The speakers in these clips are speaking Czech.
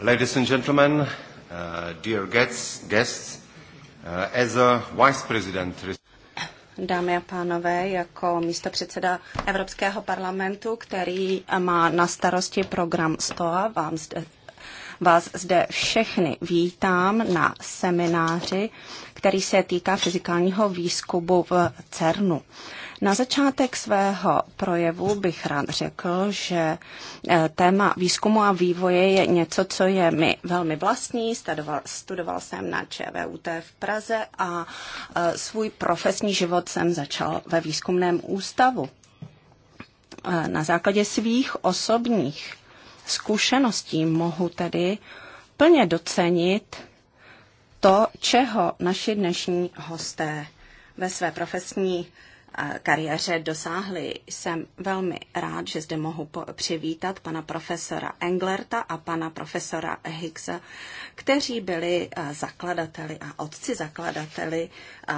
Ladies and gentlemen, uh, dear guests, guests uh, as a vice president... Dámy a pánové, jako místopředseda Evropského parlamentu, který má na starosti program STOA, vám zde vás zde všechny vítám na semináři, který se týká fyzikálního výzkumu v CERNu. Na začátek svého projevu bych rád řekl, že eh, téma výzkumu a vývoje je něco, co je mi velmi vlastní. Studoval, studoval jsem na ČVUT v Praze a eh, svůj profesní život jsem začal ve výzkumném ústavu. Eh, na základě svých osobních zkušeností mohu tedy plně docenit to, čeho naši dnešní hosté ve své profesní kariéře dosáhli. Jsem velmi rád, že zde mohu přivítat pana profesora Englerta a pana profesora Higgsa, kteří byli eh, zakladateli a otci zakladateli eh,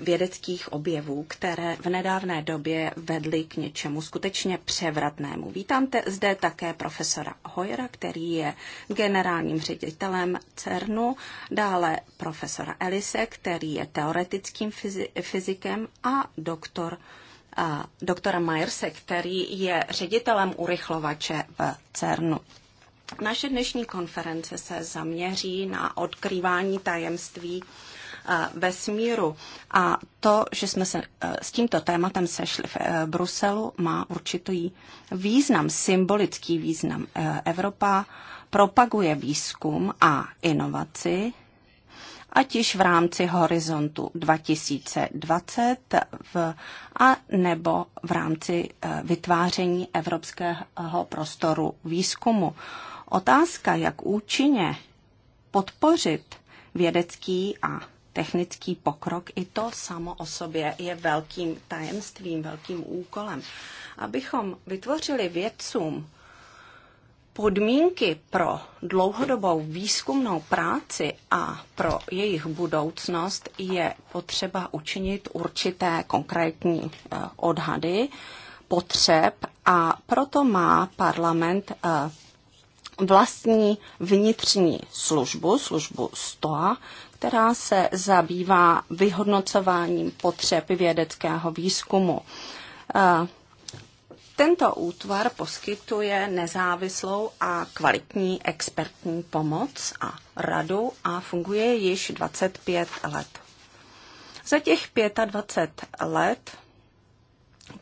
vědeckých objevů, které v nedávné době vedly k něčemu skutečně převratnému. Vítám te, zde také profesora Hojera, který je generálním ředitelem CERNu, dále profesora Elise, který je teoretickým fyzikem a do doktor, doktora Majerse, který je ředitelem urychlovače v CERNu. Naše dnešní konference se zaměří na odkrývání tajemství e, vesmíru. A to, že jsme se e, s tímto tématem sešli v e, Bruselu, má určitý význam, symbolický význam. Evropa propaguje výzkum a inovaci ať již v rámci horizontu 2020 v, a nebo v rámci eh, vytváření evropského prostoru výzkumu. Otázka, jak účinně podpořit vědecký a technický pokrok, i to samo o sobě je velkým tajemstvím, velkým úkolem. Abychom vytvořili vědcům podmínky pro dlouhodobou výzkumnou práci a pro jejich budoucnost je potřeba učinit určité konkrétní eh, odhady potřeb a proto má parlament eh, vlastní vnitřní službu, službu STOA, která se zabývá vyhodnocováním potřeb vědeckého výzkumu. Eh, tento útvar poskytuje nezávislou a kvalitní expertní pomoc a radu a funguje již 25 let. Za těch 25 let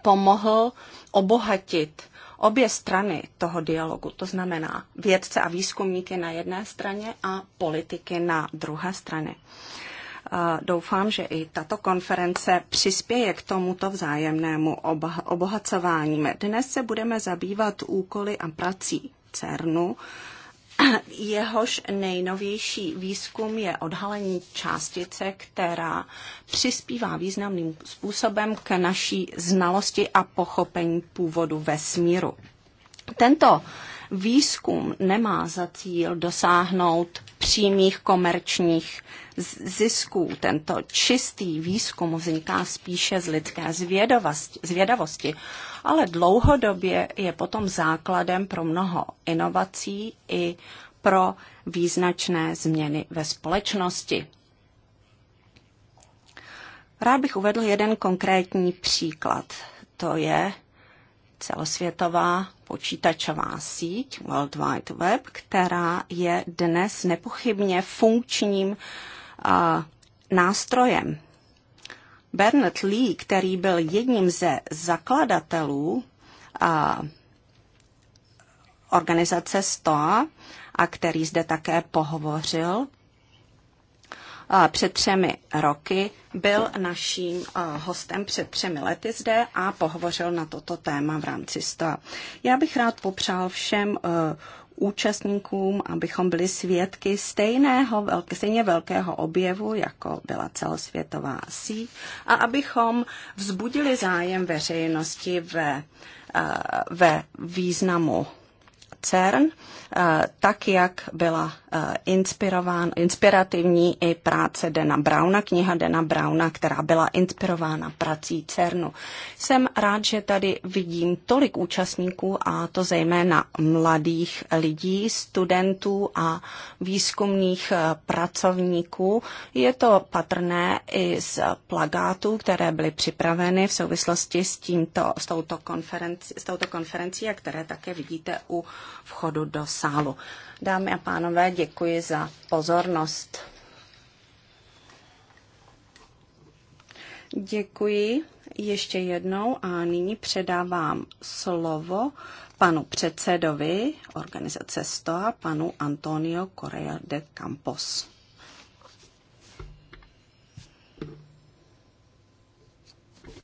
pomohl obohatit obě strany toho dialogu, to znamená vědce a výzkumníky na jedné straně a politiky na druhé straně doufám, že i tato konference přispěje k tomuto vzájemnému obohacování. Dnes se budeme zabývat úkoly a prací CERNu. Jehož nejnovější výzkum je odhalení částice, která přispívá významným způsobem k naší znalosti a pochopení původu vesmíru. Tento Výzkum nemá za cíl dosáhnout přímých komerčních zisků. Tento čistý výzkum vzniká spíše z lidské zvědavosti, ale dlouhodobě je potom základem pro mnoho inovací i pro význačné změny ve společnosti. Rád bych uvedl jeden konkrétní příklad. To je celosvětová počítačová síť World Wide Web, která je dnes nepochybně funkčním uh, nástrojem. Bernard Lee, který byl jedním ze zakladatelů uh, organizace STOA a který zde také pohovořil, před třemi roky, byl naším hostem před třemi lety zde a pohovořil na toto téma v rámci STA. Já bych rád popřál všem e, účastníkům, abychom byli svědky stejného, velké, stejně velkého objevu, jako byla celosvětová síť, a abychom vzbudili zájem veřejnosti ve, e, ve významu CERN, eh, tak jak byla eh, inspirován, inspirativní i práce Dena Brauna, kniha Dena Brauna, která byla inspirována prací CERNu. Jsem rád, že tady vidím tolik účastníků a to zejména mladých lidí, studentů a výzkumných eh, pracovníků. Je to patrné i z plagátů, které byly připraveny v souvislosti s, tímto, s, touto, konferenci, s touto konferencí a které také vidíte u vchodu do sálu. Dámy a pánové, děkuji za pozornost. Děkuji ještě jednou a nyní předávám slovo panu předsedovi organizace STOA, panu Antonio Correa de Campos.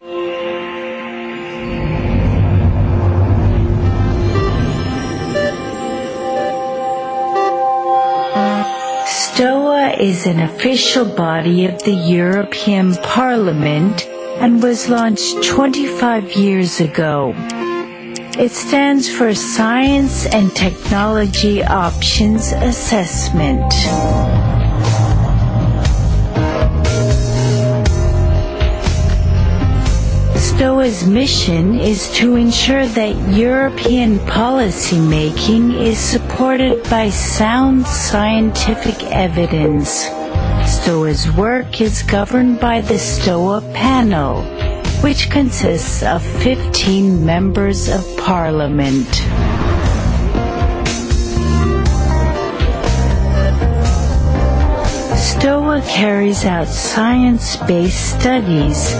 Thank you. is an official body of the European Parliament and was launched 25 years ago. It stands for Science and Technology Options Assessment. STOA's mission is to ensure that European policy making is supported by sound scientific evidence. STOA's work is governed by the STOA panel, which consists of 15 members of parliament. STOA carries out science-based studies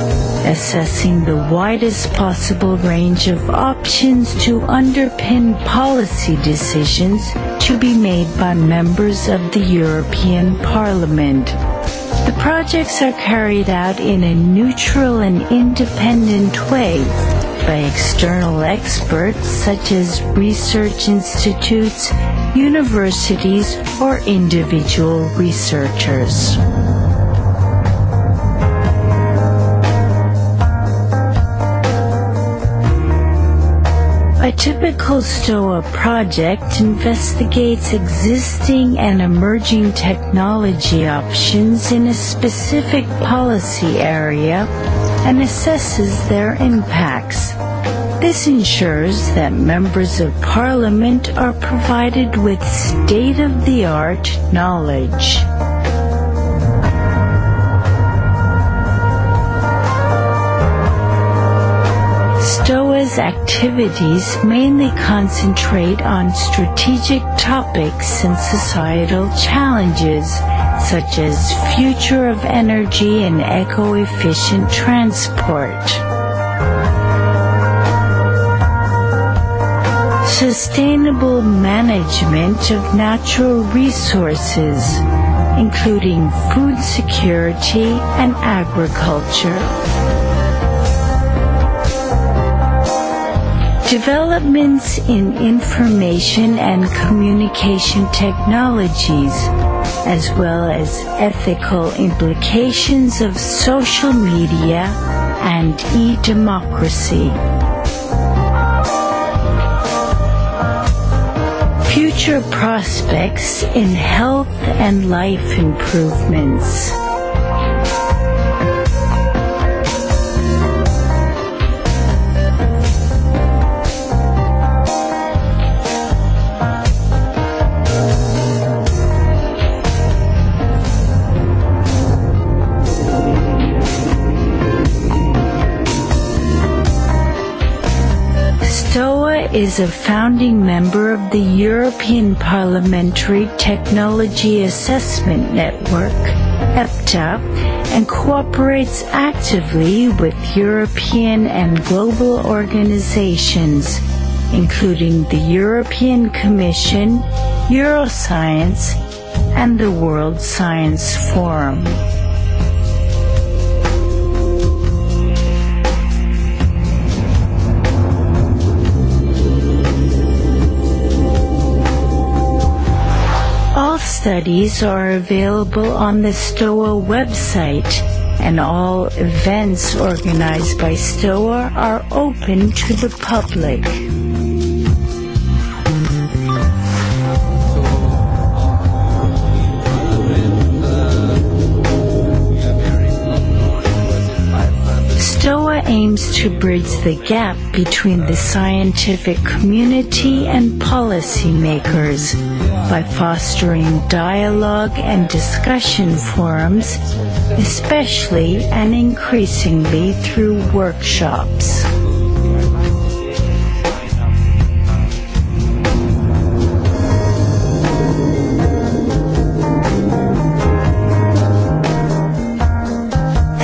assessing the widest possible range of options to underpin policy decisions to be made by members of the European Parliament. The projects are carried out in a neutral and independent way by external experts such as research institutes, universities, or individual researchers. A typical STOA project investigates existing and emerging technology options in a specific policy area and assesses their impacts. This ensures that members of parliament are provided with state-of-the-art knowledge. activities mainly concentrate on strategic topics and societal challenges, such as future of energy and eco-efficient transport. sustainable management of natural resources, including food security and agriculture. Developments in information and communication technologies, as well as ethical implications of social media and e-democracy. Future prospects in health and life improvements. is a founding member of the European Parliamentary Technology Assessment Network, EPTA, and cooperates actively with European and global organizations, including the European Commission, Euroscience, and the World Science Forum. studies are available on the STOA website, and all events organized by STOA are open to the public. aims to bridge the gap between the scientific community and policymakers by fostering dialogue and discussion forums, especially and increasingly through workshops.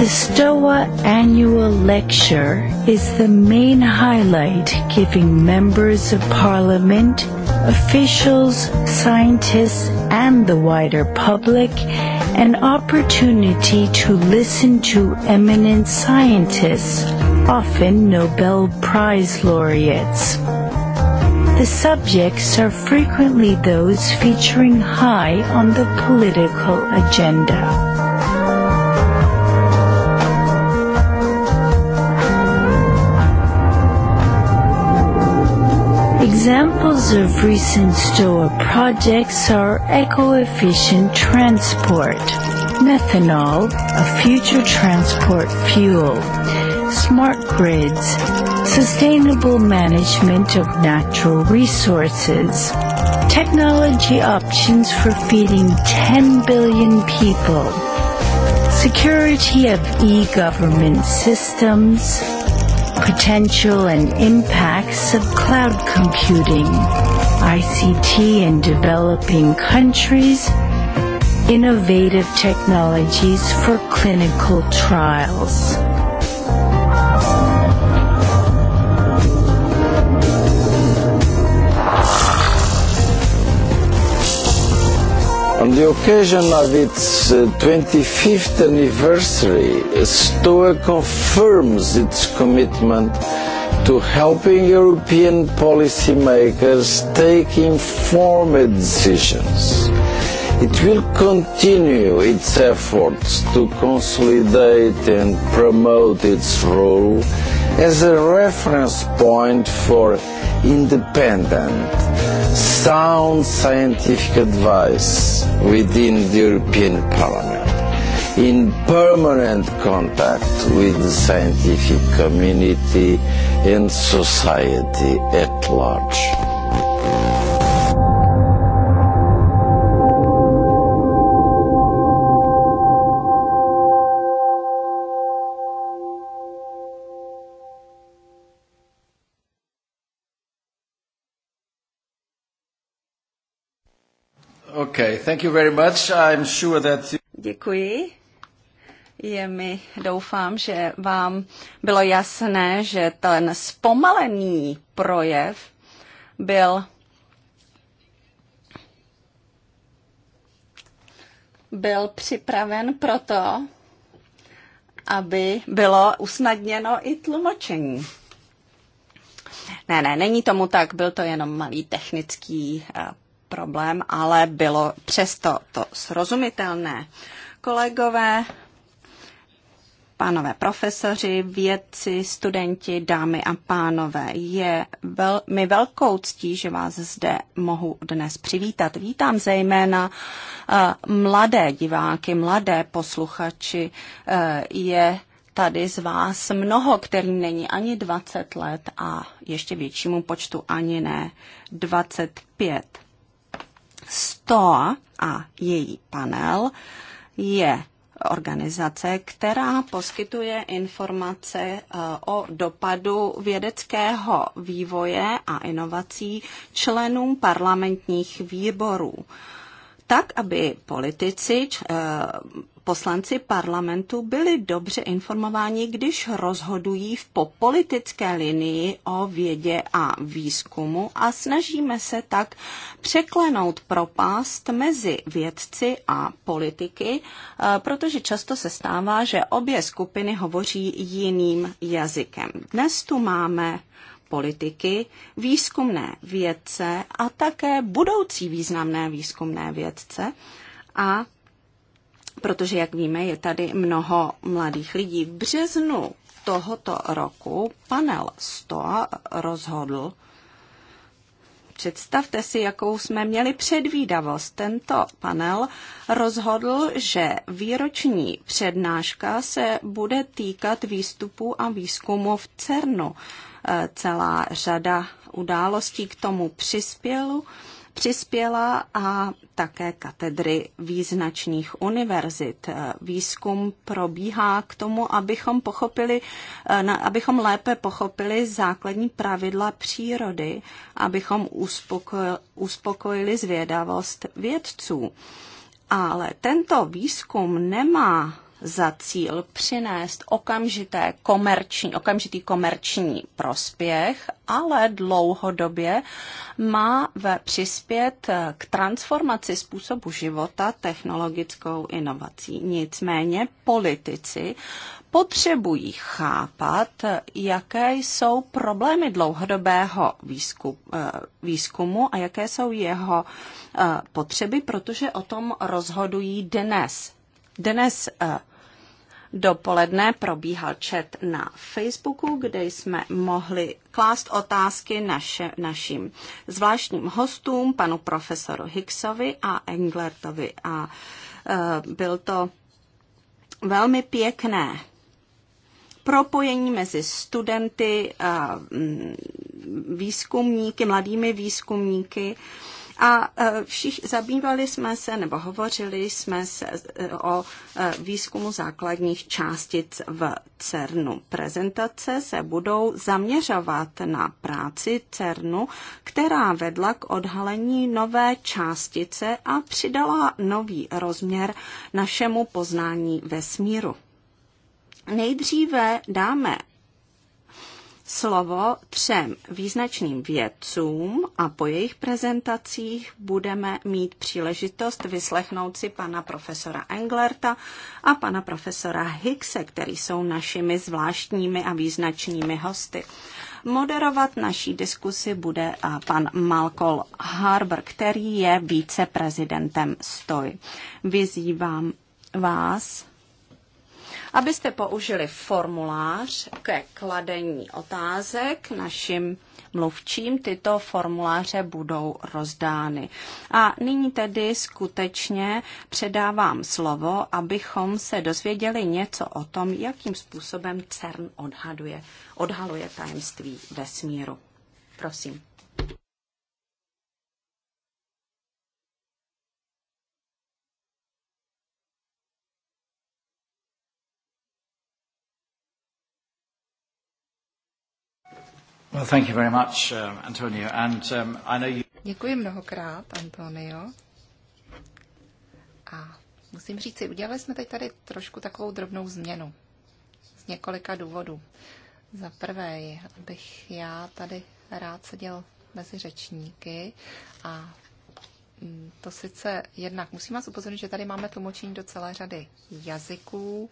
The STOA annual lecture is the main highlight giving members of parliament, officials, scientists and the wider public an opportunity to listen to eminent scientists, often Nobel Prize laureates. The subjects are frequently those featuring high on the political agenda. Examples of recent STOA projects are eco-efficient transport, methanol, a future transport fuel, smart grids, sustainable management of natural resources, technology options for feeding 10 billion people, security of e-government systems, potential and impacts of cloud computing, ICT in developing countries, innovative technologies for clinical trials. the occasion of its 25th uh, anniversary, STOA confirms its commitment to helping European policymakers take informed decisions. It will continue its efforts to consolidate and promote its role as a reference point for independent, sound scientific advice within the European Parliament, in permanent contact with the scientific community and society at large. Okay, thank you very much. I'm sure that you... Děkuji. Je mi, doufám, že vám bylo jasné, že ten zpomalený projev byl byl připraven proto, aby bylo usnadněno i tlumočení. Ne, ne, není tomu tak, byl to jenom malý technický eh, problém, ale bylo přesto to srozumitelné. Kolegové, pánové profesoři, vědci, studenti, dámy a pánové. Je vel, mi velkou ctí, že vás zde mohu dnes přivítat. Vítám zejména uh, mladé diváky, mladé posluchači. Uh, je tady z vás mnoho, kterým není ani 20 let a ještě většímu počtu ani ne 25. STOA a její panel je organizace, která poskytuje informace eh, o dopadu vědeckého vývoje a inovací členům parlamentních výborů tak, aby politici eh, poslanci parlamentu byli dobře informováni, když rozhodují v politické linii o vědě a výzkumu a snažíme se tak překlenout propast mezi vědci a politiky, eh, protože často se stává, že obě skupiny hovoří jiným jazykem. Dnes tu máme politiky, výzkumné vědce a také budoucí významné výzkumné vědce a protože, jak víme, je tady mnoho mladých lidí. V březnu tohoto roku panel 100 rozhodl, Představte si, jakou jsme měli předvídavost. Tento panel rozhodl, že výroční přednáška se bude týkat výstupu a výzkumu v CERNu. E, celá řada událostí k tomu přispělu přispěla a také katedry význačných univerzit. Eh, výzkum probíhá k tomu, abychom, pochopili, eh, abychom lépe pochopili základní pravidla přírody, abychom uspokojili zvědavost vědců. Ale tento výzkum nemá za cíl přinést okamžité komerční, okamžitý komerční prospěch, ale dlouhodobě má ve přispět k transformaci způsobu života technologickou inovací. Nicméně politici potřebují chápat, jaké jsou problémy dlouhodobého eh, výzkumu a jaké jsou jeho eh, potřeby, protože o tom rozhodují dnes. Dnes eh, dopoledne probíhal chat na Facebooku, kde jsme mohli klást otázky naše, našim zvláštním hostům, panu profesoru Hicksovi a Englertovi. A e, byl to velmi pěkné propojení mezi studenty, výzkumníky, mladými výzkumníky a e, všich zabývali jsme se, nebo hovořili jsme se e, o e, výzkumu základních částic v CERNu. Prezentace se budou zaměřovat na práci CERNu, která vedla k odhalení nové částice a přidala nový rozměr našemu poznání vesmíru. Nejdříve dáme slovo třem význačným vědcům a po jejich prezentacích budeme mít příležitost vyslechnout si pana profesora Englerta a pana profesora Hickse, který jsou našimi zvláštními a význačnými hosty. Moderovat naší diskusi bude eh, pan Malcolm Harbour, který je víceprezidentem STOJ. Vyzývám vás, abyste použili formulář ke kladení otázek našim mluvčím. Tyto formuláře budou rozdány. A nyní tedy skutečně předávám slovo, abychom se dozvěděli něco o tom, jakým způsobem CERN odhaduje, odhaluje tajemství vesmíru. Prosím. Děkuji mnohokrát, Antonio. A musím říct, udělali jsme teď tady trošku takovou drobnou změnu. Z několika důvodů. Za prvé, abych já tady rád seděl mezi řečníky a Mm, to sice jednak musím vás upozornit, že tady máme tlumočení do celé řady jazyků.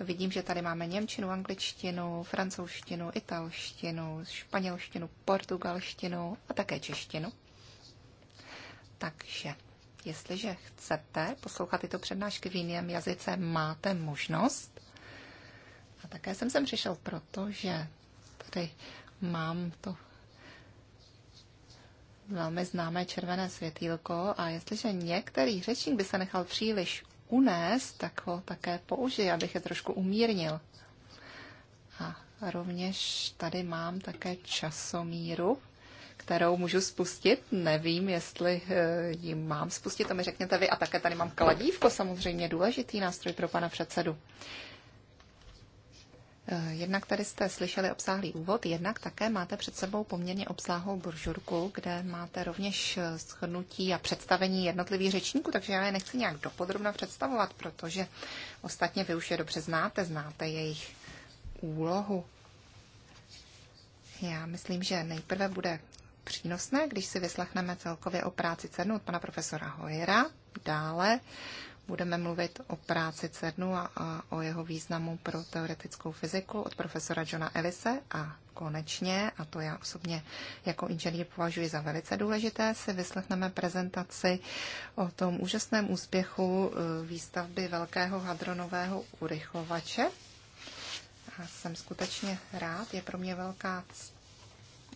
Vidím, že tady máme němčinu, angličtinu, francouzštinu, italštinu, španělštinu, portugalštinu a také češtinu. Takže jestliže chcete poslouchat tyto přednášky v jiném jazyce, máte možnost. A také jsem sem přišel proto, že tady mám to velmi známé červené světýlko a jestliže některý řečník by se nechal příliš unést, tak ho také použiji, abych je trošku umírnil. A rovněž tady mám také časomíru, kterou můžu spustit. Nevím, jestli eh, ji mám spustit, to mi řekněte vy. A také tady mám kladívko, samozřejmě důležitý nástroj pro pana předsedu. Eh, jednak tady jste slyšeli obsáhlý úvod, jednak také máte před sebou poměrně obsáhlou brožurku, kde máte rovněž eh, shrnutí a představení jednotlivých řečníků, takže já je nechci nějak dopodrobna představovat, protože ostatně vy už je dobře znáte, znáte jejich úlohu. Já myslím, že nejprve bude přínosné, když si vyslechneme celkově o práci CERNu od pana profesora Hojera, dále budeme mluvit o práci CERNu a, a o jeho významu pro teoretickou fyziku od profesora Johna Ellise a konečně, a to já osobně jako inženýr považuji za velice důležité, si vyslechneme prezentaci o tom úžasném úspěchu e, výstavby velkého hadronového urychlovače. A jsem skutečně rád, je pro mě velká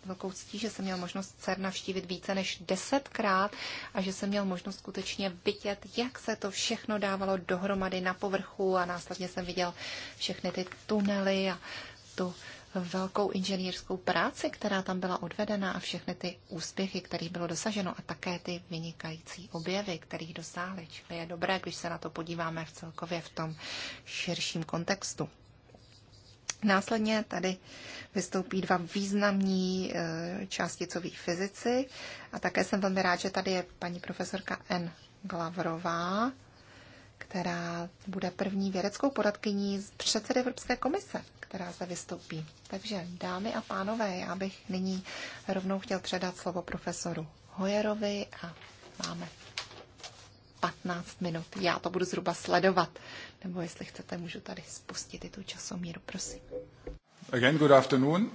velkou ctí, že jsem měl možnost CERN navštívit více než desetkrát a že jsem měl možnost skutečně vidět, jak se to všechno dávalo dohromady na povrchu a následně jsem viděl všechny ty tunely a tu velkou inženýrskou práci, která tam byla odvedena a všechny ty úspěchy, kterých bylo dosaženo a také ty vynikající objevy, kterých dosáhli. Čili je dobré, když se na to podíváme v celkově v tom širším kontextu. Následně tady vystoupí dva významní eh, částicoví fyzici a také jsem velmi rád, že tady je paní profesorka N. Glavrová, která bude první vědeckou poradkyní z předsedy Evropské komise, která se vystoupí. Takže, dámy a pánové, já bych nyní rovnou chtěl předat slovo profesoru Hojerovi a máme 15 minut. Já to budu zhruba sledovat nebo jestli chcete, můžu tady spustit i tu časomíru, prosím. Again, good afternoon.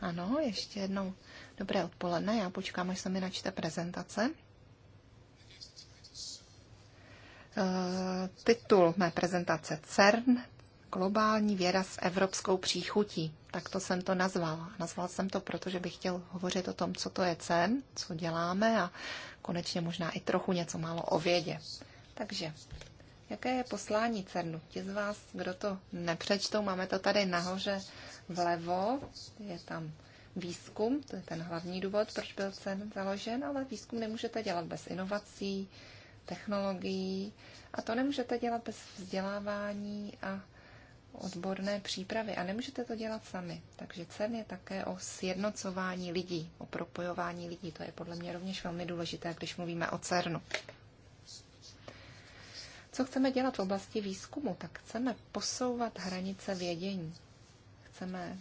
Ano, ještě jednou dobré odpoledne. Já počkám, až se mi načte prezentace. Eh, titul mé prezentace CERN, globální věda s evropskou příchutí. Tak to jsem to nazval. Nazval jsem to, protože bych chtěl hovořit o tom, co to je CERN, co děláme a konečně možná i trochu něco málo o vědě. Takže Jaké je poslání CERNu? Ti z vás, kdo to nepřečtou, máme to tady nahoře vlevo, je tam výzkum, to je ten hlavní důvod, proč byl CERN založen, ale výzkum nemůžete dělat bez inovací, technologií a to nemůžete dělat bez vzdělávání a odborné přípravy a nemůžete to dělat sami. Takže CERN je také o sjednocování lidí, o propojování lidí. To je podle mě rovněž velmi důležité, když mluvíme o CERNu. Co chceme dělat v oblasti výzkumu? Tak chceme posouvat hranice vědění. Chceme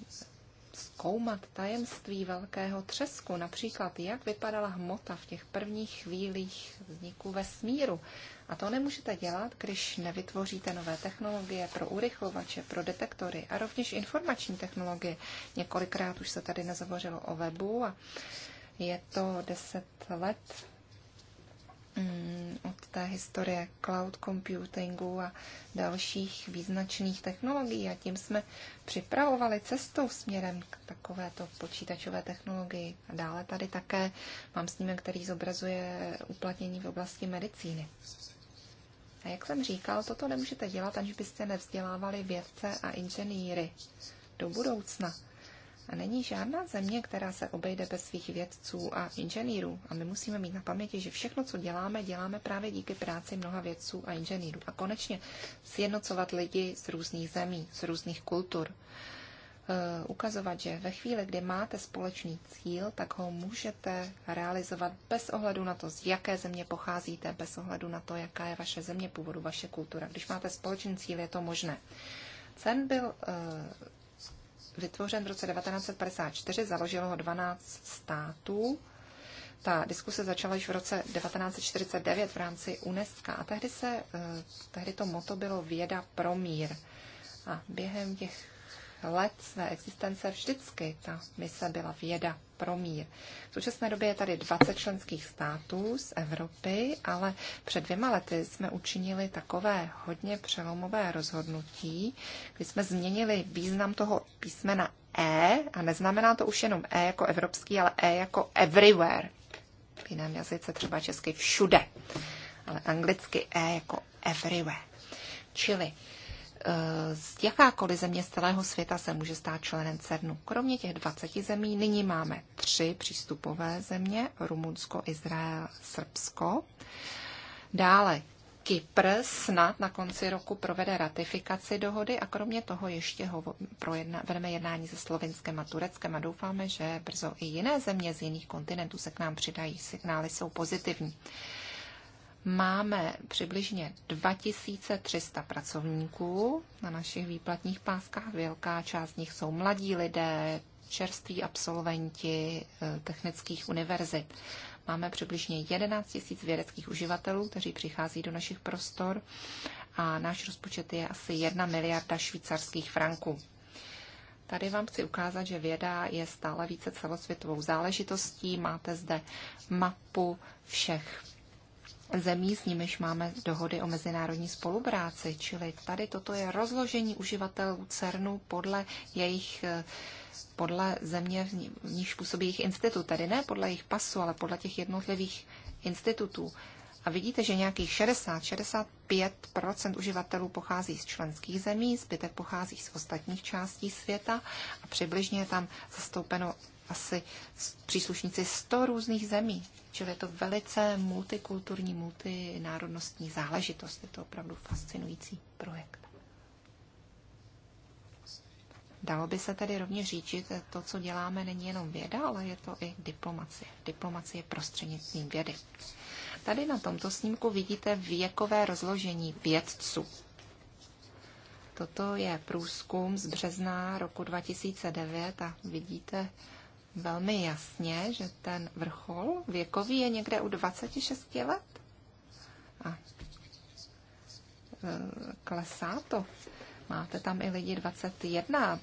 zkoumat tajemství velkého třesku, například jak vypadala hmota v těch prvních chvílích vzniku vesmíru. A to nemůžete dělat, když nevytvoříte nové technologie pro urychlovače, pro detektory a rovněž informační technologie. Několikrát už se tady nezavořilo o webu a je to deset let Mm, od té historie cloud computingu a dalších význačných technologií a tím jsme připravovali cestu směrem k takovéto počítačové technologii. A dále tady také mám snímek, který zobrazuje uplatnění v oblasti medicíny. A jak jsem říkal, toto nemůžete dělat, aniž byste nevzdělávali vědce a inženýry do budoucna. A není žádná země, která se obejde bez svých vědců a inženýrů. A my musíme mít na paměti, že všechno, co děláme, děláme právě díky práci mnoha vědců a inženýrů. A konečně sjednocovat lidi z různých zemí, z různých kultur. E, ukazovat, že ve chvíli, kdy máte společný cíl, tak ho můžete realizovat bez ohledu na to, z jaké země pocházíte, bez ohledu na to, jaká je vaše země původu, vaše kultura. Když máte společný cíl, je to možné. Cen byl eh, vytvořen v roce 1954, založilo ho 12 států. Ta diskuse začala již v roce 1949 v rámci UNESCO a tehdy, se, eh, tehdy to moto bylo věda pro mír. A během těch let své existence vždycky ta mise byla věda pro mír. V současné době je tady 20 členských států z Evropy, ale před dvěma lety jsme učinili takové hodně přelomové rozhodnutí, kdy jsme změnili význam toho písmena E a neznamená to už jenom E jako evropský, ale E jako everywhere. V jiném jazyce třeba česky všude, ale anglicky E jako everywhere. Čili z jakákoliv země z celého světa se může stát členem CERNu. Kromě těch 20 zemí nyní máme tři přístupové země, Rumunsko, Izrael, Srbsko. Dále Kypr snad na konci roku provede ratifikaci dohody a kromě toho ještě ho projedna, vedeme jednání se Slovinskem a Tureckem a doufáme, že brzo i jiné země z jiných kontinentů se k nám přidají. Signály jsou pozitivní máme přibližně 2300 pracovníků na našich výplatních páskách. Velká část z nich jsou mladí lidé, čerství absolventi eh, technických univerzit. Máme přibližně 11 000 vědeckých uživatelů, kteří přichází do našich prostor a náš rozpočet je asi 1 miliarda švýcarských franků. Tady vám chci ukázat, že věda je stále více celosvětovou záležitostí. Máte zde mapu všech zemí, s nimiž máme dohody o mezinárodní spolupráci. Čili tady toto je rozložení uživatelů CERNu podle jejich eh, podle země, v níž působí jejich institut, tedy ne podle jejich pasu, ale podle těch jednotlivých institutů. A vidíte, že nějakých 60-65 uživatelů pochází z členských zemí, zbytek pochází z ostatních částí světa a přibližně je tam zastoupeno asi příslušníci 100 různých zemí, čili je to velice multikulturní, multinárodnostní záležitost. Je to opravdu fascinující projekt. Dalo by se tedy rovněž říct, že to, co děláme, není jenom věda, ale je to i diplomacie. Diplomacie prostřednictvím vědy. Tady na tomto snímku vidíte věkové rozložení vědců. Toto je průzkum z března roku 2009 a vidíte velmi jasně, že ten vrchol věkový je někde u 26 let. A e, klesá to. Máte tam i lidi 21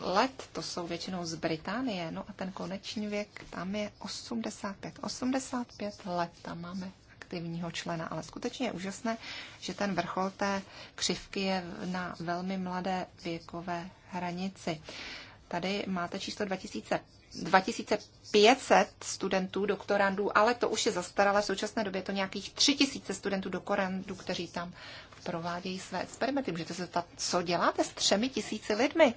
let, to jsou většinou z Británie, no a ten koneční věk tam je 85. 85 let tam máme aktivního člena, ale skutečně je úžasné, že ten vrchol té křivky je na velmi mladé věkové hranici. Tady máte číslo 2005, 2500 studentů, doktorandů, ale to už je zastaralé. V současné době je to nějakých 3000 studentů, doktorandů, kteří tam provádějí své experimenty. Můžete se zeptat, co děláte s třemi tisíci lidmi?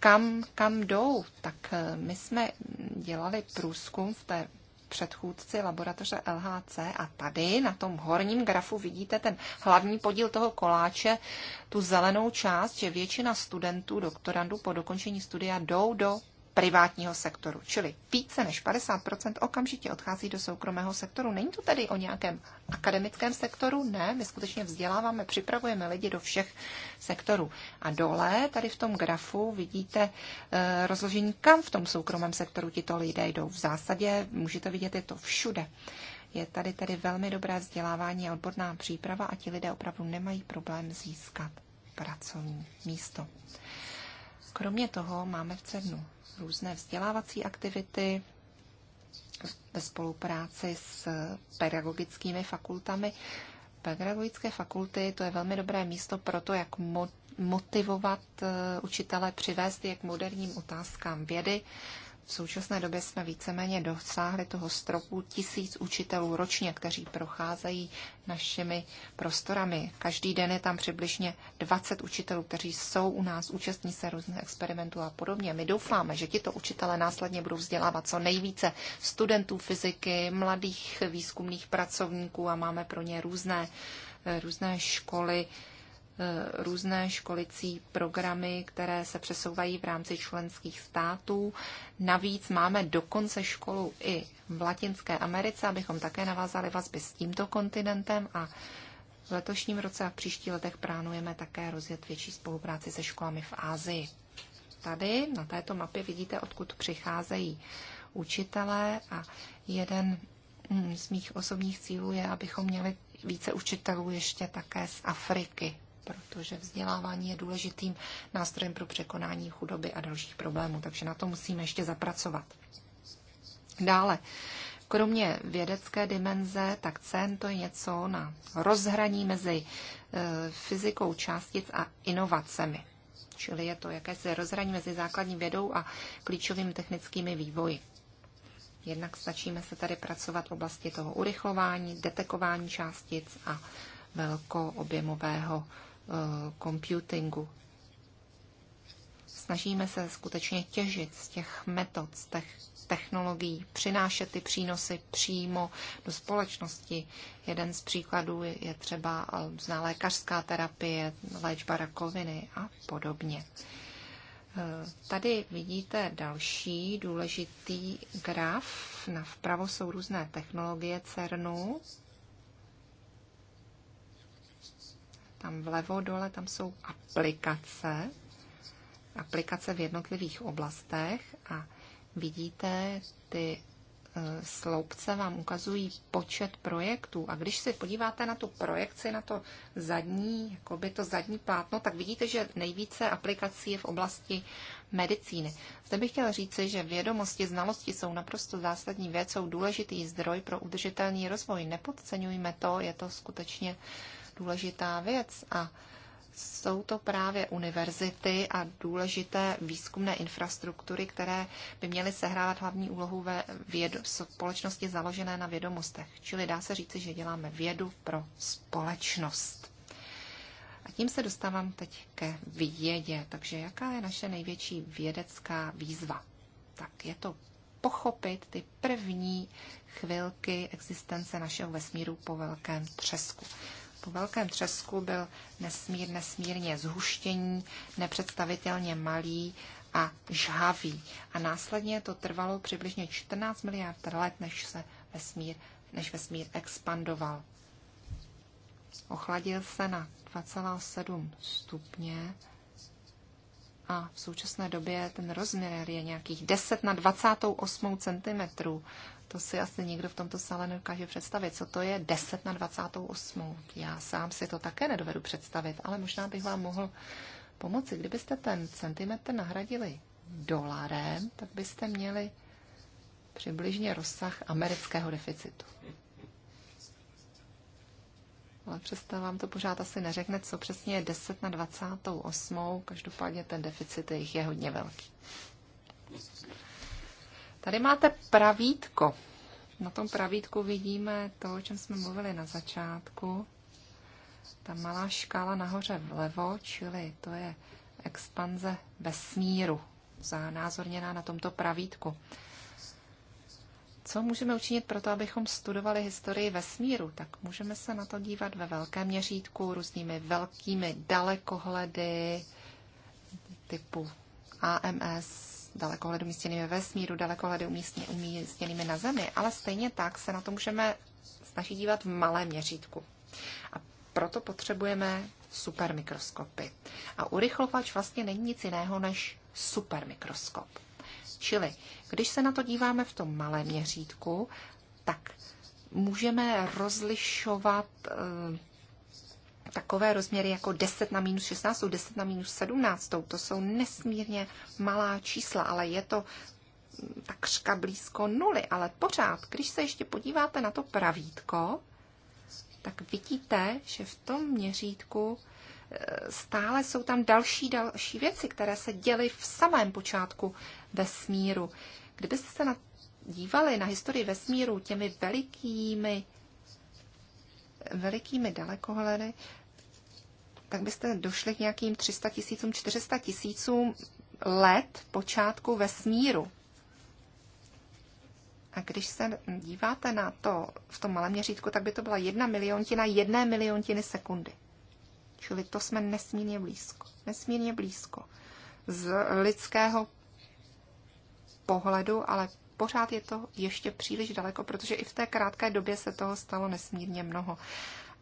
Kam, kam jdou? Tak eh, my jsme dělali průzkum v té předchůdci laboratoře LHC a tady na tom horním grafu vidíte ten hlavní podíl toho koláče, tu zelenou část, že většina studentů, doktorandů po dokončení studia jdou do privátního sektoru. Čili více než 50% okamžitě odchází do soukromého sektoru. Není to tedy o nějakém akademickém sektoru, ne, my skutečně vzděláváme, připravujeme lidi do všech sektorů. A dole, tady v tom grafu, vidíte e, rozložení, kam v tom soukromém sektoru tito lidé jdou. V zásadě můžete vidět, je to všude. Je tady tedy velmi dobré vzdělávání a odborná příprava a ti lidé opravdu nemají problém získat pracovní místo. Kromě toho máme v CERNu různé vzdělávací aktivity ve spolupráci s pedagogickými fakultami. Pedagogické fakulty to je velmi dobré místo pro to, jak motivovat eh, učitele, přivést je k moderním otázkám vědy v současné době jsme víceméně dosáhli toho stropu tisíc učitelů ročně, kteří procházejí našimi prostorami. Každý den je tam přibližně 20 učitelů, kteří jsou u nás, účastní se různých experimentů a podobně. My doufáme, že tito učitele následně budou vzdělávat co nejvíce studentů fyziky, mladých výzkumných pracovníků a máme pro ně různé, různé školy, Eh, různé školicí programy, které se přesouvají v rámci členských států. Navíc máme dokonce školu i v Latinské Americe, abychom také navázali vazby s tímto kontinentem a v letošním roce a v příštích letech plánujeme také rozjet větší spolupráci se školami v Ázii. Tady na této mapě vidíte, odkud přicházejí učitelé a jeden mm, z mých osobních cílů je, abychom měli více učitelů ještě také z Afriky, protože vzdělávání je důležitým nástrojem pro překonání chudoby a dalších problémů, takže na to musíme ještě zapracovat. Dále, kromě vědecké dimenze, tak CEN to je něco na rozhraní mezi e, fyzikou částic a inovacemi. Čili je to jakési rozhraní mezi základní vědou a klíčovými technickými vývoji. Jednak stačíme se tady pracovat v oblasti toho urychlování, detekování částic a velkoobjemového objemového computingu. Snažíme se skutečně těžit z těch metod, z těch technologií, přinášet ty přínosy přímo do společnosti. Jeden z příkladů je třeba zná lékařská terapie, léčba rakoviny a podobně. E, tady vidíte další důležitý graf. na Vpravo jsou různé technologie CERNu Tam vlevo dole, tam jsou aplikace. Aplikace v jednotlivých oblastech a vidíte, ty e, sloupce vám ukazují počet projektů. A když se podíváte na tu projekci, na to zadní, jako by to zadní plátno, tak vidíte, že nejvíce aplikací je v oblasti medicíny. Zde bych chtěla říci, že vědomosti, znalosti jsou naprosto zásadní věc, jsou důležitý zdroj pro udržitelný rozvoj. Nepodceňujme to, je to skutečně uh, důležitá věc a jsou to právě univerzity a důležité výzkumné infrastruktury, které by měly sehrávat hlavní úlohu ve vědu, společnosti založené na vědomostech. Čili dá se říci, že děláme vědu pro společnost. A tím se dostávám teď ke vědě. Takže jaká je naše největší vědecká výzva? Tak je to pochopit ty první chvilky existence našeho vesmíru po velkém třesku. Po velkém třesku byl nesmír, nesmírně zhuštění, nepředstavitelně malý a žhavý. A následně to trvalo přibližně 14 miliard let, než se vesmír, než vesmír expandoval. Ochladil se na 2,7 stupně a v současné době ten rozměr je nějakých 10 na 28 cm. To si asi nikdo v tomto sále nedokáže představit. Co to je 10 na 28? Já sám si to také nedovedu představit, ale možná bych vám mohl pomoci. Kdybyste ten centimetr nahradili dolarem, tak byste měli přibližně rozsah amerického deficitu ale přesto vám to pořád asi neřekne, co přesně je 10 na 28. Každopádně ten deficit jich je hodně velký. Tady máte pravítko. Na tom pravítku vidíme to, o čem jsme mluvili na začátku. Ta malá škála nahoře vlevo, čili to je expanze vesmíru, zanázorněná na tomto pravítku. Co můžeme učinit pro to, abychom studovali historii vesmíru? Tak můžeme se na to dívat ve velkém měřítku, různými velkými dalekohledy typu AMS, dalekohledy umístěnými ve vesmíru, dalekohledy umístěnými na Zemi, ale stejně tak se na to můžeme snažit dívat v malém měřítku. A proto potřebujeme supermikroskopy. A urychlovač vlastně není nic jiného než supermikroskop. Čili, když se na to díváme v tom malém měřítku, tak můžeme rozlišovat eh, takové rozměry jako 10 na minus 16, 10 na minus 17, to jsou nesmírně malá čísla, ale je to mm, takřka blízko nuly, ale pořád, když se ještě podíváte na to pravítko, tak vidíte, že v tom měřítku eh, stále jsou tam další, další věci, které se děly v samém počátku vesmíru. Kdybyste se dívali na historii vesmíru těmi velikými, velikými dalekohledy, tak byste došli k nějakým 300 tisícům, 400 tisícům let počátku vesmíru. A když se díváte na to v tom malém měřítku, tak by to byla jedna miliontina jedné miliontiny sekundy. Čili to jsme nesmírně blízko. Nesmírně blízko. Z lidského pohledu, ale pořád je to ještě příliš daleko, protože i v té krátké době se toho stalo nesmírně mnoho.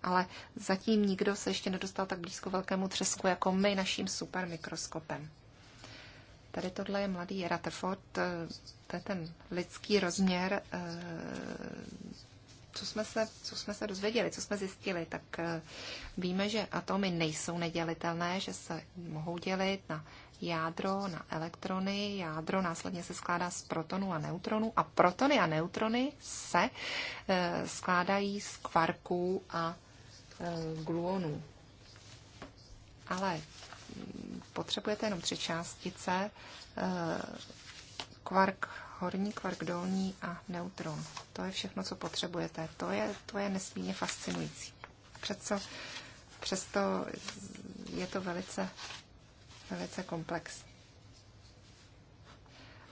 Ale zatím nikdo se ještě nedostal tak blízko velkému třesku jako my naším supermikroskopem. Tady tohle je mladý Rutherford, eh, to je ten lidský rozměr. Eh, co jsme, se, co jsme se dozvěděli, co jsme zjistili, tak eh, víme, že atomy nejsou nedělitelné, že se mohou dělit na jádro na elektrony, jádro následně se skládá z protonů a neutronů a protony a neutrony se e, skládají z kvarků a e, gluonů. Ale mm, potřebujete jenom tři částice, e, kvark horní, kvark dolní a neutron. To je všechno, co potřebujete. To je, to je nesmírně fascinující. Přesto, přesto je to velice velice komplexní.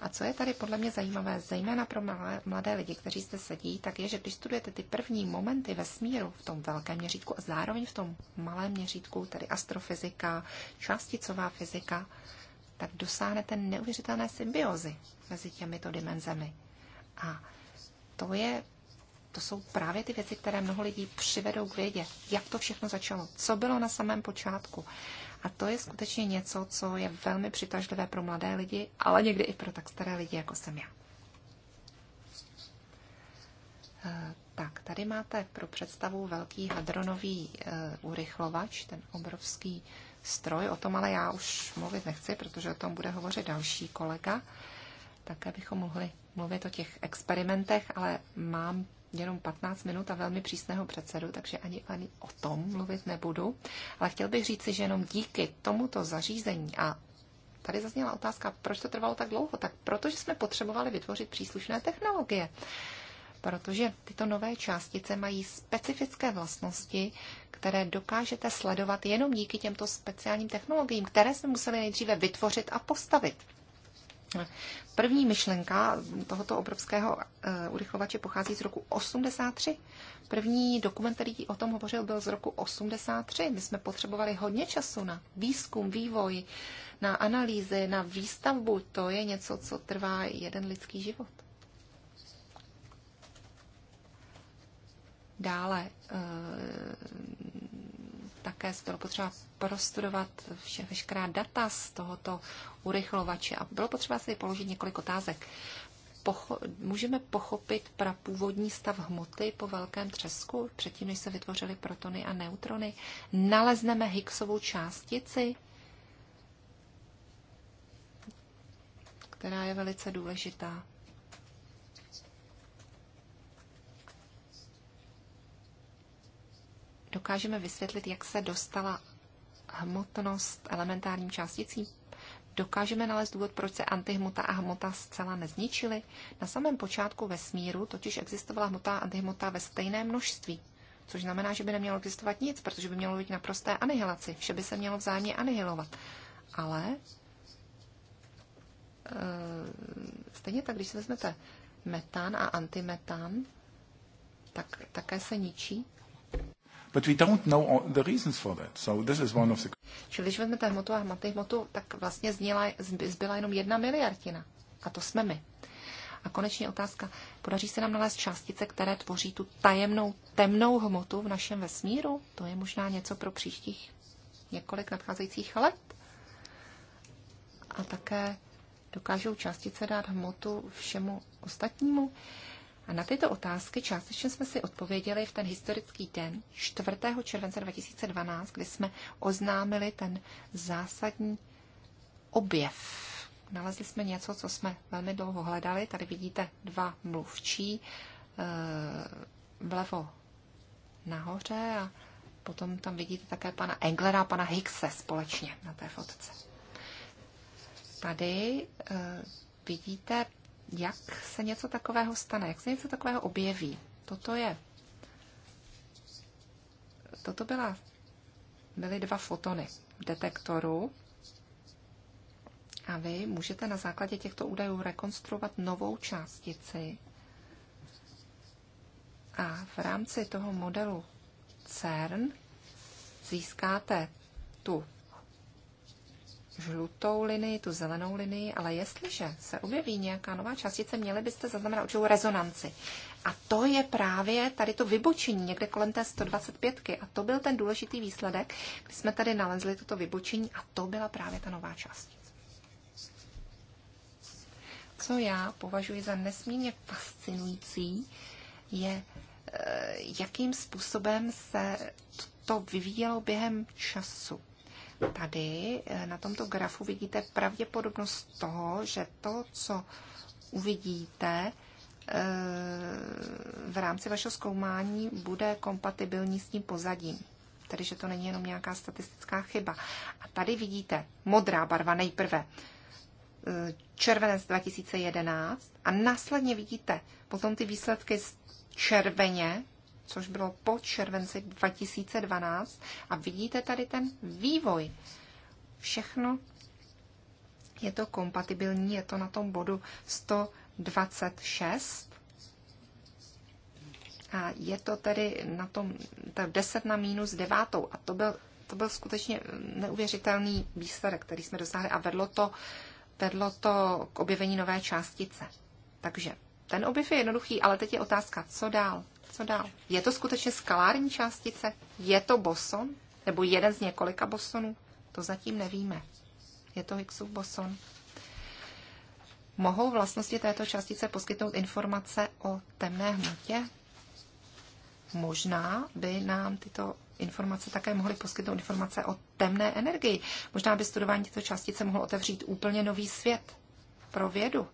A co je tady podle mě zajímavé, zejména pro mladé lidi, kteří zde sedí, tak je, že když studujete ty první momenty ve smíru v tom velkém měřítku a zároveň v tom malém měřítku, tedy astrofyzika, částicová fyzika, tak dosáhnete neuvěřitelné symbiozy mezi těmito dimenzemi. A to je to jsou právě ty věci, které mnoho lidí přivedou k vědě. Jak to všechno začalo? Co bylo na samém počátku? A to je skutečně něco, co je velmi přitažlivé pro mladé lidi, ale někdy i pro tak staré lidi, jako jsem já. Eh, tak, tady máte pro představu velký hadronový eh, urychlovač, ten obrovský stroj. O tom ale já už mluvit nechci, protože o tom bude hovořit další kolega. Také bychom mohli mluvit o těch experimentech, ale mám jenom 15 minut a velmi přísného předsedu, takže ani, ani o tom mluvit nebudu. Ale chtěl bych říci, že jenom díky tomuto zařízení a Tady zazněla otázka, proč to trvalo tak dlouho? Tak protože jsme potřebovali vytvořit příslušné technologie. Protože tyto nové částice mají specifické vlastnosti, které dokážete sledovat jenom díky těmto speciálním technologiím, které jsme museli nejdříve vytvořit a postavit. První myšlenka tohoto obrovského eh, urychlovače pochází z roku 83. První dokument, který o tom hovořil, byl z roku 83. My jsme potřebovali hodně času na výzkum, vývoj, na analýzy, na výstavbu. To je něco, co trvá jeden lidský život. Dále eh, také bylo potřeba prostudovat vše, veškerá data z tohoto urychlovače a bylo potřeba si položit několik otázek. Pocho- můžeme pochopit původní stav hmoty po velkém třesku, předtím, než se vytvořily protony a neutrony? Nalezneme Higgsovou částici, která je velice důležitá dokážeme vysvětlit, jak se dostala hmotnost elementárním částicím? Dokážeme nalézt důvod, proč se antihmota a hmota zcela nezničily? Na samém počátku vesmíru totiž existovala hmota a antihmota ve stejné množství, což znamená, že by nemělo existovat nic, protože by mělo být naprosté anihilaci. Vše by se mělo vzájemně anihilovat. Ale e, stejně tak, když si vezmete metan a antimetan, tak také se ničí. But we don't know the reasons for that. So this is one of the... Čili když vezmete hmotu a hmaty hmotu, tak vlastně zněla, zbyla jenom jedna miliardina. A to jsme my. A konečně otázka, podaří se nám nalézt částice, které tvoří tu tajemnou, temnou hmotu v našem vesmíru? To je možná něco pro příštích několik nadcházejících let. A také dokážou částice dát hmotu všemu ostatnímu. A na tyto otázky částečně jsme si odpověděli v ten historický den 4. července 2012, kdy jsme oznámili ten zásadní objev. Nalezli jsme něco, co jsme velmi dlouho hledali. Tady vidíte dva mluvčí eh, vlevo nahoře a potom tam vidíte také pana Englera a pana Hickse společně na té fotce. Tady eh, vidíte jak se něco takového stane, jak se něco takového objeví. Toto je. Toto byla, byly dva fotony v detektoru a vy můžete na základě těchto údajů rekonstruovat novou částici a v rámci toho modelu CERN získáte tu žlutou linii, tu zelenou linii, ale jestliže se objeví nějaká nová částice, měli byste zaznamenat určitou rezonanci. A to je právě tady to vybočení někde kolem té 125. A to byl ten důležitý výsledek, kdy jsme tady nalezli toto vybočení a to byla právě ta nová částice. Co já považuji za nesmírně fascinující, je, eh, jakým způsobem se to vyvíjelo během času. Tady eh, na tomto grafu vidíte pravděpodobnost toho, že to, co uvidíte eh, v rámci vašeho zkoumání, bude kompatibilní s tím pozadím. Tedy, že to není jenom nějaká statistická chyba. A tady vidíte modrá barva nejprve, eh, červenec 2011 a následně vidíte potom ty výsledky z červeně což bylo po červenci 2012. A vidíte tady ten vývoj. Všechno je to kompatibilní, je to na tom bodu 126. A je to tedy na tom to 10 na minus 9. A to byl, to byl skutečně mm, neuvěřitelný výsledek, který jsme dosáhli a vedlo to, vedlo to k objevení nové částice. Takže ten objev je jednoduchý, ale teď je otázka, co dál co dál. Je to skutečně skalární částice? Je to boson? Nebo jeden z několika bosonů? To zatím nevíme. Je to Higgsův boson? Mohou vlastnosti této částice poskytnout informace o temné hmotě? Možná by nám tyto informace také mohly poskytnout informace o temné energii. Možná by studování této částice mohlo otevřít úplně nový svět pro vědu.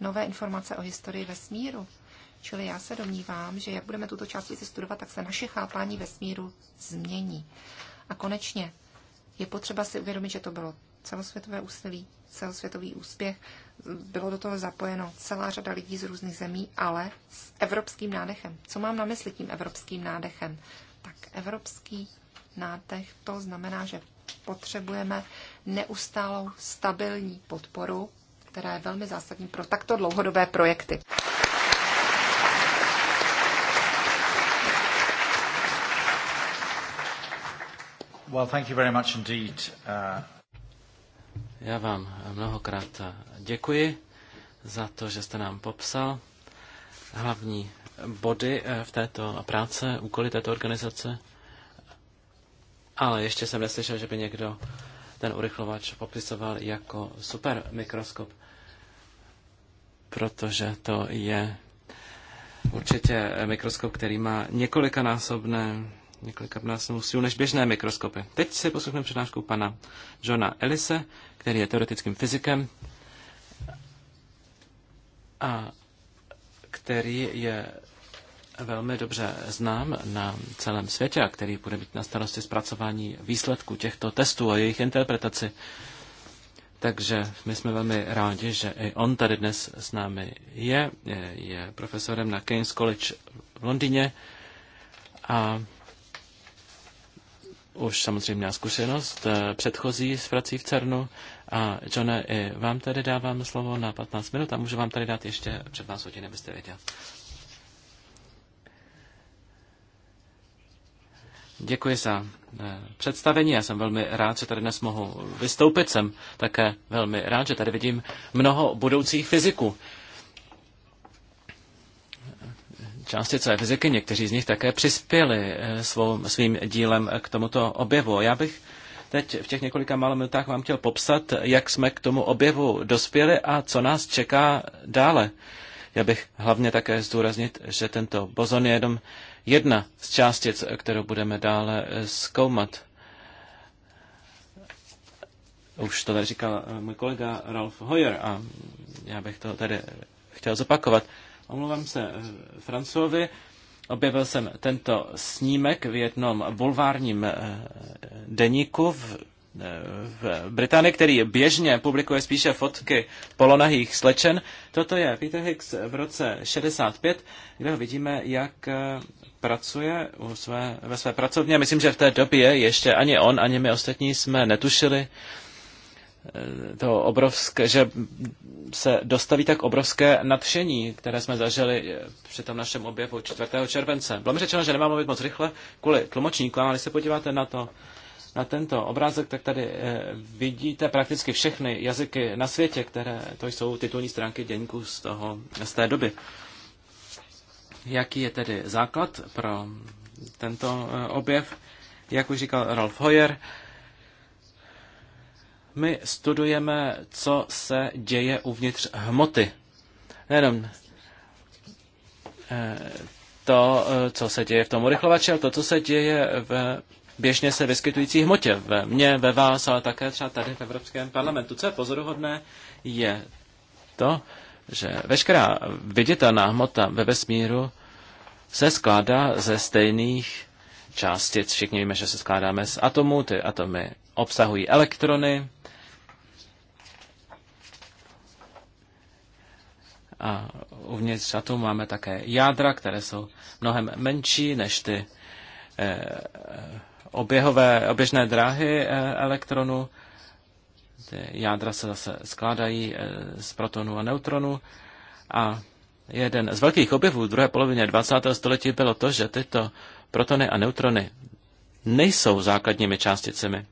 Nové informace o historii vesmíru. Čili já se domnívám, že jak budeme tuto část věci studovat, tak se naše chápání vesmíru změní. A konečně je potřeba si uvědomit, že to bylo celosvětové úsilí, celosvětový úspěch. Bylo do toho zapojeno celá řada lidí z různých zemí, ale s evropským nádechem. Co mám na mysli tím evropským nádechem? Tak evropský nádech to znamená, že potřebujeme neustálou stabilní podporu, která je velmi zásadní pro takto dlouhodobé projekty. Well, thank you very much indeed. Uh, Já vám mnohokrát děkuji za to, že jste nám popsal hlavní body eh, v této práce, úkoly této organizace. Ale ještě jsem neslyšel, že by někdo ten urychlovač popisoval jako super mikroskop, protože to je určitě mikroskop, který má několikanásobné několikrát sílu než běžné mikroskopy. Teď si poslechneme přednášku pana Johna Ellise, který je teoretickým fyzikem a který je velmi dobře znám na celém světě a který bude mít na starosti zpracování výsledků těchto testů a jejich interpretaci. Takže my jsme velmi rádi, že i on tady dnes s námi je. Je, je profesorem na King's College v Londýně a už samozřejmě zkušenost eh, předchozí s prací v CERNu a Johne, i vám tady dávám slovo na 15 minut a můžu vám tady dát ještě před vás hodin, abyste věděl. Děkuji za eh, představení. Já jsem velmi rád, že tady dnes mohu vystoupit. Jsem také velmi rád, že tady vidím mnoho budoucích fyziků celé fyziky, někteří z nich také přispěli eh, svou, svým dílem k tomuto objevu. Já bych teď v těch několika málo minutách vám chtěl popsat, jak jsme k tomu objevu dospěli a co nás čeká dále. Já bych hlavně také zdůraznit, že tento bozon je jenom jedna z částic, kterou budeme dále eh, zkoumat. Už to tady říkal eh, můj kolega Ralf Hoyer a já bych to tady chtěl zopakovat omlouvám se eh, Francovi, objevil jsem tento snímek v jednom bulvárním eh, deníku v, eh, v Británii, který běžně publikuje spíše fotky polonahých slečen. Toto je Peter Hicks v roce 65, kde ho vidíme, jak pracuje u své, ve své pracovně. Myslím, že v té době ještě ani on, ani my ostatní jsme netušili, Eh, to obrovské, že se dostaví tak obrovské nadšení, které jsme zažili eh, při tom našem objevu 4. července. Bylo mi řečeno, že nemám mluvit moc rychle kvůli tlumočníku, ale když se podíváte na to, na tento obrázek, tak tady eh, vidíte prakticky všechny jazyky na světě, které to jsou titulní stránky děníků z, toho, z té doby. Jaký je tedy základ pro tento objev? Jak už říkal Rolf Hoyer, my studujeme, co se děje uvnitř hmoty. Nejenom eh, to, eh, co se děje v tom urychlovači, ale to, co se děje v běžně se vyskytující hmotě, ve mně, ve vás, ale také třeba tady v Evropském parlamentu. Co je pozoruhodné, je to, že veškerá viditelná hmota ve vesmíru se skládá ze stejných částic. Všichni víme, že se skládáme z atomů, ty atomy obsahují elektrony, A uvnitř atomu máme také jádra, které jsou mnohem menší než ty eh, oběhové, oběžné dráhy eh, elektronu. Ty jádra se zase skládají eh, z protonů a neutronů. A jeden z velkých objevů v druhé polovině 20. století bylo to, že tyto protony a neutrony nejsou základními částicemi,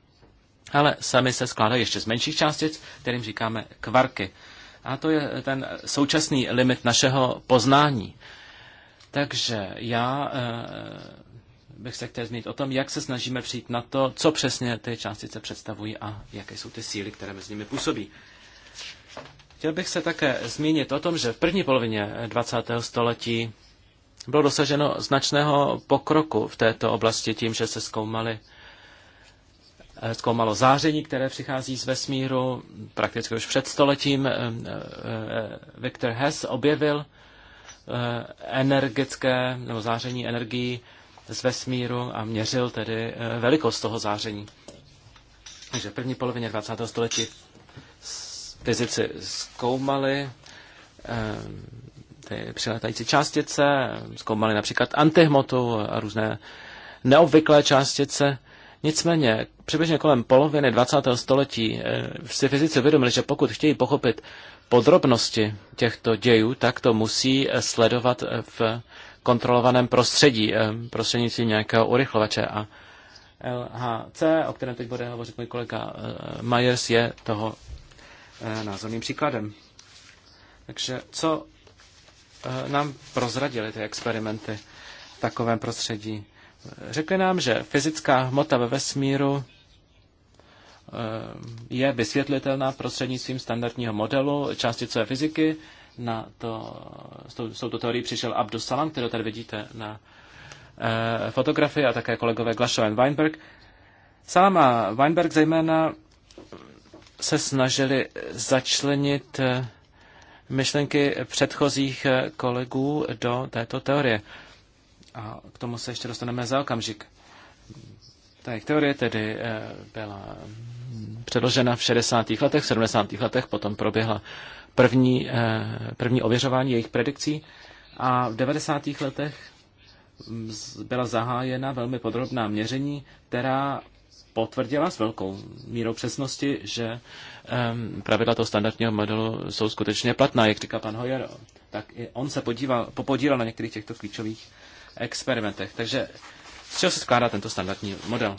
ale sami se skládají ještě z menších částic, kterým říkáme kvarky. A to je ten současný limit našeho poznání. Takže já eh, bych se chtěl zmínit o tom, jak se snažíme přijít na to, co přesně ty částice představují a jaké jsou ty síly, které mezi nimi působí. Chtěl bych se také zmínit o tom, že v první polovině 20. století bylo dosaženo značného pokroku v této oblasti tím, že se zkoumaly Eh, zkoumalo záření, které přichází z vesmíru. Prakticky už před stoletím eh, eh, Victor Hess objevil energetické nebo záření energií z vesmíru a měřil tedy velikost toho záření. Takže v první polovině 20. století fyzici zkoumali ty přiletající částice, zkoumali například antihmotu a různé neobvyklé částice Nicméně přibližně kolem poloviny 20. století eh, si fyzici uvědomili, že pokud chtějí pochopit podrobnosti těchto dějů, tak to musí eh, sledovat eh, v kontrolovaném prostředí, prostřednictvím nějakého urychlovače. A LHC, o kterém teď bude hovořit můj kolega Myers, je toho názorným příkladem. Takže co nám prozradili ty experimenty v takovém prostředí? Řekli nám, že fyzická hmota ve vesmíru eh, je vysvětlitelná prostřednictvím standardního modelu částicové fyziky. Na to, s, tou, s touto teorií přišel Abdus Salam, kterou tady vidíte na eh, fotografii, a také kolegové Glashow a Weinberg. Salam a Weinberg zejména se snažili začlenit eh, myšlenky předchozích eh, kolegů do této teorie. Eh, a k tomu se ještě dostaneme za okamžik. Ta jejich teorie tedy eh, byla předložena v 60. letech, 70. letech, potom proběhla první, eh, první ověřování jejich predikcí a v 90. letech mm, byla zahájena velmi podrobná měření, která potvrdila s velkou mírou přesnosti, že pravidla toho standardního modelu jsou skutečně platná. Jak říká pan Hoyer, tak i on se podíval, popodíval na některých těchto klíčových experimentech. Takže z čeho se skládá tento standardní model?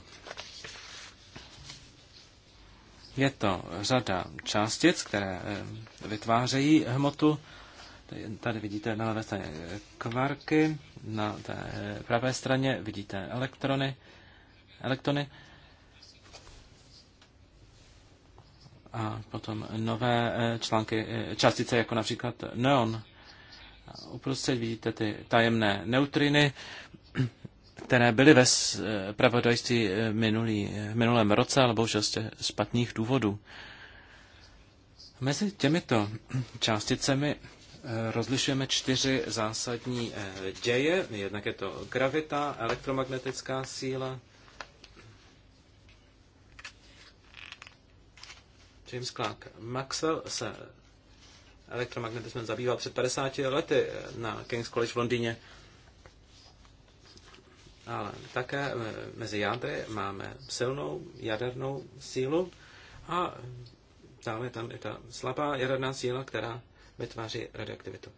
Je to řada částic, které eh, vytvářejí hmotu. Tady vidíte na levé straně kvarky, na té pravé straně vidíte elektrony. elektrony. A potom nové eh, články, eh, částice jako například neon. Uprostřed vidíte ty tajemné neutriny, které byly ve eh, pravodajství eh, minulý, eh, v minulém roce, ale bohužel z špatných důvodů. Mezi těmito částicemi rozlišujeme čtyři zásadní děje. Jednak je to gravita, elektromagnetická síla, James Clark Maxwell se elektromagnetismem zabýval před 50 lety na King's College v Londýně. Ale také eh, mezi jádry máme silnou jadernou sílu a dále tam je ta slabá jaderná síla, která vytváří radioaktivitu.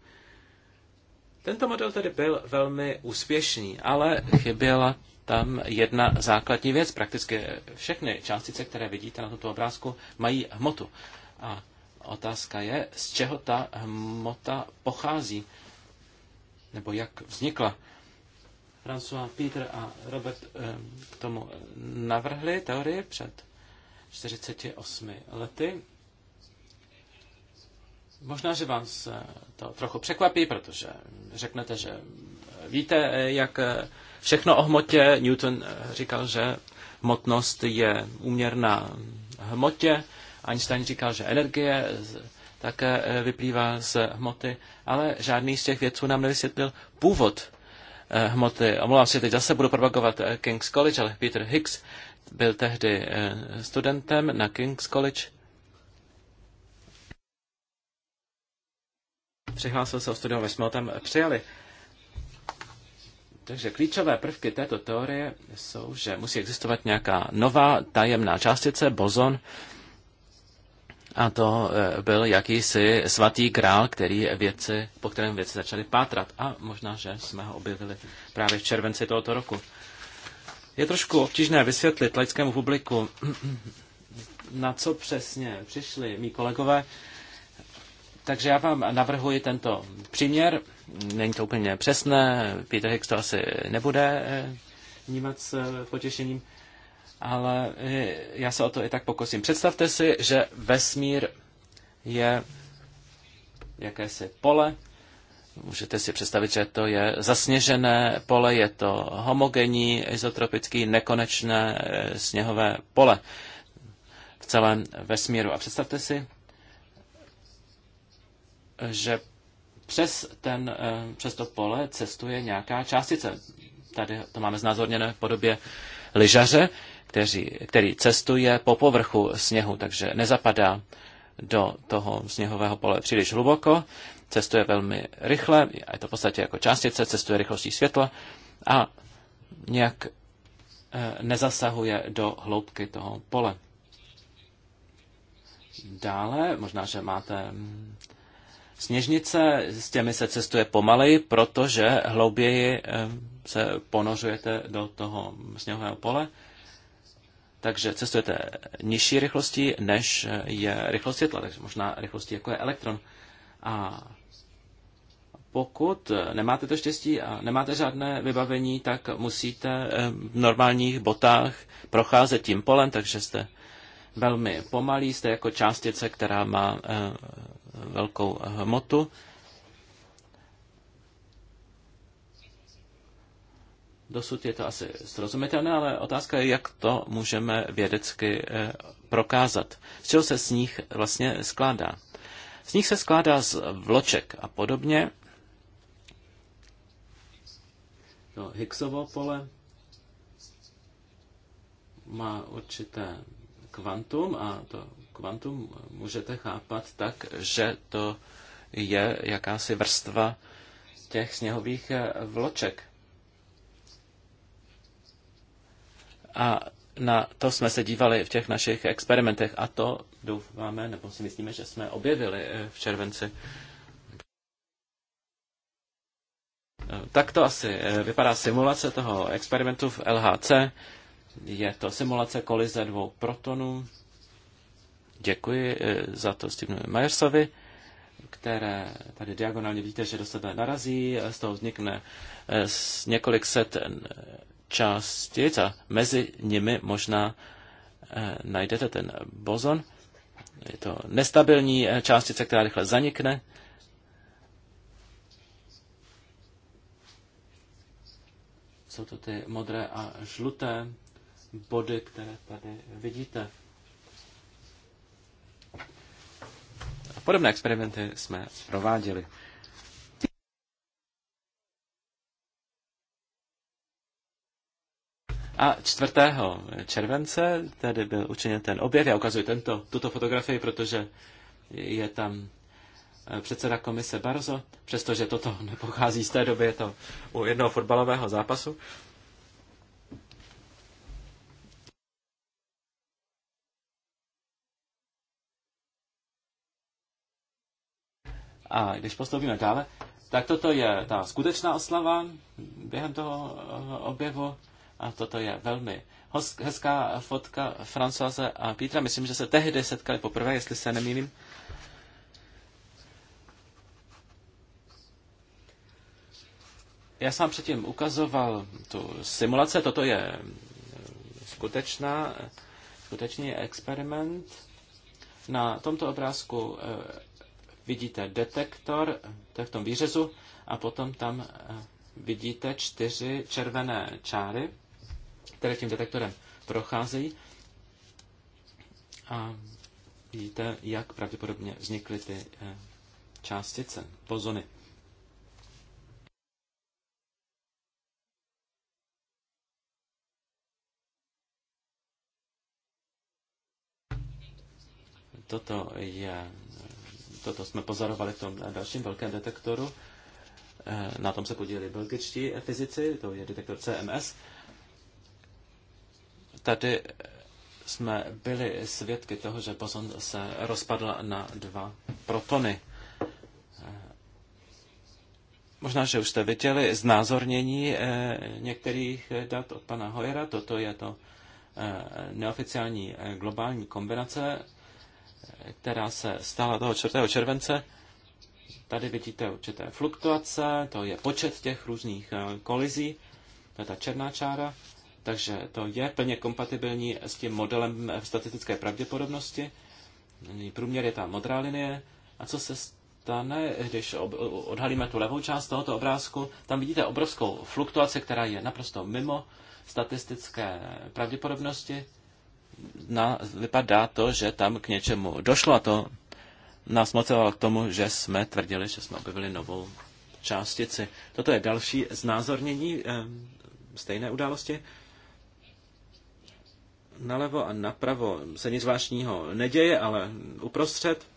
Tento model tedy byl velmi úspěšný, ale chyběla tam jedna základní věc. Prakticky všechny částice, které vidíte na tomto obrázku, mají hmotu. A Otázka je, z čeho ta hmota pochází, nebo jak vznikla. François Peter a Robert eh, k tomu navrhli teorii před 48 lety. Možná, že vás eh, to trochu překvapí, protože řeknete, že víte, eh, jak všechno o hmotě. Newton říkal, že hmotnost je úměrná hmotě. Einstein říkal, že energie také eh, vyplývá z hmoty, ale žádný z těch vědců nám nevysvětlil původ eh, hmoty. Omlouvám se, teď zase budu propagovat eh, King's College, ale Peter Hicks byl tehdy studentem na King's College. Přihlásil se o studium, my jsme ho tam přijali. Takže klíčové prvky této teorie jsou, že musí existovat nějaká nová tajemná částice, bozon, a to e, byl jakýsi svatý král, který věci, po kterém věci začaly pátrat. A možná, že jsme ho objevili právě v červenci tohoto roku. Je trošku obtížné vysvětlit laickému publiku, na co přesně přišli mý kolegové. Takže já vám navrhuji tento příměr. Není to úplně přesné, Peter Hicks to asi nebude e, vnímat s e, potěšením ale eh, já se o to i tak pokusím. Představte si, že vesmír je jakési pole. Můžete si představit, že to je zasněžené pole, je to homogenní, izotropický, nekonečné eh, sněhové pole v celém vesmíru. A představte si, že přes, ten, eh, přes to pole cestuje nějaká částice. Tady to máme znázorněné v podobě lyžaře kteří, který cestuje po povrchu sněhu, takže nezapadá do toho sněhového pole příliš hluboko, cestuje velmi rychle, je to v podstatě jako částice, cestuje rychlostí světla a nějak eh, nezasahuje do hloubky toho pole. Dále, možná, že máte mm, sněžnice, s těmi se cestuje pomaleji, protože hlouběji eh, se ponořujete do toho sněhového pole takže cestujete nižší rychlosti, než je rychlost světla, takže možná rychlosti jako je elektron. A pokud nemáte to štěstí a nemáte žádné vybavení, tak musíte eh, v normálních botách procházet tím polem, takže jste velmi pomalí, jste jako částice, která má eh, velkou hmotu. Dosud je to asi srozumitelné, ale otázka je, jak to můžeme vědecky eh, prokázat. Z čeho se sníh vlastně skládá? Sníh se skládá z vloček a podobně. To Higgsovo pole má určité kvantum a to kvantum můžete chápat tak, že to je jakási vrstva těch sněhových eh, vloček. A na to jsme se dívali v těch našich experimentech a to doufáme, nebo si myslíme, že jsme objevili eh, v červenci. Eh, tak to asi eh, vypadá simulace toho experimentu v LHC. Je to simulace kolize dvou protonů. Děkuji za to Stevenu Majersovi, které tady diagonálně vidíte, že do sebe narazí, z toho vznikne několik set částic a mezi nimi možná eh, najdete ten bozon. Je to nestabilní eh, částice, která rychle zanikne. Jsou to ty modré a žluté body, které tady vidíte. Podobné experimenty jsme prováděli. A 4. července tedy byl učiněn ten objev. Já ukazuji tento, tuto fotografii, protože je tam eh, předseda komise Barzo, přestože toto nepochází z té doby, je to u jednoho fotbalového zápasu. A když postoupíme dále, tak toto je ta skutečná oslava během toho eh, objevu. A toto je velmi hezká fotka Francoise a Petra. Myslím, že se tehdy setkali poprvé, jestli se nemýlím. Já jsem předtím ukazoval tu simulace, toto je eh, skutečná, skutečný experiment. Na tomto obrázku eh, vidíte detektor, to je v tom výřezu, a potom tam eh, vidíte čtyři červené čáry které tím detektorem procházejí. A vidíte, jak pravděpodobně vznikly ty eh, částice, pozony. Toto, je, toto jsme pozorovali v tom dalším velkém detektoru. Eh, na tom se podíleli belgičtí fyzici, to je detektor CMS. Tady jsme byli svědky toho, že boson se rozpadl na dva protony. Možná, že už jste viděli znázornění eh, některých dat od pana Hojera. Toto je to eh, neoficiální eh, globální kombinace, která se stala toho 4. července. Tady vidíte určité fluktuace, to je počet těch různých kolizí, to je ta černá čára. Takže to je plně kompatibilní s tím modelem statistické pravděpodobnosti. Průměr je ta modrá linie. A co se stane, když odhalíme tu levou část tohoto obrázku? Tam vidíte obrovskou fluktuaci, která je naprosto mimo statistické pravděpodobnosti. Na, vypadá to, že tam k něčemu došlo a to nás mocovalo k tomu, že jsme tvrdili, že jsme objevili novou částici. Toto je další znázornění eh, stejné události nalevo a napravo se nic zvláštního neděje, ale uprostřed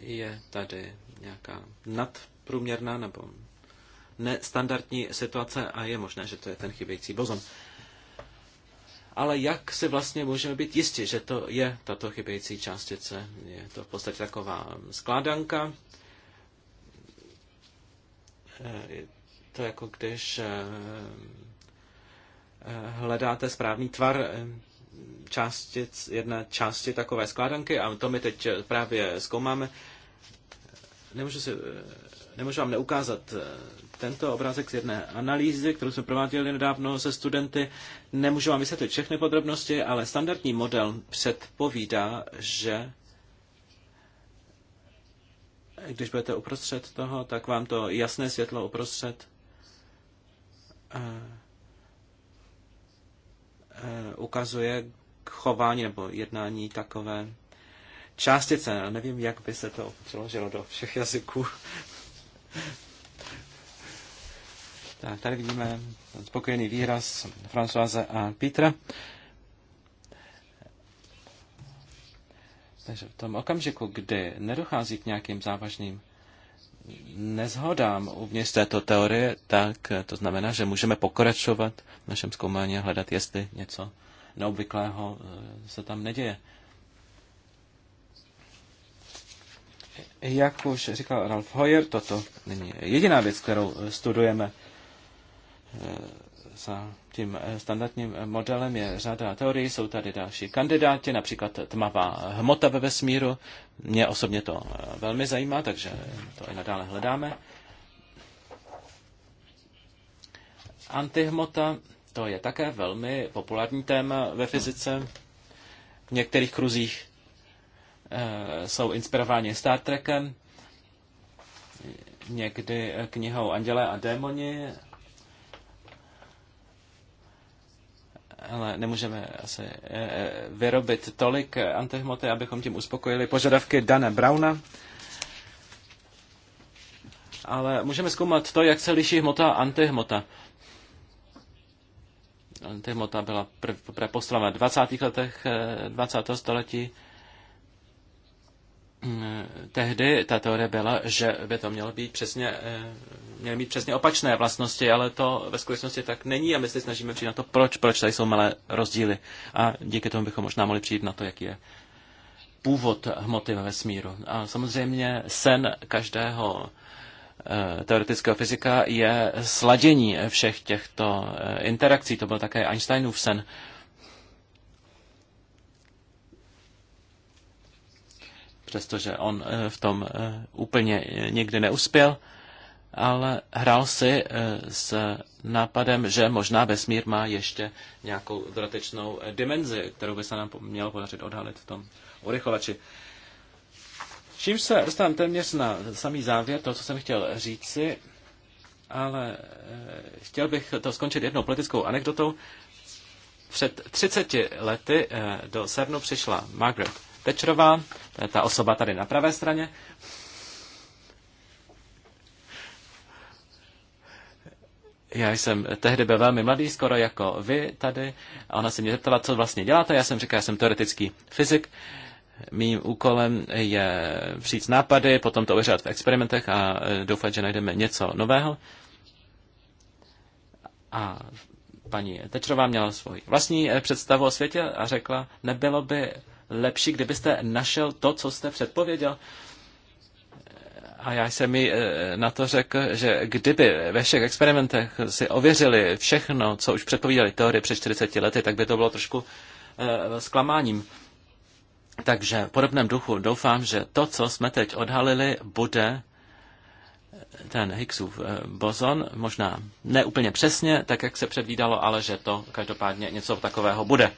je tady nějaká nadprůměrná nebo nestandardní situace a je možné, že to je ten chybějící bozon. Ale jak si vlastně můžeme být jistí, že to je tato chybějící částice? Je to v podstatě taková skládanka. Eh, je to jako když eh, hledáte správný tvar eh, částic, jedné části takové skládanky a to my teď eh, právě zkoumáme. Nemůžu, si, eh, nemůžu vám neukázat tento obrázek z jedné analýzy, kterou jsme prováděli nedávno se studenty. Nemůžu vám vysvětlit všechny podrobnosti, ale standardní model předpovídá, že když budete uprostřed toho, tak vám to jasné světlo uprostřed Eh, ukazuje chování nebo jednání takové částice. Já nevím, jak by se to přeložilo do všech jazyků. tak, tady vidíme spokojený výraz Françoise a Petra. Takže v tom okamžiku, kdy nedochází k nějakým závažným nezhodám uvnitř této teorie, tak to znamená, že můžeme pokračovat v našem zkoumání a hledat, jestli něco neobvyklého eh, se tam neděje. Jak už říkal Ralf Hoyer, toto není jediná věc, kterou eh, studujeme. Eh, za tím eh, standardním modelem je řada teorií, jsou tady další kandidáti, například tmavá hmota ve vesmíru. Mě osobně to eh, velmi zajímá, takže to i nadále hledáme. Antihmota, to je také velmi populární téma ve fyzice. V některých kruzích eh, jsou inspirováni Star Trekem, někdy knihou Anděle a démoni ale nemůžeme asi eh, eh, vyrobit tolik antihmoty, abychom tím uspokojili požadavky Dana Brauna. Ale můžeme zkoumat to, jak se liší hmota a antihmota. Antihmota byla poprvé postavena v 20. letech 20. Eh, století. Mm, tehdy ta teorie byla, že by to mělo být přesně měly mít přesně opačné vlastnosti, ale to ve skutečnosti tak není a my se snažíme přijít na to, proč, proč tady jsou malé rozdíly. A díky tomu bychom možná mohli přijít na to, jaký je původ hmoty ve vesmíru. A samozřejmě sen každého eh, teoretického fyzika je sladění všech těchto eh, interakcí. To byl také Einsteinův sen. Přestože on eh, v tom úplně nikdy neuspěl ale hrál si eh, s nápadem, že možná vesmír má ještě nějakou dodatečnou eh, dimenzi, kterou by se nám mělo podařit odhalit v tom urychlovači. Čím se dostávám téměř na samý závěr, to, co jsem chtěl říci, ale eh, chtěl bych to skončit jednou politickou anekdotou. Před 30 lety do CERNu přišla Margaret Thatcherová, to je ta osoba tady na pravé straně, Já jsem tehdy byl velmi mladý, skoro jako vy tady, a ona se mě zeptala, co vlastně děláte. Já jsem říkal, já jsem teoretický fyzik. Mým úkolem je přijít nápady, potom to ověřovat v experimentech a e, doufat, že najdeme něco nového. A paní Tečrová měla svoji vlastní e, představu o světě a řekla, nebylo by lepší, kdybyste našel to, co jste předpověděl. A já jsem mi eh, na to řekl, že kdyby ve všech experimentech si ověřili všechno, co už předpovídali teorie před 40 lety, tak by to bylo trošku eh, zklamáním. Takže v podobném duchu doufám, že to, co jsme teď odhalili, bude ten Higgsův eh, bozon, možná ne úplně přesně, tak jak se předvídalo, ale že to každopádně něco takového bude.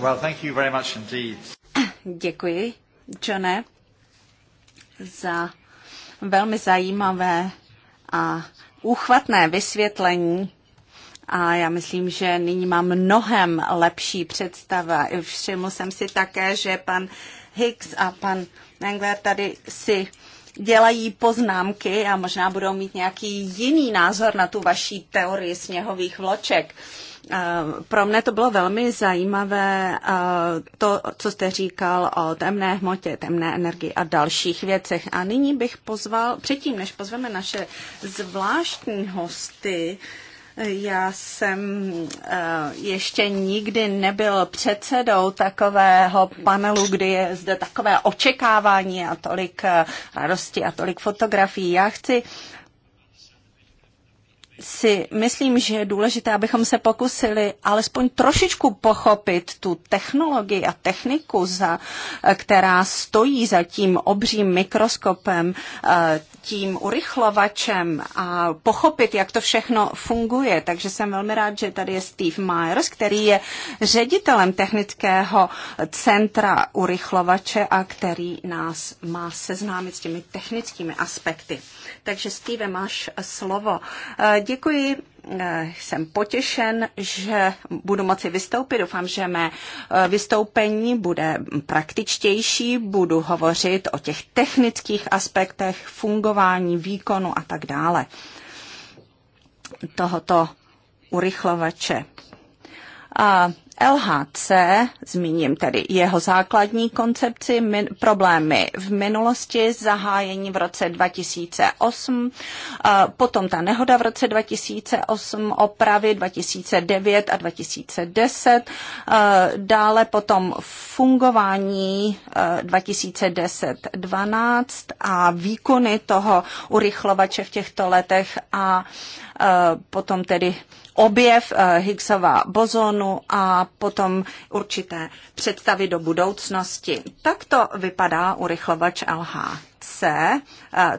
Well, thank you very much indeed. Děkuji, Johne, za velmi zajímavé a úchvatné vysvětlení a já myslím, že nyní mám mnohem lepší představa. Všiml jsem si také, že pan Hicks a pan Engler tady si dělají poznámky a možná budou mít nějaký jiný názor na tu vaší teorii sněhových vloček. Uh, Eh, pro mne to bylo velmi zajímavé, eh, to, co jste říkal o temné hmotě, temné energii a dalších věcech. A nyní bych pozval, předtím než pozveme naše zvláštní hosty, eh, já jsem ještě nikdy nebyl předsedou takového panelu, kdy je zde takové očekávání a tolik radosti a tolik fotografií. Já chci si myslím, že je důležité, abychom se pokusili alespoň trošičku pochopit tu technologii a techniku, za, eh, která stojí za tím obřím mikroskopem, eh, tím urychlovačem a pochopit, jak to všechno funguje. Takže jsem velmi rád, že tady je Steve Myers, který je ředitelem technického centra urychlovače a který nás má seznámit s těmi technickými aspekty. Takže Steve, máš eh, slovo. Děkuji eh, jsem potěšen, že budu moci vystoupit. Doufám, že mé eh, vystoupení bude praktičtější. Budu hovořit o těch technických aspektech fungování, výkonu a tak dále tohoto urychlovače. A LHC, zmíním tedy jeho základní koncepci, min, problémy v minulosti, zahájení v roce 2008, eh, potom ta nehoda v roce 2008, opravy 2009 a 2010, eh, dále potom fungování 2010-12 eh, a výkony toho urychlovače v těchto letech a Eh, potom tedy objev eh, Higgsova bozonu a potom určité představy do budoucnosti. Tak to vypadá urychlovač LHC. Eh,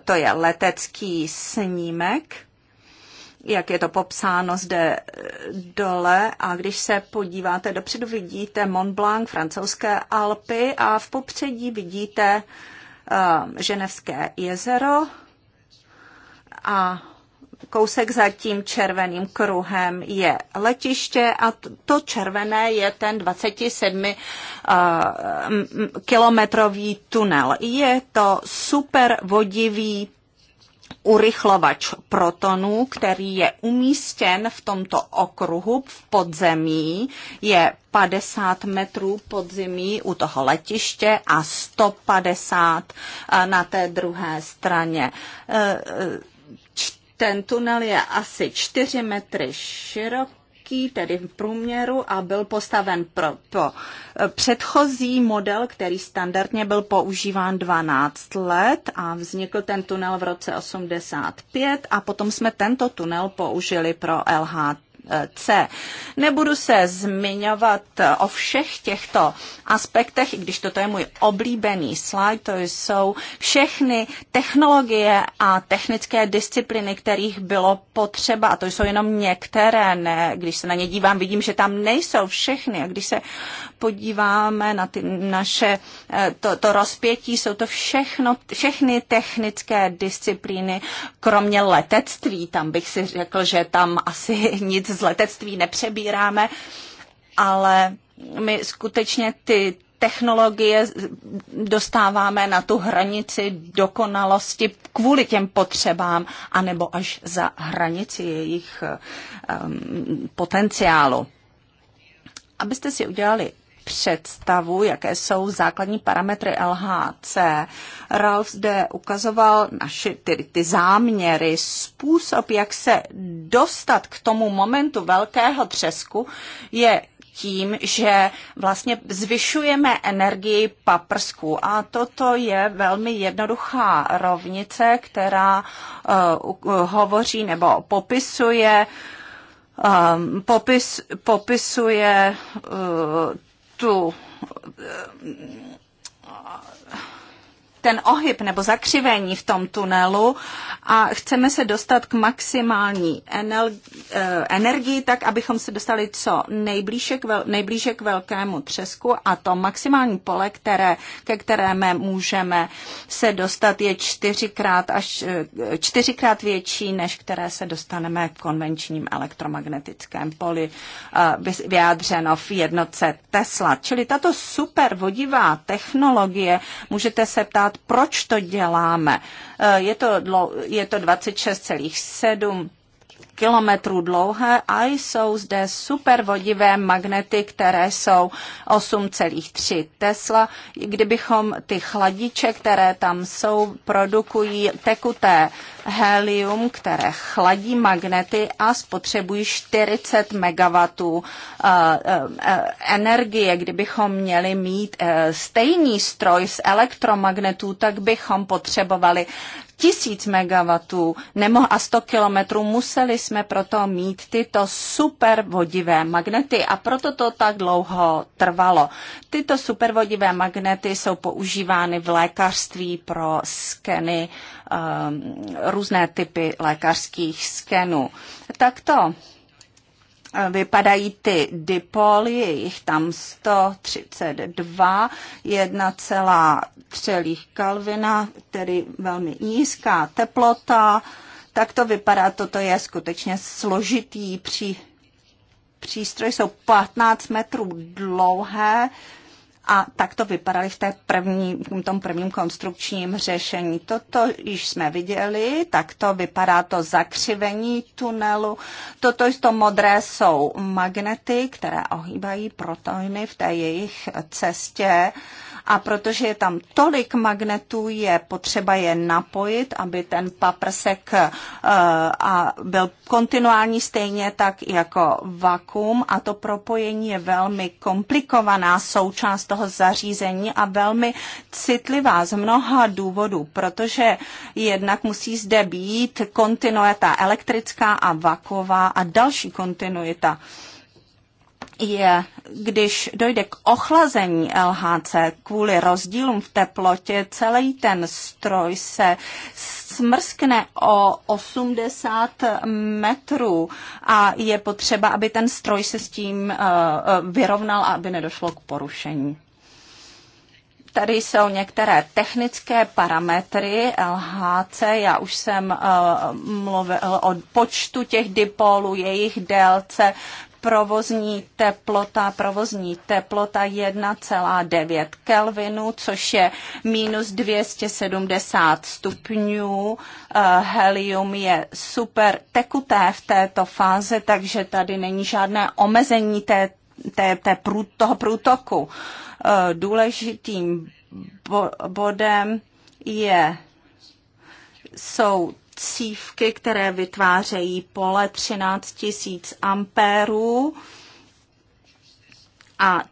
to je letecký snímek jak je to popsáno zde dole. A když se podíváte dopředu, vidíte Mont Blanc, francouzské Alpy a v popředí vidíte uh, Ženevské jezero a kousek za tím červeným kruhem je letiště a to červené je ten 27 eh, kilometrový tunel. Je to super vodivý urychlovač protonů, který je umístěn v tomto okruhu v podzemí, je 50 metrů podzemí u toho letiště a 150 eh, na té druhé straně eh, ten tunel je asi 4 metry široký tedy v průměru, a byl postaven pro, pro eh, předchozí model, který standardně byl používán 12 let a vznikl ten tunel v roce 85 a potom jsme tento tunel použili pro LHT C. Nebudu se zmiňovat o všech těchto aspektech, i když toto je můj oblíbený slide, to jsou všechny technologie a technické disciplíny, kterých bylo potřeba, a to jsou jenom některé, ne, když se na ně dívám, vidím, že tam nejsou všechny, a když se podíváme na ty naše, eh, to, to rozpětí, jsou to všechno, všechny technické disciplíny, kromě letectví, tam bych si řekl, že tam asi nic z letectví nepřebíráme, ale my skutečně ty technologie dostáváme na tu hranici dokonalosti kvůli těm potřebám, anebo až za hranici jejich um, potenciálu. Abyste si udělali představu, jaké jsou základní parametry LHC. Ralf zde ukazoval naši, ty, ty záměry, způsob, jak se dostat k tomu momentu velkého třesku, je tím, že vlastně zvyšujeme energii paprsku. A toto je velmi jednoduchá rovnice, která uh, hovoří nebo popisuje um, popis, popisuje uh, tu ten ohyb nebo zakřivení v tom tunelu a chceme se dostat k maximální eh, energii, tak abychom se dostali co nejblíže k, vel, nejblíže k velkému třesku a to maximální pole, které, ke kterému můžeme se dostat, je čtyřikrát, až, eh, čtyřikrát větší, než které se dostaneme v konvenčním elektromagnetickém poli eh, vyjádřeno v jednotce Tesla. Čili tato super vodivá technologie, můžete se ptát, proč to děláme. Eh, je to, je to 26,7 kilometrů dlouhé a jsou zde supervodivé magnety, které jsou 8,3 Tesla. Kdybychom ty chladiče, které tam jsou, produkují tekuté helium, které chladí magnety a spotřebují 40 MW eh, eh, energie. Kdybychom měli mít eh, stejný stroj z elektromagnetů, tak bychom potřebovali tisíc megawatů a 100 kilometrů, museli jsme proto mít tyto supervodivé magnety a proto to tak dlouho trvalo. Tyto supervodivé magnety jsou používány v lékařství pro skeny, um, různé typy lékařských skenů. Takto Eh, vypadají ty dipoly, je jich tam 132, 1,3 kalvina, tedy velmi nízká teplota. Tak to vypadá, toto je skutečně složitý pří, přístroj, jsou 15 metrů dlouhé, a tak to vypadaly v té první, v tom prvním konstrukčním řešení. Toto již jsme viděli, tak to vypadá to zakřivení tunelu. Toto to modré jsou magnety, které ohýbají protony v té jejich cestě. Uh, a protože je tam tolik magnetů, je potřeba je napojit, aby ten paprsek eh, a byl kontinuální stejně tak jako vakuum a to propojení je velmi komplikovaná součást toho zařízení a velmi citlivá z mnoha důvodů, protože jednak musí zde být kontinuita elektrická a vaková a další kontinuita. Uh, je, když dojde k ochlazení LHC kvůli rozdílům v teplotě, celý ten stroj se smrskne o 80 metrů a je potřeba, aby ten stroj se s tím eh, eh, vyrovnal a aby nedošlo k porušení. Tady jsou některé technické parametry LHC. Já už jsem uh, mluvil o počtu těch dipolů, jejich délce, provozní teplota, provozní teplota 1,9 Kelvinu, což je minus 270 stupňů. Eh, helium je super tekuté v této fázi, takže tady není žádné omezení té, té, té prů, toho průtoku. Eh, důležitým bodem je jsou cívky, které vytvářejí pole 13 000 ampérů a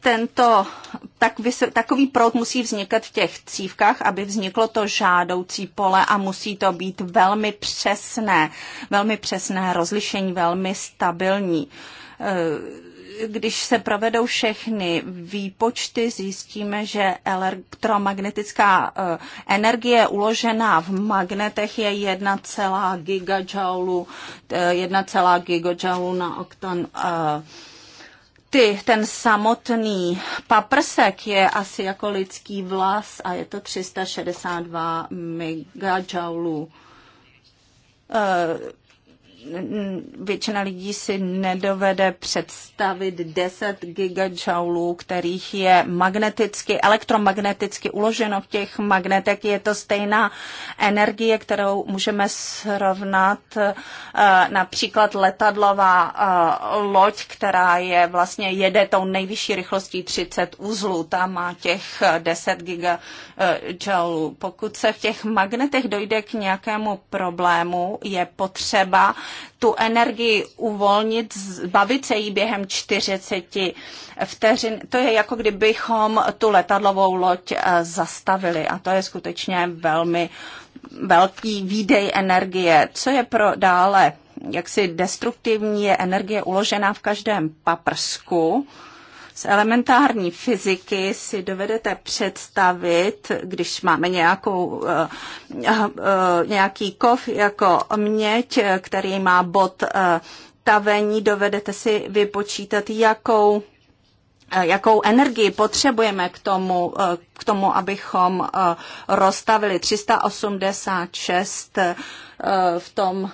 tento tak vys- takový proud musí vznikat v těch cívkách, aby vzniklo to žádoucí pole a musí to být velmi přesné, velmi přesné rozlišení, velmi stabilní. E když se provedou všechny výpočty, zjistíme, že elektromagnetická e, energie uložená v magnetech je 1, gigajoulu, 1, e, gigajoulu na oktan e. ty, ten samotný paprsek je asi jako lidský vlas a je to 362 megajoulů většina lidí si nedovede představit 10 gigajoulů, kterých je magneticky, elektromagneticky uloženo v těch magnetech. Je to stejná energie, kterou můžeme srovnat eh, například letadlová eh, loď, která je vlastně jede tou nejvyšší rychlostí 30 uzlů. Ta má těch 10 eh, gigajoulů. Pokud se v těch magnetech dojde k nějakému problému, je potřeba tu energii uvolnit, zbavit se jí během 40 vteřin. To je jako kdybychom tu letadlovou loď eh, zastavili a to je skutečně velmi velký výdej energie. Co je pro dále jaksi destruktivní, je energie uložená v každém paprsku z elementární fyziky si dovedete představit, když máme nějakou, eh, eh, eh, nějaký kov jako měď, který má bod tavení, dovedete si vypočítat, jakou jakou energii potřebujeme k tomu, k tomu abychom rozstavili 386 v tom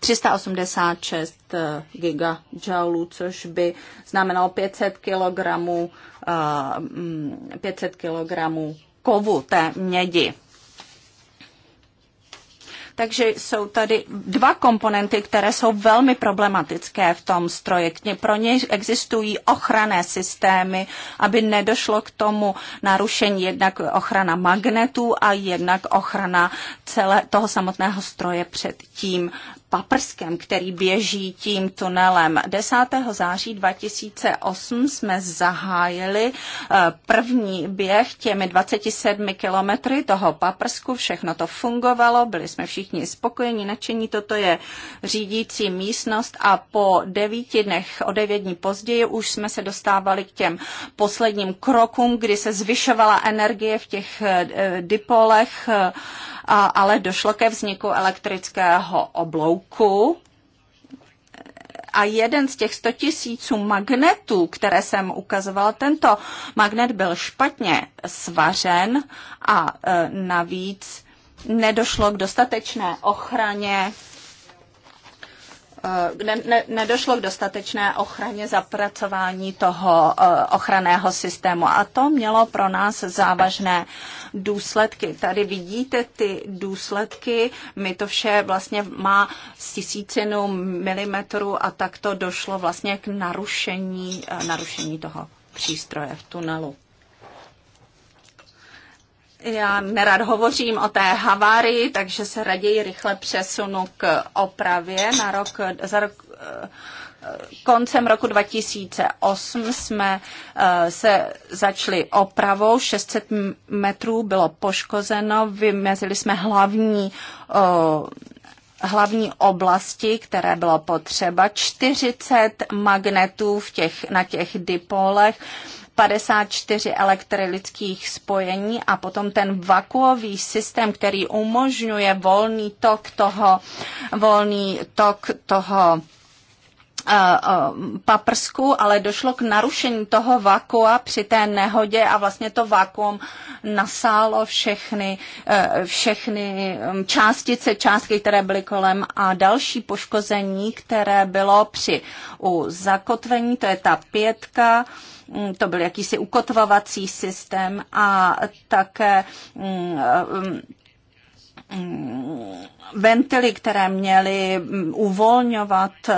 386 eh, gigajoulů, což by znamenalo 500 kg, 500 kg kovu té mědi. Takže jsou tady dva komponenty, které jsou velmi problematické v tom stroji. Pro ně existují ochranné systémy, aby nedošlo k tomu narušení jednak ochrana magnetů a jednak ochrana celé toho samotného stroje před tím paprskem, který běží tím tunelem. 10. září 2008 jsme zahájili eh, první běh těmi 27 kilometry toho paprsku. Všechno to fungovalo, byli jsme všichni spokojeni, nadšení. Toto je řídící místnost a po devíti dnech, o devět dní později, už jsme se dostávali k těm posledním krokům, kdy se zvyšovala energie v těch eh, eh, dipolech ale došlo ke vzniku elektrického oblouku, a jeden z těch 100 tisíců magnetů, které jsem ukazovala, tento magnet byl špatně svařen a e, navíc nedošlo k dostatečné ochraně Eh, ne, ne, nedošlo k dostatečné ochraně zapracování toho eh, ochranného systému. A to mělo pro nás závažné důsledky. Tady vidíte ty důsledky. My to vše vlastně má z tisícinu milimetru a tak to došlo vlastně k narušení, eh, narušení toho přístroje v tunelu. Já nerad hovořím o té havárii, takže se raději rychle přesunu k opravě. Na rok, za rok, eh, koncem roku 2008 jsme eh, se začali opravou, 600 metrů bylo poškozeno, vymezili jsme hlavní eh, hlavní oblasti, které bylo potřeba, 40 magnetů v těch, na těch dipolech, 54 elektrických spojení a potom ten vakuový systém, který umožňuje volný tok toho, volný tok toho eh, eh, paprsku, ale došlo k narušení toho vakua při té nehodě a vlastně to vakuum nasálo všechny, eh, všechny hm, částice, částky, které byly kolem a další poškození, které bylo při u zakotvení, to je ta pětka, Mm, to byl jakýsi ukotvovací systém a také mm, mm, ventily, které měly uvolňovat eh,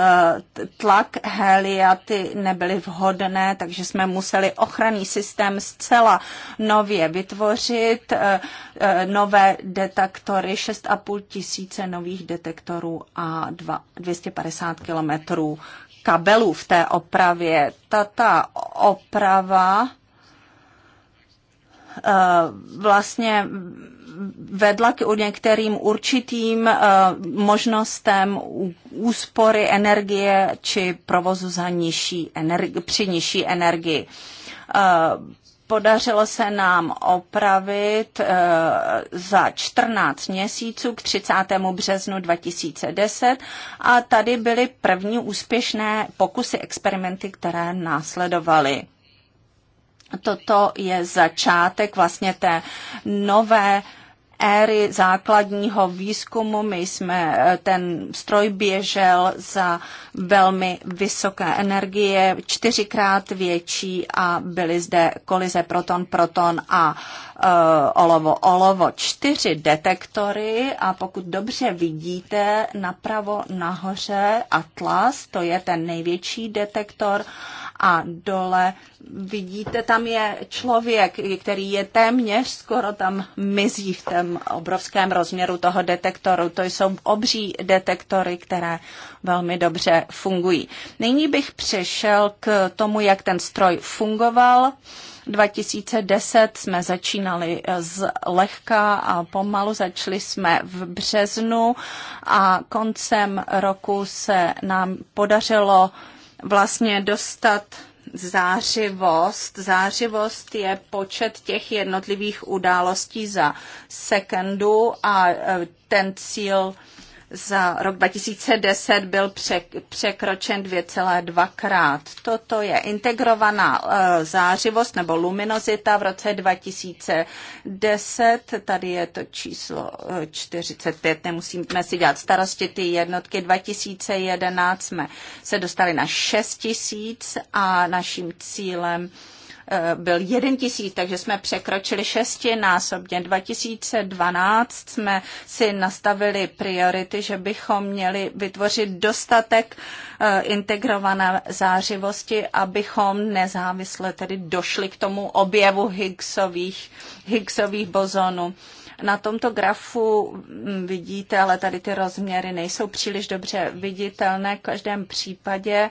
tlak helia, ty nebyly vhodné, takže jsme museli ochranný systém zcela nově vytvořit, eh, eh, nové detektory, 6,5 tisíce nových detektorů a 250 kilometrů kabelů v té opravě. Tata oprava eh, vlastně vedla k některým určitým eh, možnostem úspory energie či provozu za nižší energi- při nižší energii eh, Podařilo se nám opravit eh, za 14 měsíců k 30. březnu 2010 a tady byly první úspěšné pokusy, experimenty, které následovaly. Toto je začátek vlastně té nové uh, éry základního výzkumu. My jsme, eh, ten stroj běžel za velmi vysoké energie, čtyřikrát větší a byly zde kolize proton-proton a olovo-olovo. Eh, Čtyři detektory a pokud dobře vidíte, napravo nahoře Atlas, to je ten největší detektor, a dole vidíte, tam je člověk, který je téměř skoro tam mizí v tom obrovském rozměru toho detektoru. To jsou obří detektory, které velmi dobře fungují. Nyní bych přešel k tomu, jak ten stroj fungoval. 2010 jsme začínali z lehka a pomalu začali jsme v březnu a koncem roku se nám podařilo vlastně dostat zářivost. Zářivost je počet těch jednotlivých událostí za sekundu a e, ten cíl za rok 2010 byl překročen 2,2 krát. Toto je integrovaná e, zářivost nebo luminozita v roce 2010. Tady je to číslo 45, e, nemusíme si dělat starosti ty jednotky. 2011 jsme se dostali na 6 000 a naším cílem Eh, byl 1 tisíc, takže jsme překročili šestinásobně. 2012 jsme si nastavili priority, že bychom měli vytvořit dostatek eh, integrované zářivosti, abychom nezávisle tedy došli k tomu objevu Higgsových, Higgsových bozonů. Na tomto grafu mm, vidíte, ale tady ty rozměry nejsou příliš dobře viditelné v každém případě.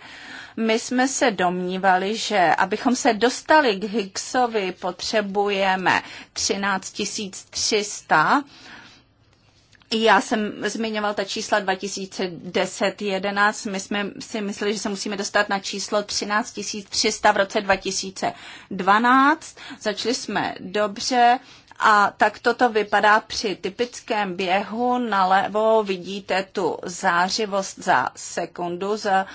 My jsme se domnívali, že abychom se dostali k Higgsovi, potřebujeme 13 300 já jsem zmiňoval ta čísla 2010 2011 My jsme si mysleli, že se musíme dostat na číslo 13 300 v roce 2012. Začali jsme dobře, a tak toto vypadá při typickém běhu. Nalevo vidíte tu zářivost za sekundu za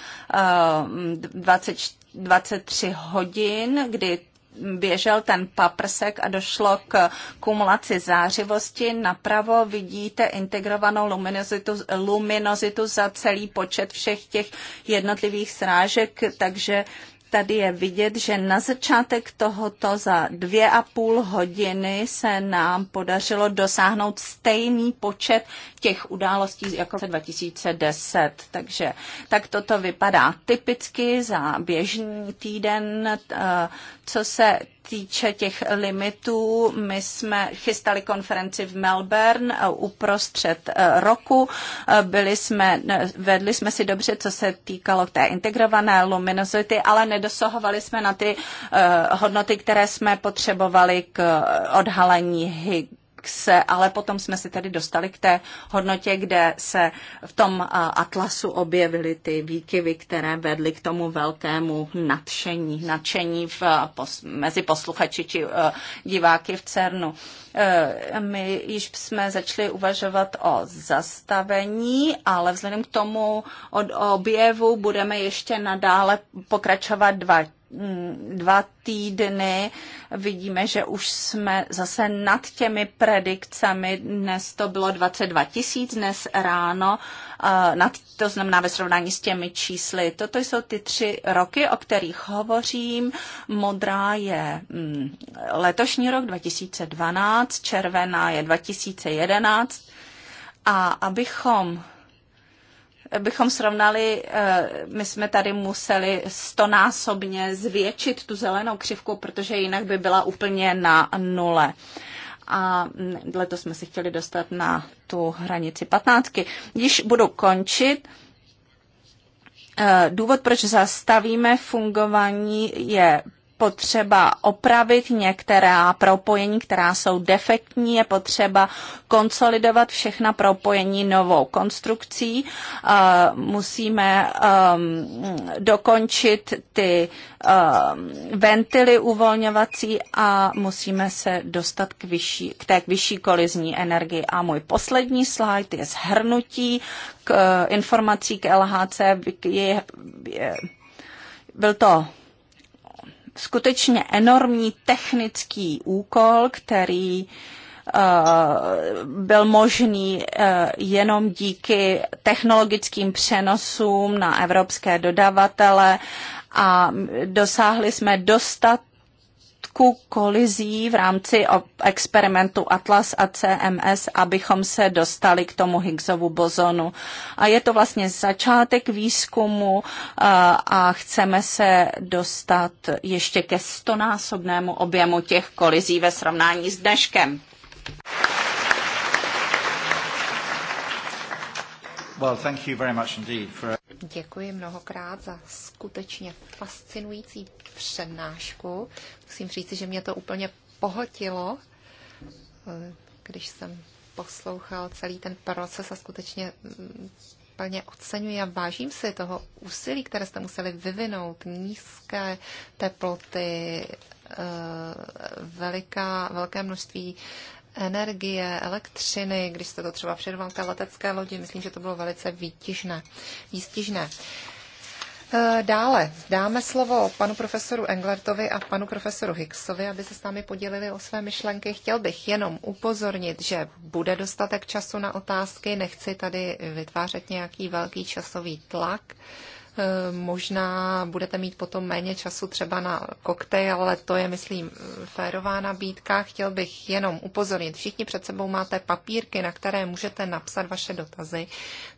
20, eh, 23 hodin, kdy běžel ten paprsek a došlo k kumulaci zářivosti. Napravo vidíte integrovanou luminozitu, luminozitu za celý počet všech těch jednotlivých srážek, takže tady je vidět, že na začátek tohoto za dvě a půl hodiny se nám podařilo dosáhnout stejný počet těch událostí jako v 2010. Takže tak toto vypadá typicky za běžný týden, eh, co se týče těch limitů, my jsme chystali konferenci v Melbourne uprostřed eh, roku. Eh, byli jsme, eh, vedli jsme si dobře, co se týkalo té integrované luminozity, ale nedosahovali jsme na ty hodnoty, které jsme potřebovali k odhalení se, ale potom jsme se tedy dostali k té hodnotě, kde se v tom atlasu objevily ty výkyvy, které vedly k tomu velkému nadšení, nadšení v, mezi posluchači či diváky v CERNu. E, my již jsme začali uvažovat o zastavení, ale vzhledem k tomu od objevu budeme ještě nadále pokračovat dva Mm, dva týdny. Vidíme, že už jsme zase nad těmi predikcemi. Dnes to bylo 22 tisíc, dnes ráno, eh, nad, to znamená ve srovnání s těmi čísly. Toto jsou ty tři roky, o kterých hovořím. Modrá je mm, letošní rok 2012, červená je 2011. A abychom bychom srovnali, eh, my jsme tady museli stonásobně zvětšit tu zelenou křivku, protože jinak by byla úplně na nule a mm, letos jsme si chtěli dostat na tu hranici patnáctky. Když budu končit, eh, důvod, proč zastavíme fungování, je potřeba opravit některá propojení, která jsou defektní, je potřeba konsolidovat všechna propojení novou konstrukcí. Eh, musíme ehm, dokončit ty ehm, ventily uvolňovací a musíme se dostat k, vyšší, k té vyšší kolizní energii. A můj poslední slide je zhrnutí k eh, informací k LHC. Je, je, byl to skutečně enormní technický úkol, který eh, byl možný eh, jenom díky technologickým přenosům na evropské dodavatele a dosáhli jsme dostat trošku kolizí v rámci experimentu Atlas a CMS, abychom se dostali k tomu Higgsovu bozonu. A je to vlastně začátek výzkumu eh, a chceme se dostat ještě ke stonásobnému objemu těch kolizí ve srovnání s dneškem. Děkuji mnohokrát za skutečně fascinující přednášku. Musím říct, že mě to úplně pohltilo, když jsem poslouchal celý ten proces a skutečně mm, plně oceňuji a vážím si toho úsilí, které jste museli vyvinout, nízké teploty, eh, veliká, velké množství energie, elektřiny, když jste to třeba přirovnal k letecké lodi, myslím, že to bylo velice výtěžné, výstižné. E, dále dáme slovo panu profesoru Englertovi a panu profesoru Hicksovi, aby se s námi podělili o své myšlenky. Chtěl bych jenom upozornit, že bude dostatek času na otázky, nechci tady vytvářet nějaký velký časový tlak. Eh, možná budete mít potom méně času třeba na koktejl, ale to je, myslím, eh, férová nabídka. Chtěl bych jenom upozornit, všichni před sebou máte papírky, na které můžete napsat vaše dotazy.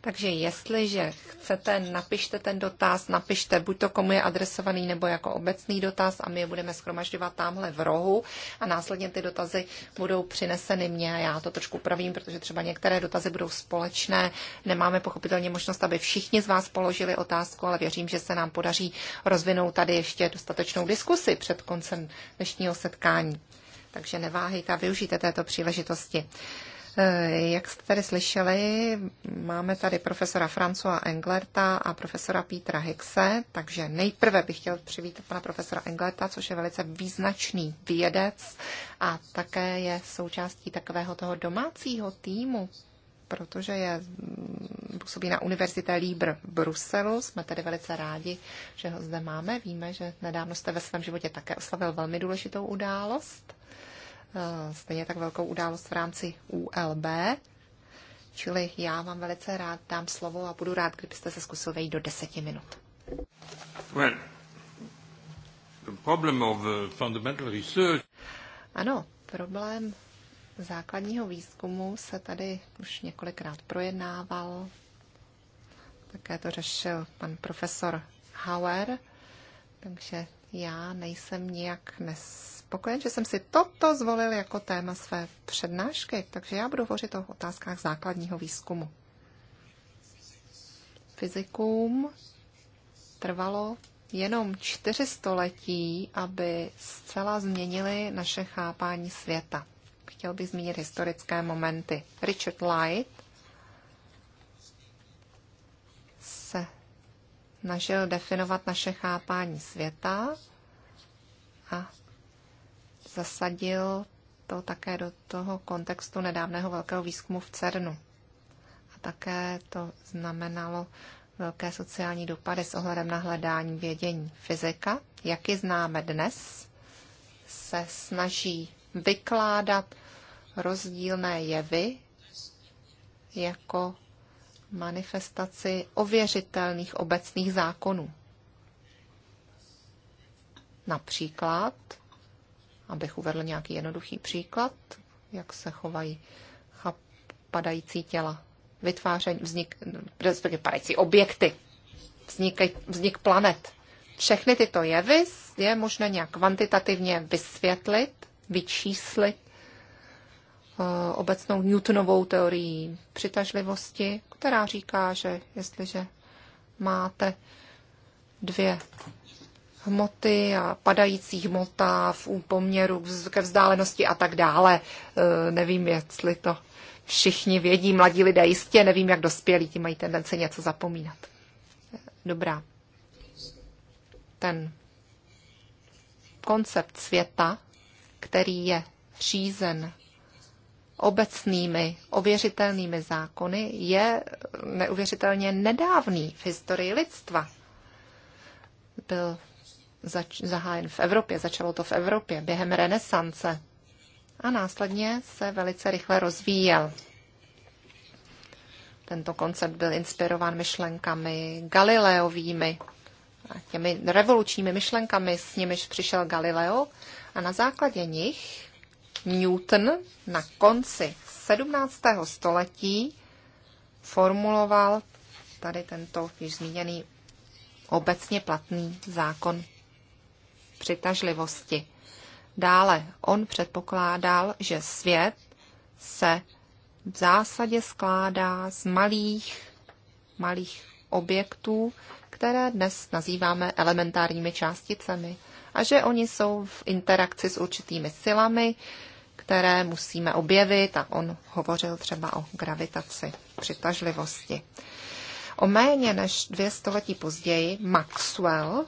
Takže jestliže chcete, napište ten dotaz, napište buď to, komu je adresovaný, nebo jako obecný dotaz a my je budeme schromažďovat tamhle v rohu a následně ty dotazy budou přineseny mně a já to trošku upravím, protože třeba některé dotazy budou společné. Nemáme pochopitelně možnost, aby všichni z vás položili otázku, ale věřím, že se nám podaří rozvinout tady ještě dostatečnou diskusi před koncem dnešního setkání. Takže neváhejte a využijte této příležitosti. E, jak jste tady slyšeli, máme tady profesora Francoa Englerta a profesora Petra Hickse, takže nejprve bych chtěl přivítat pana profesora Englerta, což je velice význačný vědec a také je součástí takového toho domácího týmu protože je, působí na Univerzitě Líbr v Bruselu. Jsme tedy velice rádi, že ho zde máme. Víme, že nedávno jste ve svém životě také oslavil velmi důležitou událost. Eh, stejně tak velkou událost v rámci ULB. Čili já vám velice rád dám slovo a budu rád, kdybyste se zkusil vejít do deseti minut. Well, the problem of eh, fundamental research... Ano, problém základního výzkumu se tady už několikrát projednával. Také to řešil pan profesor Hauer, takže já nejsem nijak nespokojen, že jsem si toto zvolil jako téma své přednášky, takže já budu hovořit o otázkách základního výzkumu. Fyzikům trvalo jenom čtyři století, aby zcela změnili naše chápání světa. Chtěl bych zmínit historické momenty. Richard Light se snažil definovat naše chápání světa a zasadil to také do toho kontextu nedávného velkého výzkumu v CERNu. A také to znamenalo velké sociální dopady s ohledem na hledání vědění. Fyzika, jak ji známe dnes, se snaží vykládat rozdílné jevy jako manifestaci ověřitelných obecných zákonů. Například, abych uvedl nějaký jednoduchý příklad, jak se chovají padající těla, vytváření, vznik, padající objekty, vznik, vznik planet. Všechny tyto jevy je možné nějak kvantitativně vysvětlit, vyčíslit Eh, obecnou Newtonovou teorií přitažlivosti, která říká, že jestliže máte dvě hmoty a padající hmota v poměru ke vzdálenosti a tak dále. Eh, nevím, jestli to všichni vědí, mladí lidé jistě, nevím, jak dospělí, ti mají tendenci něco zapomínat. Dobrá. Ten koncept světa, který je řízen obecnými ověřitelnými zákony je neuvěřitelně nedávný v historii lidstva. Byl zač- zahájen v Evropě, začalo to v Evropě během renesance a následně se velice rychle rozvíjel. Tento koncept byl inspirován myšlenkami Galileovými a těmi revolučními myšlenkami, s nimiž přišel Galileo a na základě nich Newton na konci 17. století formuloval tady tento již zmíněný obecně platný zákon přitažlivosti. Dále on předpokládal, že svět se v zásadě skládá z malých, malých objektů, které dnes nazýváme elementárními částicemi – a že oni jsou v interakci s určitými silami, které musíme objevit a on hovořil třeba o gravitaci, přitažlivosti. O méně než dvě století později Maxwell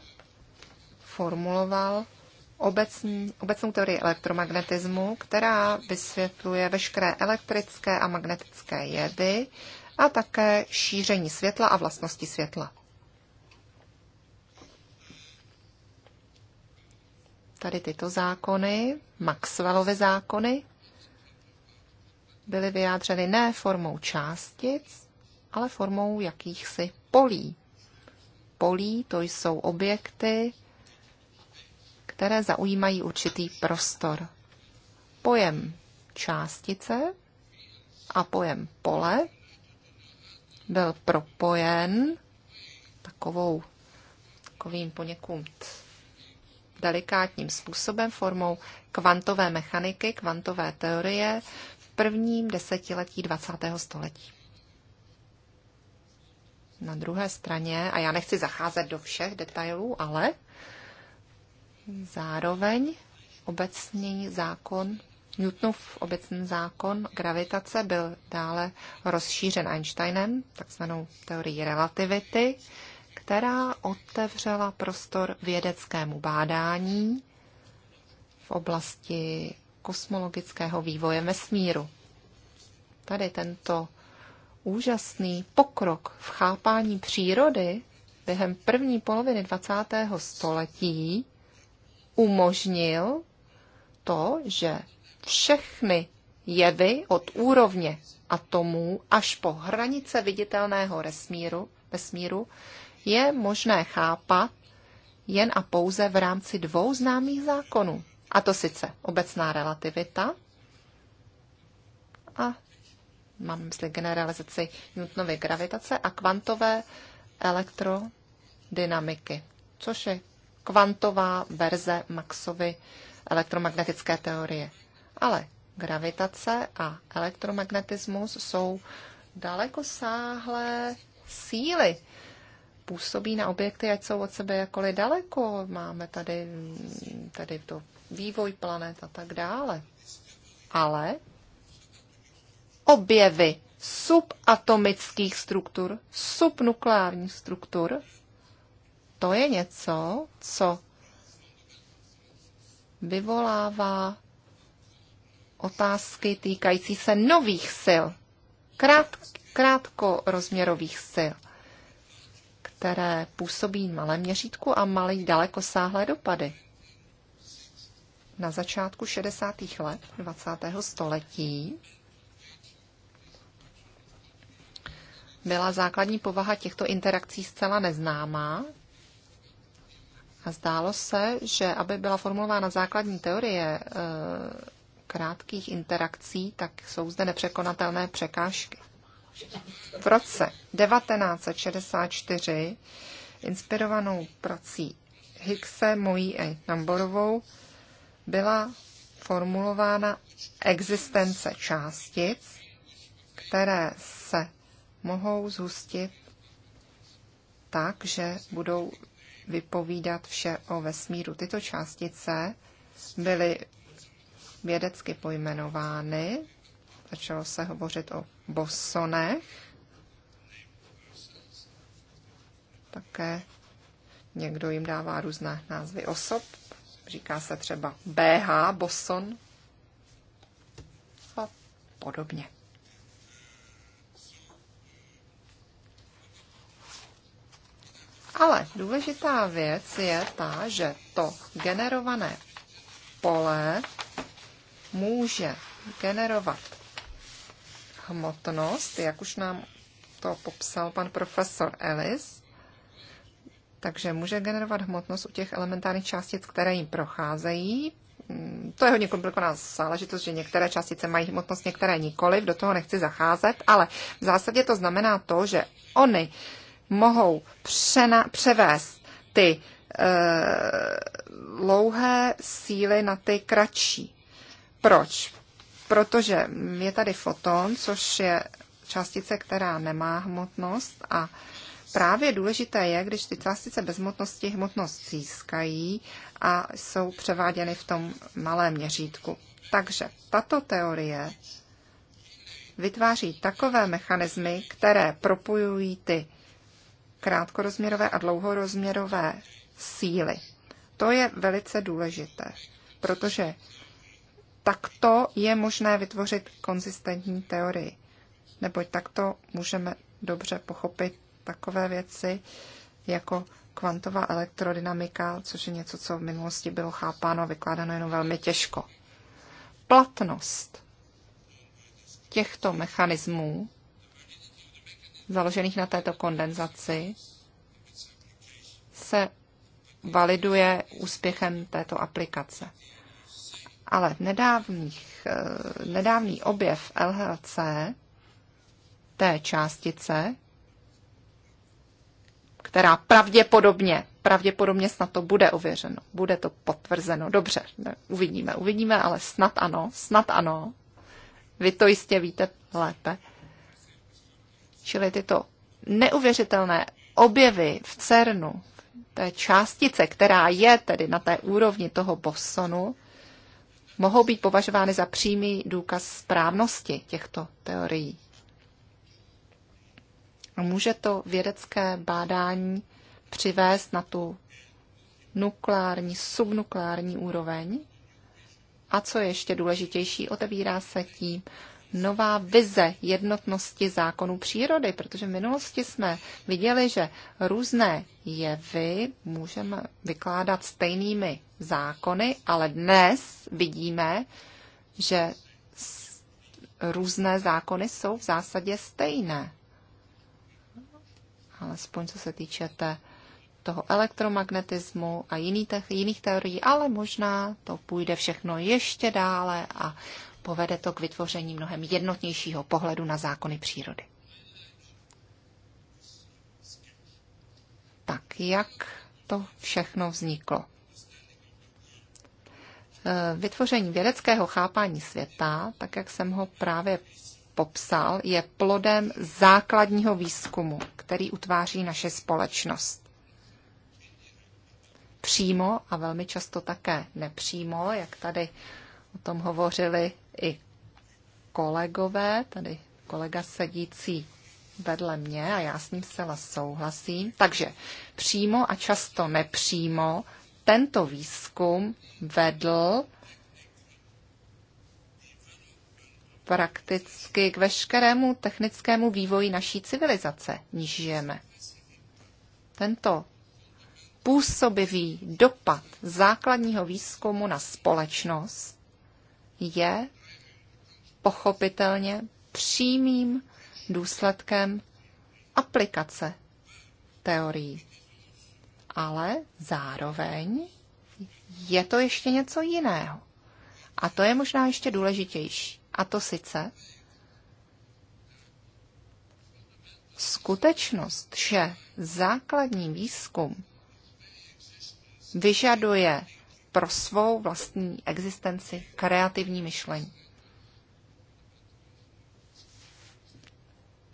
formuloval obecní, obecnou teorii elektromagnetismu, která vysvětluje veškeré elektrické a magnetické jevy a také šíření světla a vlastnosti světla. tady tyto zákony, Maxwellovy zákony, byly vyjádřeny ne formou částic, ale formou jakýchsi polí. Polí to jsou objekty, které zaujímají určitý prostor. Pojem částice a pojem pole byl propojen takovou, takovým poněkud delikátním způsobem formou kvantové mechaniky, kvantové teorie v prvním desetiletí 20. století. Na druhé straně, a já nechci zacházet do všech detailů, ale zároveň obecný zákon Newtonův obecný zákon gravitace byl dále rozšířen Einsteinem, takzvanou teorií relativity, která otevřela prostor vědeckému bádání v oblasti kosmologického vývoje vesmíru. Tady tento úžasný pokrok v chápání přírody během první poloviny 20. století umožnil to, že všechny jevy od úrovně atomů až po hranice viditelného vesmíru, vesmíru je možné chápat jen a pouze v rámci dvou známých zákonů. A to sice obecná relativita a mám mysli generalizaci Newtonovy gravitace a kvantové elektrodynamiky, což je kvantová verze Maxovy elektromagnetické teorie. Ale gravitace a elektromagnetismus jsou dalekosáhlé síly, působí na objekty, ať jsou od sebe jakkoliv daleko. Máme tady, tady to vývoj planet a tak dále. Ale objevy subatomických struktur, subnukleárních struktur, to je něco, co vyvolává otázky týkající se nových sil, krát, krátkorozměrových sil které působí v malém měřítku a malý dalekosáhlé dopady. Na začátku 60. let 20. století byla základní povaha těchto interakcí zcela neznámá a zdálo se, že aby byla formulována základní teorie eh, krátkých interakcí, tak jsou zde nepřekonatelné překážky v roce 1964 inspirovanou prací Hickse, Mojí a Namborovou byla formulována existence částic, které se mohou zhustit tak, že budou vypovídat vše o vesmíru. Tyto částice byly vědecky pojmenovány Začalo se hovořit o bosonech. Také někdo jim dává různé názvy osob. Říká se třeba BH, boson a podobně. Ale důležitá věc je ta, že to generované pole může generovat hmotnost, jak už nám to popsal pan profesor Ellis. Takže může generovat hmotnost u těch elementárních částic, které jim procházejí. Mm, to je hodně komplikovaná záležitost, že některé částice mají hmotnost, některé nikoli, do toho nechci zacházet, ale v zásadě to znamená to, že oni mohou přena, převést ty e, eh, dlouhé síly na ty kratší. Proč? protože je tady foton, což je částice, která nemá hmotnost a právě důležité je, když ty částice bez hmotnosti hmotnost získají a jsou převáděny v tom malém měřítku. Takže tato teorie vytváří takové mechanismy, které propojují ty krátkorozměrové a dlouhorozměrové síly. To je velice důležité, protože takto je možné vytvořit konzistentní teorii, neboť takto můžeme dobře pochopit takové věci jako kvantová elektrodynamika, což je něco, co v minulosti bylo chápáno a vykládáno jenom velmi těžko. Platnost těchto mechanismů založených na této kondenzaci se validuje úspěchem této aplikace. Ale nedávných, eh, nedávný objev LHC té částice, která pravděpodobně, pravděpodobně snad to bude ověřeno, bude to potvrzeno. Dobře, ne, uvidíme, uvidíme, ale snad ano, snad ano. Vy to jistě víte lépe. Čili tyto neuvěřitelné objevy v CERNu, té částice, která je tedy na té úrovni toho bosonu, mohou být považovány za přímý důkaz správnosti těchto teorií. A může to vědecké bádání přivést na tu nukleární, subnukleární úroveň. A co je ještě důležitější, otevírá se tím nová vize jednotnosti zákonů přírody, protože v minulosti jsme viděli, že různé jevy můžeme vykládat stejnými zákony, ale dnes vidíme, že různé zákony jsou v zásadě stejné. Alespoň co se týče té, toho elektromagnetismu a jiný te, jiných teorií, ale možná to půjde všechno ještě dále a povede to k vytvoření mnohem jednotnějšího pohledu na zákony přírody. Tak jak to všechno vzniklo? Eh, vytvoření vědeckého chápání světa, tak jak jsem ho právě popsal, je plodem základního výzkumu, který utváří naše společnost. Přímo a velmi často také nepřímo, jak tady o tom hovořili i kolegové, tady kolega sedící vedle mě a já s ním zcela souhlasím. Takže přímo a často nepřímo tento výzkum vedl prakticky k veškerému technickému vývoji naší civilizace, níž žijeme. Tento působivý dopad základního výzkumu na společnost je pochopitelně přímým důsledkem aplikace teorií ale zároveň je to ještě něco jiného. A to je možná ještě důležitější. A to sice skutečnost, že základní výzkum vyžaduje pro svou vlastní existenci kreativní myšlení.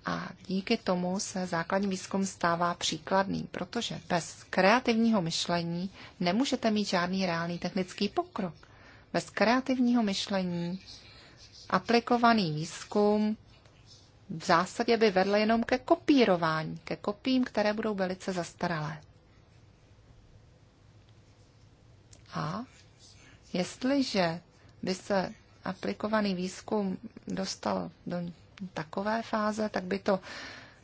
A díky tomu se základní výzkum stává příkladný, protože bez kreativního myšlení nemůžete mít žádný reálný technický pokrok. Bez kreativního myšlení aplikovaný výzkum v zásadě by vedl jenom ke kopírování, ke kopím, které budou velice zastaralé. A jestliže by se aplikovaný výzkum dostal do takové fáze, tak by to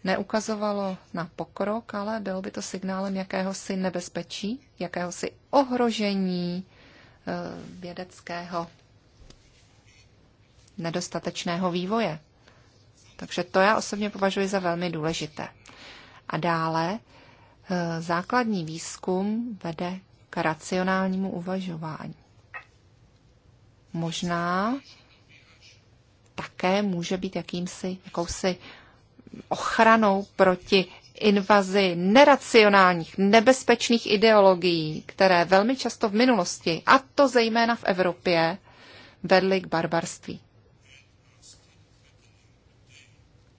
neukazovalo na pokrok, ale bylo by to signálem jakéhosi nebezpečí, jakéhosi ohrožení eh, vědeckého nedostatečného vývoje. Takže to já osobně považuji za velmi důležité. A dále eh, základní výzkum vede k racionálnímu uvažování. Možná také může být jakýmsi, jakousi ochranou proti invazi neracionálních, nebezpečných ideologií, které velmi často v minulosti, a to zejména v Evropě, vedly k barbarství.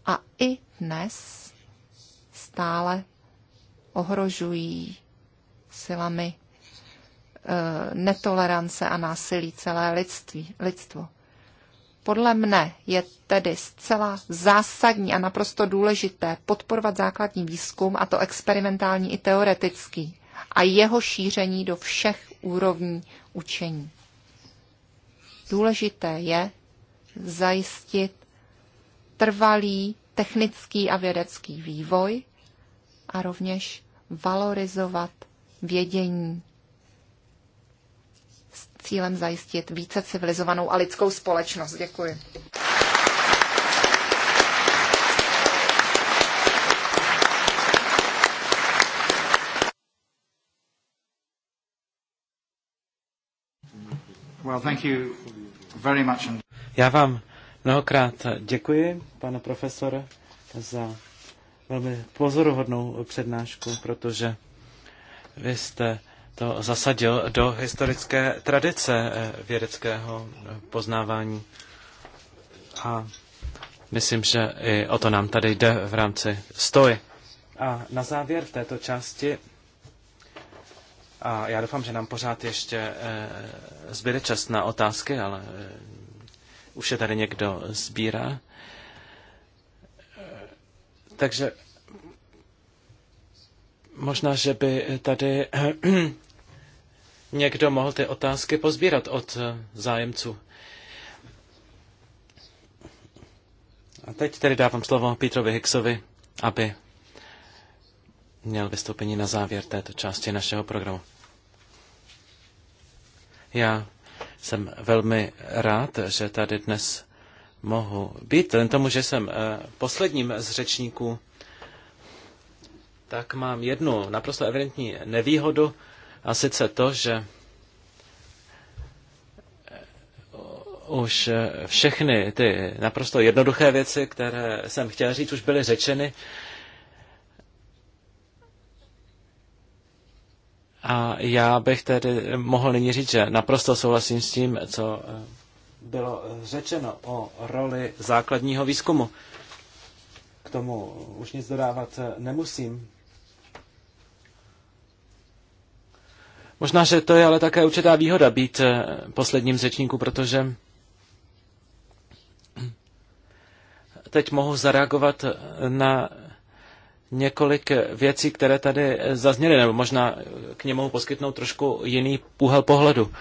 A i dnes stále ohrožují silami eh, netolerance a násilí celé lidství, lidstvo. Podle mne je tedy zcela zásadní a naprosto důležité podporovat základní výzkum, a to experimentální i teoretický, a jeho šíření do všech úrovní učení. Důležité je zajistit trvalý technický a vědecký vývoj a rovněž valorizovat vědění cílem zajistit více civilizovanou a lidskou společnost. Děkuji. Well, thank you very much. Já vám mnohokrát děkuji, pane profesore, za velmi pozoruhodnou přednášku, protože vy jste to zasadil do historické tradice eh, vědeckého eh, poznávání. A myslím, že i o to nám tady jde v rámci stoj. A na závěr v této části, a já doufám, že nám pořád ještě eh, zbyde čas na otázky, ale už je tady někdo sbírá. Takže možná, že by tady někdo mohl ty otázky pozbírat od eh, zájemců. A teď tedy dávám slovo Petrovi Hicksovi, aby měl vystoupení na závěr této části našeho programu. Já jsem velmi rád, že tady dnes mohu být. Jen tomu, že jsem eh, posledním z řečníků, tak mám jednu naprosto evidentní nevýhodu. A sice to, že eh, už eh, všechny ty naprosto jednoduché věci, které jsem chtěl říct, už byly řečeny. A já bych tedy mohl nyní říct, že naprosto souhlasím s tím, co eh, bylo řečeno o roli základního výzkumu. K tomu už nic dodávat nemusím. Možná, že to je ale také určitá výhoda být eh, posledním z řečníků, protože teď mohu zareagovat eh, na několik věcí, které tady eh, zazněly, nebo možná k němu mohu poskytnout trošku jiný úhel pohledu.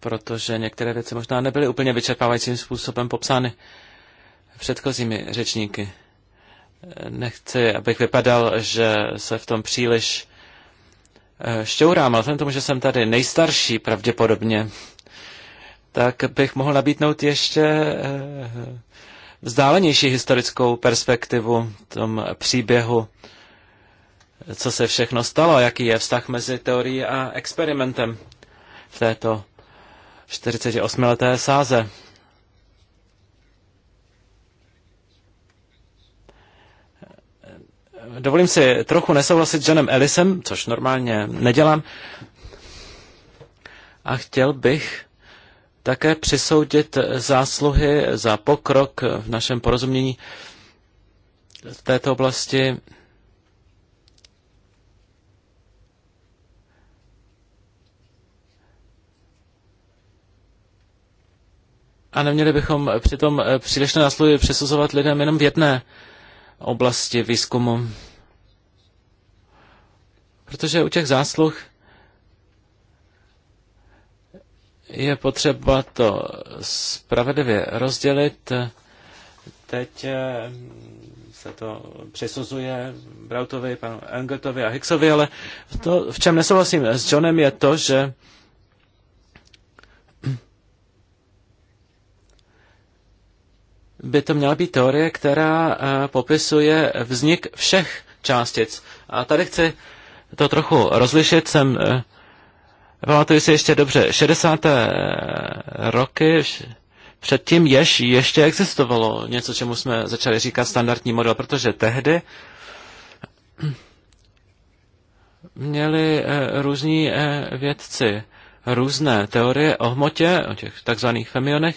Protože některé věci možná nebyly úplně vyčerpávajícím způsobem popsány předchozími řečníky nechci, abych vypadal, že se v tom příliš eh, šťourám, ale vzhledem tomu, že jsem tady nejstarší pravděpodobně, tak bych mohl nabídnout ještě eh, vzdálenější historickou perspektivu tom příběhu, co se všechno stalo, jaký je vztah mezi teorií a experimentem v této 48-leté sáze. dovolím si trochu nesouhlasit s Johnem Ellisem, což normálně nedělám. A chtěl bych také přisoudit zásluhy za pokrok v našem porozumění v této oblasti. A neměli bychom přitom přílišné zásluhy přisuzovat lidem jenom v jedné oblasti výzkumu. Protože u těch zásluh je potřeba to spravedlivě rozdělit. Teď eh, se to přisuzuje Brautovi, panu Engeltovi a Hicksovi, ale to, v čem nesouhlasím s Johnem, je to, že by to měla být teorie, která eh, popisuje vznik všech částic. A tady chci to trochu rozlišit. Jsem, eh, pamatuju si ještě dobře, 60. Eh, roky, předtím jež ještě existovalo něco, čemu jsme začali říkat standardní model, protože tehdy měli různí vědci různé teorie o hmotě, o těch takzvaných femionech,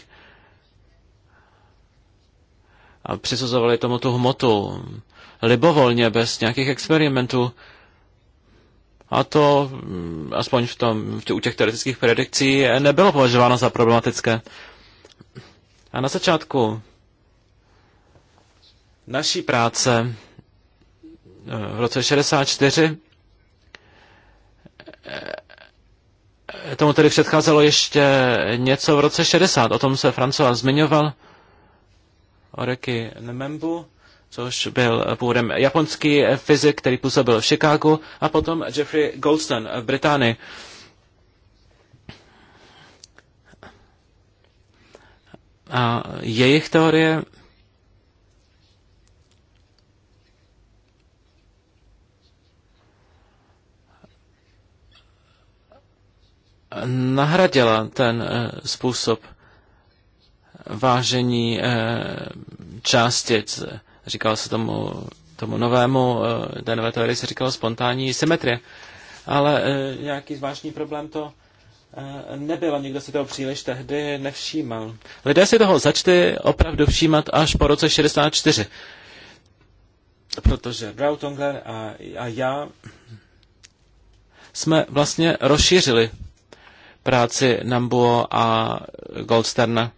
a přisuzovali tomu tu hmotu libovolně, bez nějakých experimentů. A to, mm, aspoň v tom, v tě, u těch teoretických predikcí, nebylo považováno za problematické. A na začátku naší práce eh, v roce 64 eh, eh, tomu tedy předcházelo ještě něco v roce 60. O tom se Francois zmiňoval. Oreki Nemembu, což byl původem japonský fyzik, který působil v Chicagu, a potom Jeffrey Goldstone v Británii. A jejich teorie nahradila ten eh, způsob vážení eh, částic. Říkalo se tomu, tomu novému, eh, té nové teorie se říkalo spontánní symetrie. Ale eh, nějaký zvláštní problém to nebylo, nikdo si toho příliš tehdy nevšímal. Lidé si toho začali opravdu všímat až po roce 64. Protože Brautongler a, a já jsme vlastně rozšířili práci Nambuo a Goldsterna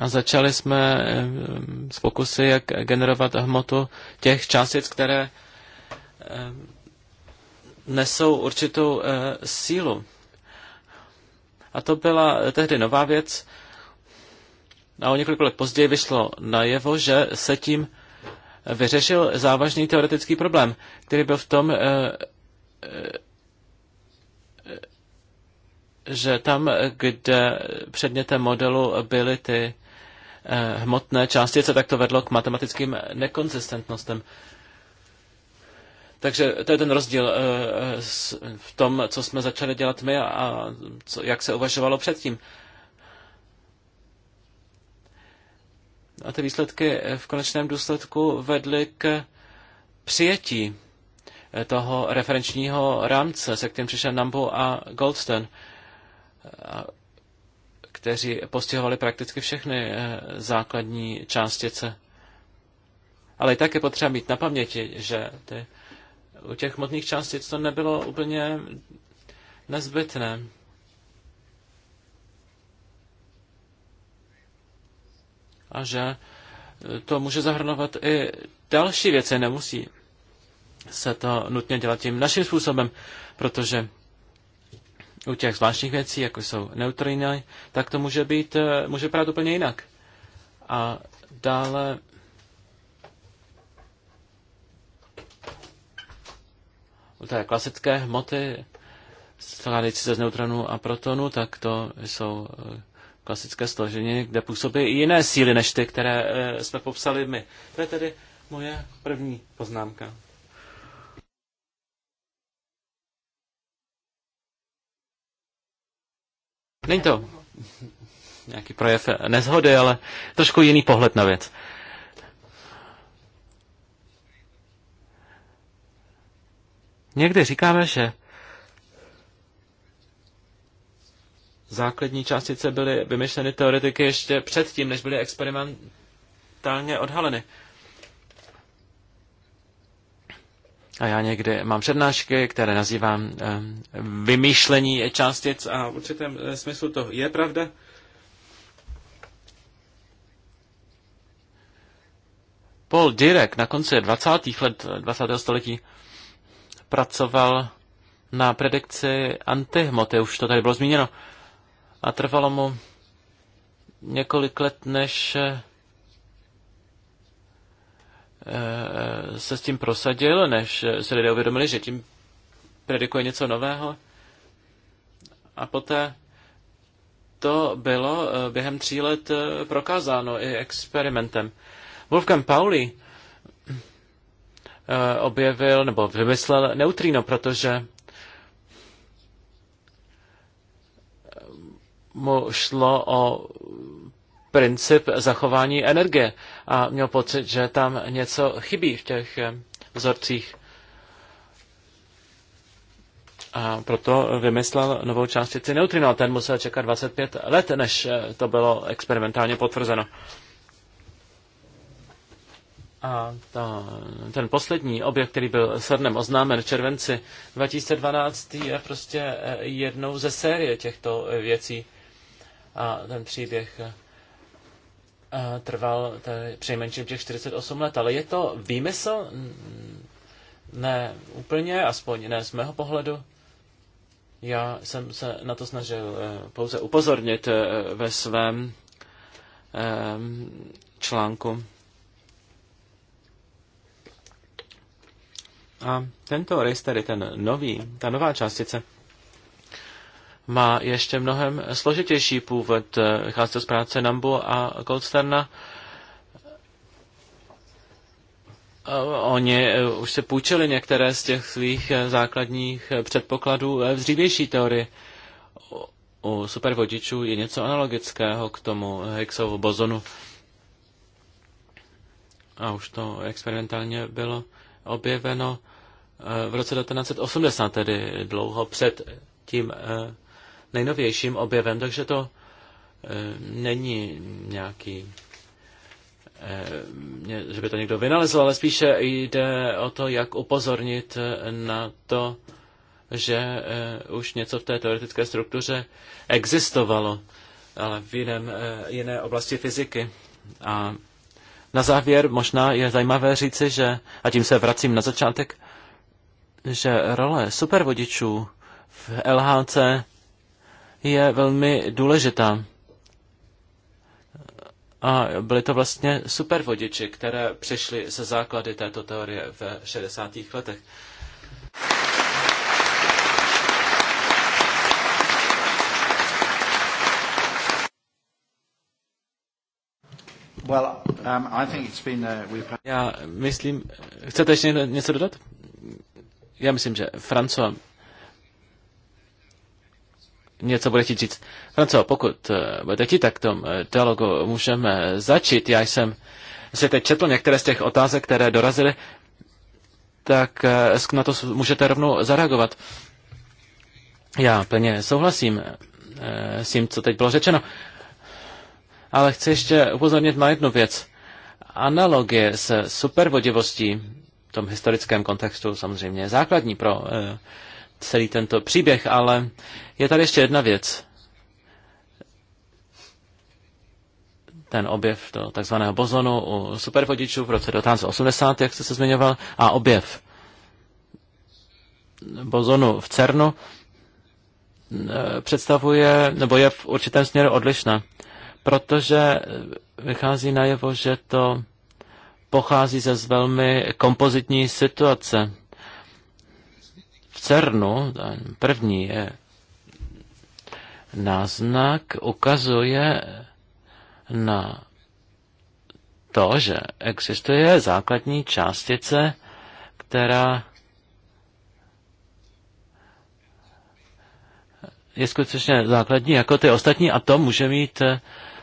a začali jsme eh, s pokusy, jak generovat hmotu těch částic, které eh, nesou určitou eh, sílu. A to byla tehdy nová věc. A o několik let později vyšlo najevo, že se tím vyřešil závažný teoretický problém, který byl v tom, že tam, kde předmětem modelu byly ty Eh, hmotné částice, tak to vedlo k matematickým nekonzistentnostem. Takže to je ten rozdíl eh, v tom, co jsme začali dělat my a jak se uvažovalo předtím. A ty výsledky eh, v konečném důsledku vedly k přijetí toho referenčního rámce, se kterým přišel Nambu a Goldstone kteří postihovali prakticky všechny eh, základní částice. Ale i tak je potřeba mít na paměti, že ty, u těch hmotných částic to nebylo úplně nezbytné. A že eh, to může zahrnovat i další věci, nemusí se to nutně dělat tím naším způsobem, protože u těch zvláštních věcí, jako jsou neutrony, tak to může být, eh, může právě úplně jinak. A dále u té klasické hmoty skládající se z neutronů a protonů, tak to jsou eh, klasické složení, kde působí i jiné síly než ty, které eh, jsme popsali my. To je tedy moje první poznámka. Není to nějaký projev nezhody, ale trošku jiný pohled na věc. Někdy říkáme, že základní částice byly vymyšleny teoretiky ještě předtím, než byly experimentálně odhaleny. A já někdy mám přednášky, které nazývám eh, vymýšlení částic a v určitém eh, smyslu to je pravda. Paul Dirac na konci 20. let 20. Eh, století pracoval na predikci antihmoty, už to tady bylo zmíněno, a trvalo mu několik let, než se s tím prosadil, než se lidé uvědomili, že tím predikuje něco nového. A poté to bylo eh, během tří let eh, prokázáno i experimentem. Wolfgang Pauli eh, objevil nebo vymyslel neutrino, protože mu šlo o princip zachování energie a měl pocit, že tam něco chybí v těch eh, vzorcích. A proto vymyslel novou částici neutrino. Ten musel čekat 25 let, než eh, to bylo experimentálně potvrzeno. A ta, ten poslední objekt, který byl srdnem oznámen v červenci 2012, je prostě eh, jednou ze série těchto věcí. A ten příběh trval přejmenším těch 48 let. Ale je to výmysl? Ne úplně, aspoň ne z mého pohledu. Já jsem se na to snažil e, pouze upozornit e, ve svém e, článku. A tento rys, tedy ten nový, ta nová částice, má ještě mnohem složitější původ. Vychází to z práce Nambu a Goldsterna. Oni už se půjčili některé z těch svých základních předpokladů v dřívější teorii. U supervodičů je něco analogického k tomu Higgsovu bozonu. A už to experimentálně bylo objeveno v roce 1980, tedy dlouho před tím eh, nejnovějším objevem, takže to eh, není nějaký eh, že by to někdo vynalezl, ale spíše jde o to, jak upozornit eh, na to, že už něco v té teoretické struktuře existovalo, ale v jiném, jiné oblasti fyziky. A na závěr možná je zajímavé říci, že, a tím se vracím na začátek, že role supervodičů v LHC je velmi důležitá. A byly to vlastně supervodiči, které přišly ze základy této teorie v 60. letech. Well, um, I think it's been, uh, we've... Já myslím, chcete ještě něco dodat? Já myslím, že Franco něco bude chtít říct. Franco, pokud eh, budete chtít, tak tom uh, dialogu můžeme začít. Já jsem si teď četl některé z těch otázek, které dorazily, tak eh, na to můžete rovnou zareagovat. Já plně souhlasím s tím, co teď bylo řečeno. Ale chci ještě upozornit na jednu věc. Analogie se supervodivostí v tom historickém kontextu samozřejmě je základní pro celý tento příběh, ale je tady ještě jedna věc. Ten objev toho takzvaného bozonu u supervodičů v roce 1980, jak jste se zmiňoval, a objev bozonu v CERNu e, představuje, nebo je v určitém směru odlišná, protože vychází najevo, že to pochází ze velmi kompozitní situace. CERNu, ten první je náznak, ukazuje na to, že existuje základní částice, která je skutečně základní jako ty ostatní a to může mít eh,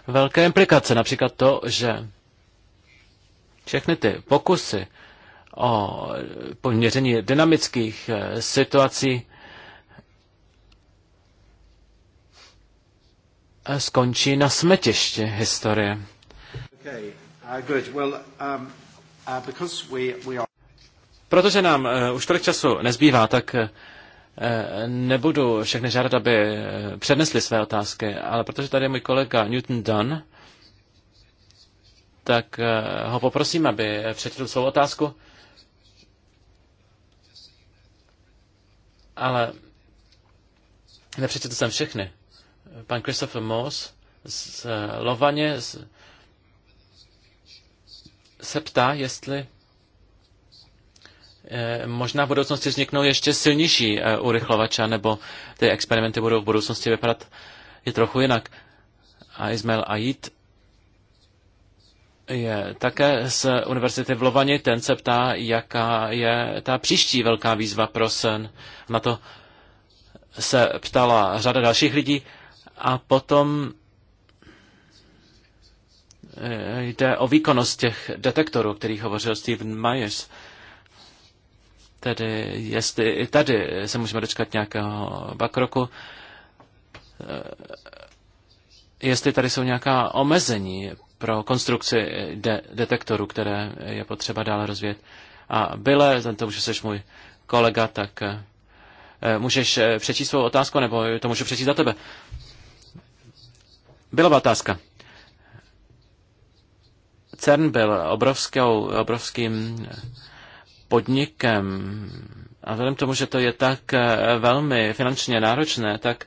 velké implikace. Například to, že všechny ty pokusy o poměření dynamických eh, situací eh, skončí na smetěště historie. Uh, um, uh, protože nám eh, už tolik času nezbývá, tak nebudu všechny žádat, aby přednesli své otázky, ale protože tady je můj kolega Newton Dunn, tak ho poprosím, aby přečetl svou otázku. Ale nepřečetl jsem všechny. Pan Christopher Moss z Lovaně z, se ptá, jestli eh, možná v budoucnosti vzniknou ještě silnější eh, urychlovače, nebo ty experimenty budou v budoucnosti vypadat je trochu jinak. A Ismail Ait je také z univerzity v Lovani, ten se ptá, jaká je ta příští velká výzva pro sen. Na to se ptala řada dalších lidí a potom eh, jde o výkonnost těch detektorů, o kterých hovořil Steven Myers. Tedy jestli i tady se můžeme dočkat nějakého bakroku, eh, jestli tady jsou nějaká omezení pro konstrukci de- detektoru, které je potřeba dále rozvíjet. A byle, za to, že jsi můj kolega, tak eh, můžeš eh, přečíst svou otázku, nebo to můžu přečíst za tebe. Byla otázka. CERN byl obrovskou, obrovským eh, podnikem a vzhledem k tomu, že to je tak velmi finančně náročné, tak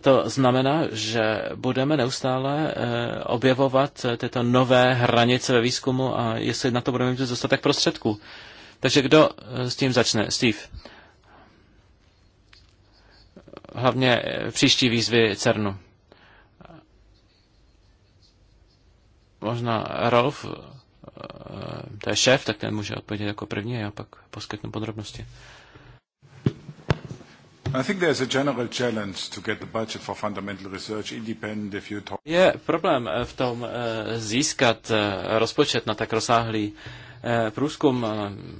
to znamená, že budeme neustále eh, objevovat eh, tyto nové hranice ve výzkumu a jestli na to budeme mít dostatek prostředků. Takže kdo eh, s tím začne? Steve. Hlavně příští výzvy CERNu. Možná Rolf, to je šéf, tak ten může odpovědět jako první a já pak poskytnu podrobnosti. Uh, je problém eh, v tom eh, získat eh, rozpočet na tak rozsáhlý průzkum,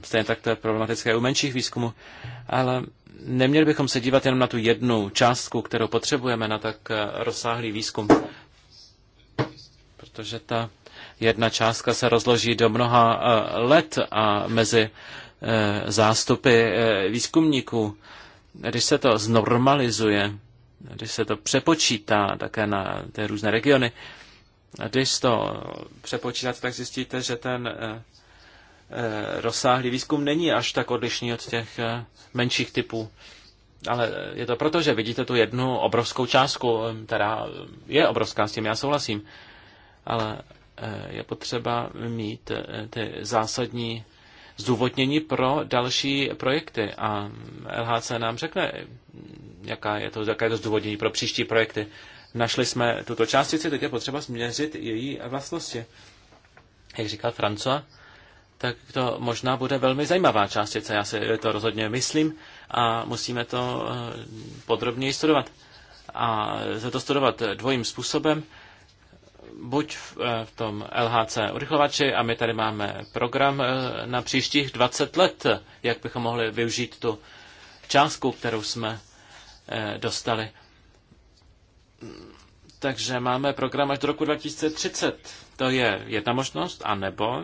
stejně tak to je problematické u menších výzkumů, ale neměli bychom se dívat jenom na tu jednu částku, kterou potřebujeme na tak rozsáhlý výzkum, protože ta jedna částka se rozloží do mnoha let a mezi zástupy výzkumníků když se to znormalizuje, když se to přepočítá také na ty různé regiony, a když to přepočítáte, tak zjistíte, že ten eh, eh, rozsáhlý výzkum není až tak odlišný od těch eh, menších typů. Ale je to proto, že vidíte tu jednu obrovskou částku, která je obrovská, s tím já souhlasím. Ale je potřeba mít ty zásadní zdůvodnění pro další projekty. A LHC nám řekne, jaká je to, jaké je to zdůvodnění pro příští projekty. Našli jsme tuto částici, teď je potřeba změřit její vlastnosti. Jak říkal Francois, tak to možná bude velmi zajímavá částice, já si to rozhodně myslím a musíme to eh, podrobněji studovat. A se to studovat dvojím způsobem buď v eh, tom LHC urychlovači a my tady máme program eh, na příštích 20 let, jak bychom mohli využít tu částku, kterou jsme eh, dostali. Takže máme program až do roku 2030. To je jedna možnost, anebo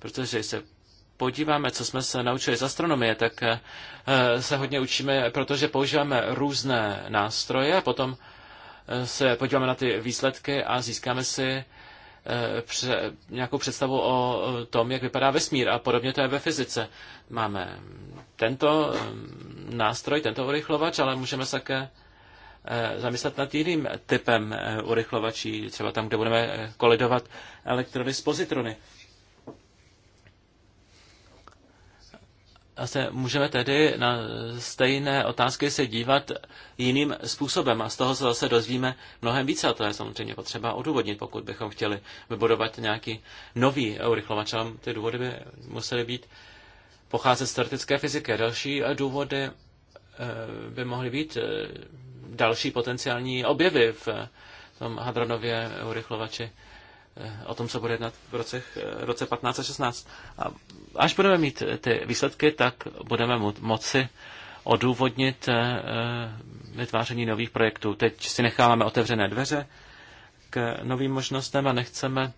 protože se podíváme, co jsme se naučili z astronomie, tak eh, se hodně učíme, protože používáme různé nástroje a potom eh, se podíváme na ty výsledky a získáme si eh, pře, nějakou představu o tom, jak vypadá vesmír a podobně to je ve fyzice. Máme tento mm, nástroj, tento urychlovač, ale můžeme se také zamyslet nad jiným typem urychlovačí, třeba tam, kde budeme kolidovat elektrony s pozitrony. se můžeme tedy na stejné otázky se dívat jiným způsobem a z toho se zase dozvíme mnohem více a to je samozřejmě potřeba odůvodnit, pokud bychom chtěli vybudovat nějaký nový urychlovač, ale ty důvody by musely být pocházet z teoretické fyziky. Další důvody eh, by mohly být eh, další potenciální objevy v tom hadronově urychlovači o tom se bude jednat v eh, roce, roce 15 a 16. A až budeme mít eh, ty výsledky, tak budeme moci odůvodnit eh, vytváření nových projektů. Teď si necháváme otevřené dveře k novým možnostem a nechceme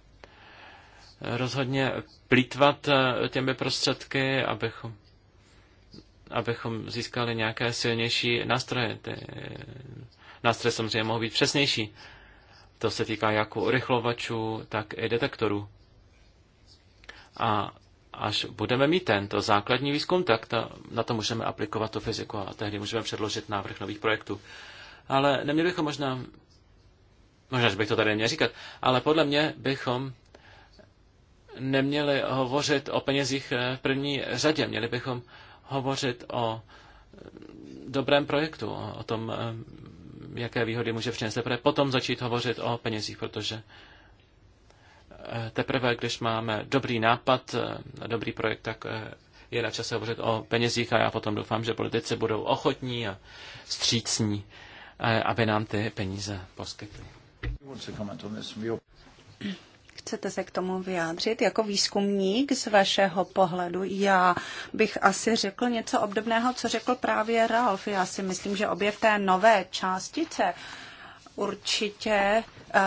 rozhodně plítvat těmi prostředky, abychom, abychom získali nějaké silnější nástroje. Ty nástroje samozřejmě mohou být přesnější to se týká jak urychlovačů, tak i detektorů. A až budeme mít tento základní výzkum, tak to, na to můžeme aplikovat tu fyziku a tehdy můžeme předložit návrh nových projektů. Ale neměli bychom možná, možná, že bych to tady neměl říkat, ale podle mě bychom neměli hovořit o penězích eh, v první řadě. Měli bychom hovořit o eh, dobrém projektu, o tom eh, jaké výhody může přinést. Teprve potom začít hovořit o penězích, protože eh, teprve, když máme dobrý nápad, eh, dobrý projekt, tak eh, je na čase hovořit o penězích a já potom doufám, že politici budou ochotní a střícní, aby nám ty peníze poskytli. Chcete se k tomu vyjádřit? Jako výzkumník z vašeho pohledu, já bych asi řekl něco obdobného, co řekl právě Ralf. Já si myslím, že objev té nové částice určitě eh,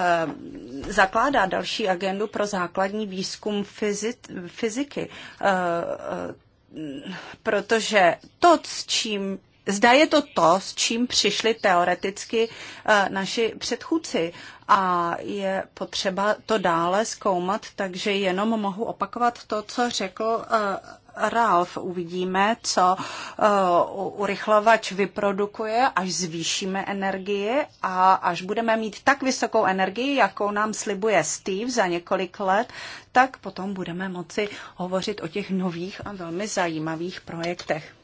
zakládá další agendu pro základní výzkum fyziky eh, eh, protože to, s čím Zda je to to, s čím přišli teoreticky eh, naši předchůdci a je potřeba to dále zkoumat, takže jenom mohu opakovat to, co řekl eh, Ralf. Uvidíme, co eh, urychlovač vyprodukuje, až zvýšíme energie a až budeme mít tak vysokou energii, jakou nám slibuje Steve za několik let, tak potom budeme moci hovořit o těch nových a velmi zajímavých projektech.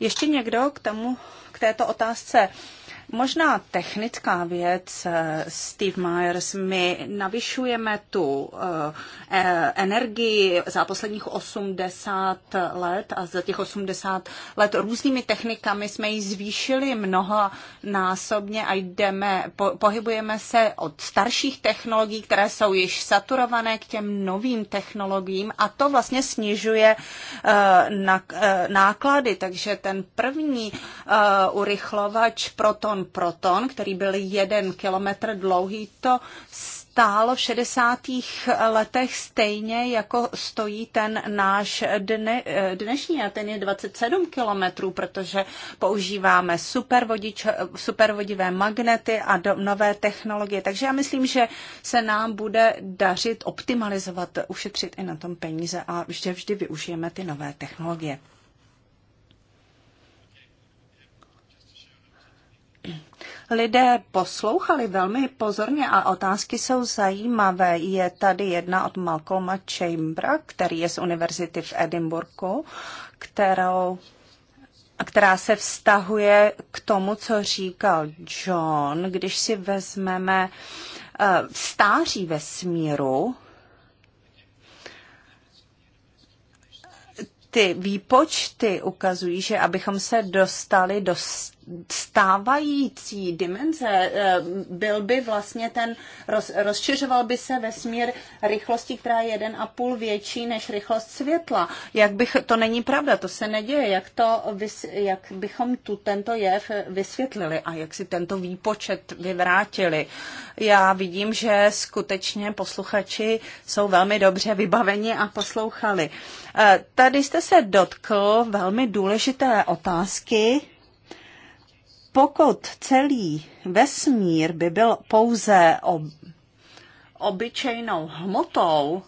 Ještě někdo k tomu, k této otázce Možná technická věc, eh, Steve Myers, my navyšujeme tu eh, e, energii za posledních 80 let a za těch 80 let různými technikami jsme ji zvýšili mnoha násobně a jdeme, po, pohybujeme se od starších technologií, které jsou již saturované k těm novým technologiím a to vlastně snižuje eh, náklady, takže ten první urychlovač proto Lyon Proton, který byl jeden kilometr dlouhý, to stálo v 60. letech stejně, jako stojí ten náš dne, dnešní a ten je 27 kilometrů, protože používáme supervodič, supervodivé magnety a do, nové technologie. Takže já myslím, že se nám bude dařit optimalizovat, ušetřit i na tom peníze a vždy, vždy využijeme ty nové technologie. lidé poslouchali velmi pozorně a otázky jsou zajímavé. Je tady jedna od Malcolma Chambera, který je z univerzity v Edinburghu, kterou která se vztahuje k tomu, co říkal John, když si vezmeme eh, stáří smíru, ty výpočty ukazují, že abychom se dostali do stávající dimenze eh, byl by vlastně ten, roz, rozšiřoval by se vesmír rychlosti, která je jeden a půl větší než rychlost světla. Jak bych, to není pravda, to se neděje. Jak, to, jak bychom tu tento jev vysvětlili a jak si tento výpočet vyvrátili? Já vidím, že skutečně posluchači jsou velmi dobře vybaveni a poslouchali. Eh, tady jste se dotkl velmi důležité otázky, pokud celý vesmír by byl pouze ob, obyčejnou hmotou,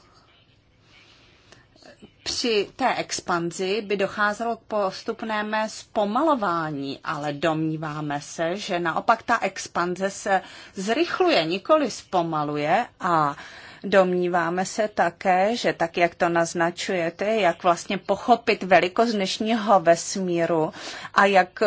při té expanzi by docházelo k postupnému zpomalování, ale domníváme se, že naopak ta expanze se zrychluje, nikoli zpomaluje a Domníváme se také, že tak, jak to naznačujete, jak vlastně pochopit velikost dnešního vesmíru a jak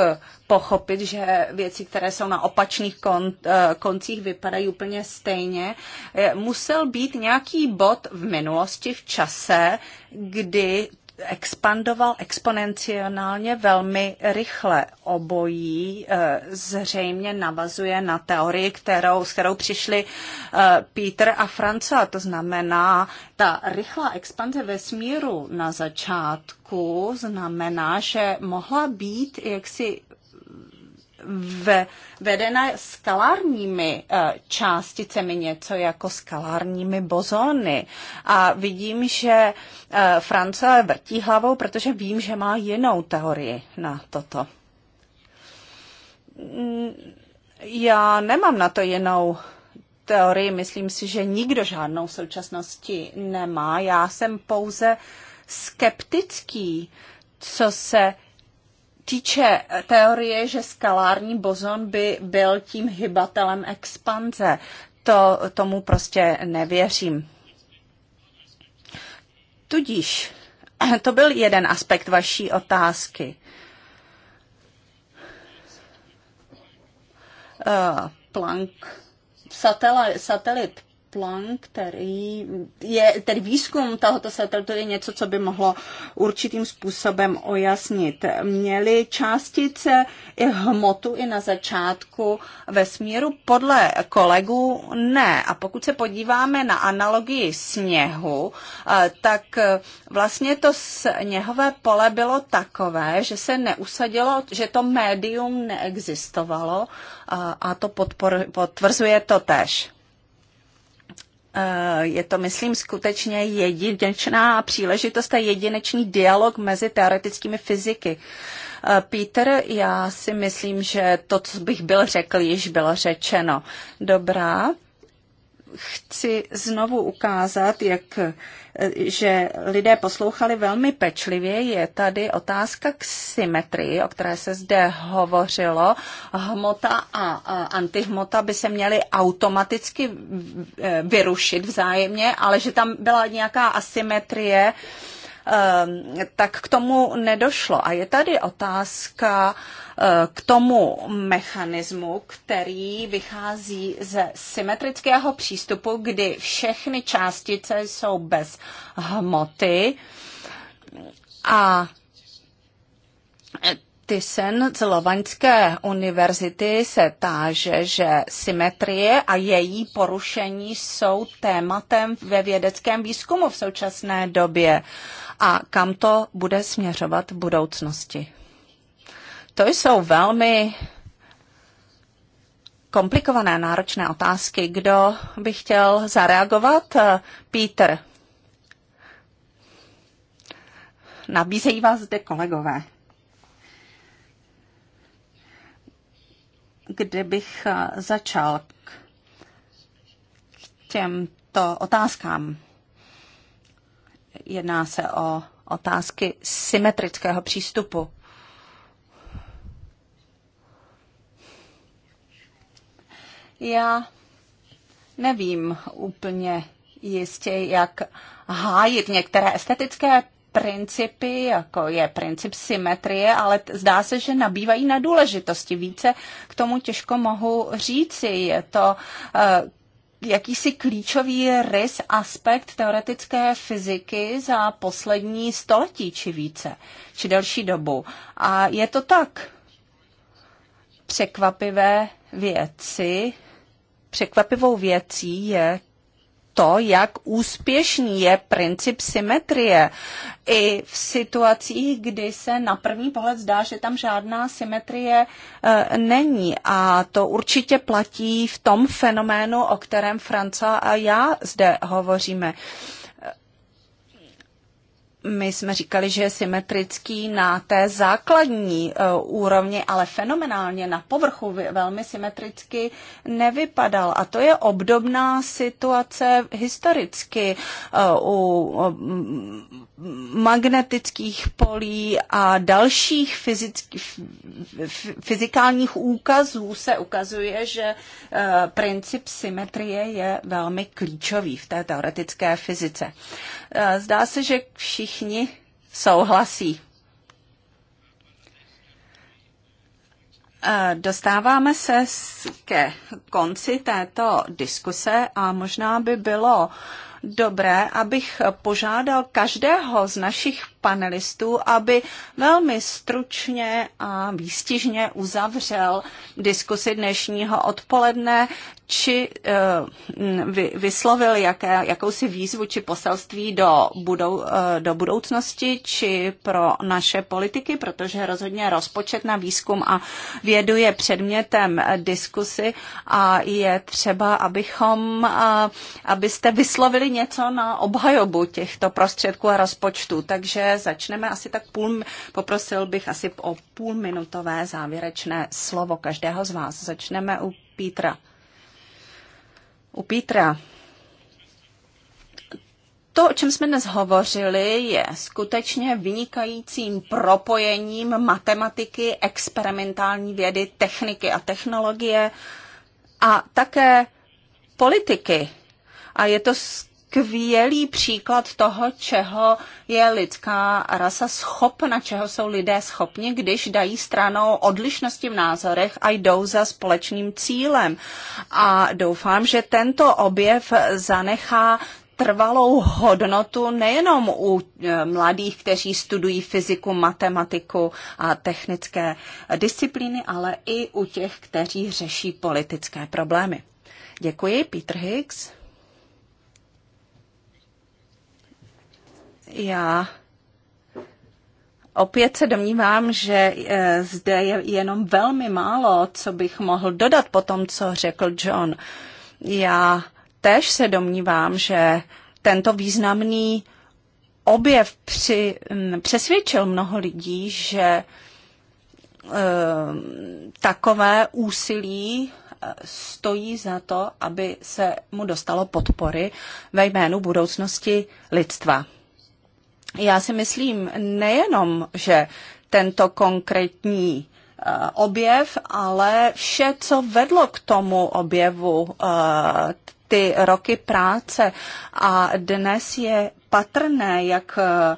pochopit, že věci, které jsou na opačných kon, eh, koncích, vypadají úplně stejně, eh, musel být nějaký bod v minulosti, v čase, kdy expandoval exponenciálně velmi rychle. Obojí eh, zřejmě navazuje na teorii, kterou, s kterou přišli eh, Peter a a To znamená, ta rychlá expanze vesmíru na začátku znamená, že mohla být jaksi vedena skalárními eh, částicemi, něco jako skalárními bozony. A vidím, že eh, France vrtí hlavou, protože vím, že má jinou teorii na toto. Mm, já nemám na to jinou teorii, myslím si, že nikdo žádnou v současnosti nemá. Já jsem pouze skeptický, co se týče teorie, že skalární bozon by byl tím hybatelem expanze, to tomu prostě nevěřím. Tudíž to byl jeden aspekt vaší otázky. Uh, Planck satelit, satelit plán, který je, tedy výzkum tohoto satelitu je něco, co by mohlo určitým způsobem ojasnit. Měly částice i hmotu i na začátku vesmíru? Podle kolegů ne. A pokud se podíváme na analogii sněhu, eh, tak eh, vlastně to sněhové pole bylo takové, že se neusadilo, že to médium neexistovalo eh, a to potvrzuje to tež. Eh, je to, myslím, skutečně jedinečná příležitost a jedinečný dialog mezi teoretickými fyziky. Eh, Peter, já si myslím, že to, co bych byl řekl, již bylo řečeno. Dobrá, chci znovu ukázat, jak, že lidé poslouchali velmi pečlivě. Je tady otázka k symetrii, o které se zde hovořilo. Hmota a antihmota by se měly automaticky eh, vyrušit vzájemně, ale že tam byla nějaká asymetrie, Ehm, tak k tomu nedošlo. A je tady otázka eh, k tomu mechanismu, který vychází ze symetrického přístupu, kdy všechny částice jsou bez hmoty a Thyssen z Lovaňské univerzity se táže, že symetrie a její porušení jsou tématem ve vědeckém výzkumu v současné době a kam to bude směřovat v budoucnosti. To jsou velmi komplikované, náročné otázky. Kdo by chtěl zareagovat? Peter. Nabízejí vás zde kolegové. Kde bych eh, začal k těmto otázkám. Jedná se o otázky symetrického přístupu. Já nevím úplně jistě, jak hájit některé estetické principy, jako je princip symetrie, ale zdá se, že nabývají na důležitosti. Více k tomu těžko mohu říci. Je to eh, jakýsi klíčový rys, aspekt teoretické fyziky za poslední století či více, či delší dobu. A je to tak. Překvapivé věci, překvapivou věcí je to, jak úspěšný je princip symetrie. I v situacích, kdy se na první pohled zdá, že tam žádná symetrie e, není. A to určitě platí v tom fenoménu, o kterém Franca a já zde hovoříme. E, my jsme říkali, že je symetrický na té základní uh, úrovni, ale fenomenálně na povrchu velmi symetricky nevypadal. A to je obdobná situace historicky uh, u um, magnetických polí a dalších fyzick, fyzikálních úkazů se ukazuje, že eh, princip symetrie je velmi klíčový v té teoretické fyzice. Eh, zdá se, že všichni souhlasí. Eh, dostáváme se ke konci této diskuse a možná by bylo uh, dobré, abych požádal každého z našich panelistů, aby velmi stručně a výstižně uzavřel diskusi dnešního odpoledne, či eh, vyslovil jaké, jakousi výzvu či poselství do, budou, eh, do budoucnosti či pro naše politiky, protože rozhodně rozpočet na výzkum a vědu je předmětem diskusy a je třeba, abychom, eh, abyste vyslovili něco na obhajobu těchto prostředků a rozpočtů. Takže začneme asi tak půl, poprosil bych asi o půlminutové závěrečné slovo každého z vás. Začneme u Pítra. U Pítra. To, o čem jsme dnes hovořili, je skutečně vynikajícím propojením matematiky, experimentální vědy, techniky a technologie a také politiky. A je to skvělý příklad toho, čeho je lidská rasa schopna, čeho jsou lidé schopni, když dají stranou odlišnosti v názorech a jdou za společným cílem. A doufám, že tento objev zanechá trvalou hodnotu nejenom u e, mladých, kteří studují fyziku, matematiku a technické disciplíny, ale i u těch, kteří řeší politické problémy. Děkuji, Peter Higgs. Já Opět se domnívám, že eh, zde je jenom velmi málo, co bych mohl dodat po tom, co řekl John. Já též se domnívám, že tento významný objev při, mm, přesvědčil mnoho lidí, že eh, takové úsilí eh, stojí za to, aby se mu dostalo podpory ve jménu budoucnosti lidstva. Já si myslím nejenom, že tento konkrétní eh, objev, ale vše, co vedlo k tomu objevu, eh, ty roky práce a dnes je patrné, jak eh,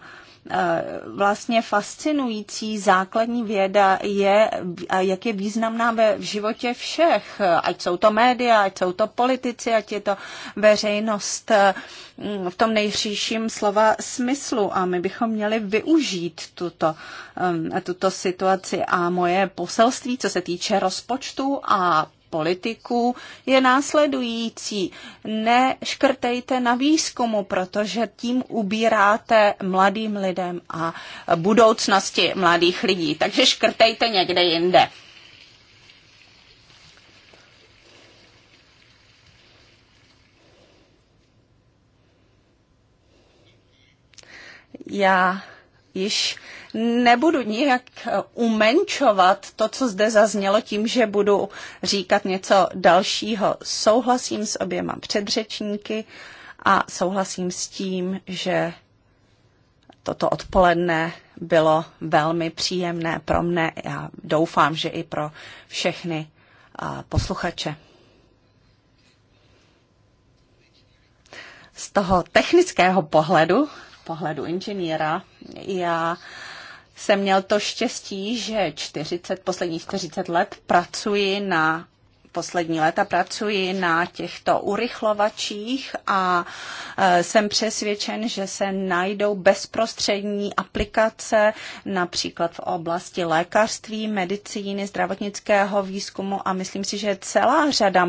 Eh, vlastně fascinující základní věda je, jak je významná ve v životě všech, ať jsou to média, ať jsou to politici, ať je to veřejnost eh, v tom nejříším slova smyslu a my bychom měli využít tuto, eh, tuto situaci a moje poselství, co se týče rozpočtu a politiků je následující. Neškrtejte na výzkumu, protože tím ubíráte mladým lidem a budoucnosti mladých lidí. Takže škrtejte někde jinde. Já již nebudu nijak eh, umenčovat to, co zde zaznělo tím, že budu říkat něco dalšího. Souhlasím s oběma předřečníky a souhlasím s tím, že toto odpoledne bylo velmi příjemné pro mne a doufám, že i pro všechny eh, posluchače. Z toho technického pohledu pohledu inženýra, já jsem měl to štěstí, že 40, posledních 40 let pracuji na poslední léta pracuji na těchto urychlovačích a e, jsem přesvědčen, že se najdou bezprostřední aplikace například v oblasti lékařství, medicíny, zdravotnického výzkumu a myslím si, že celá řada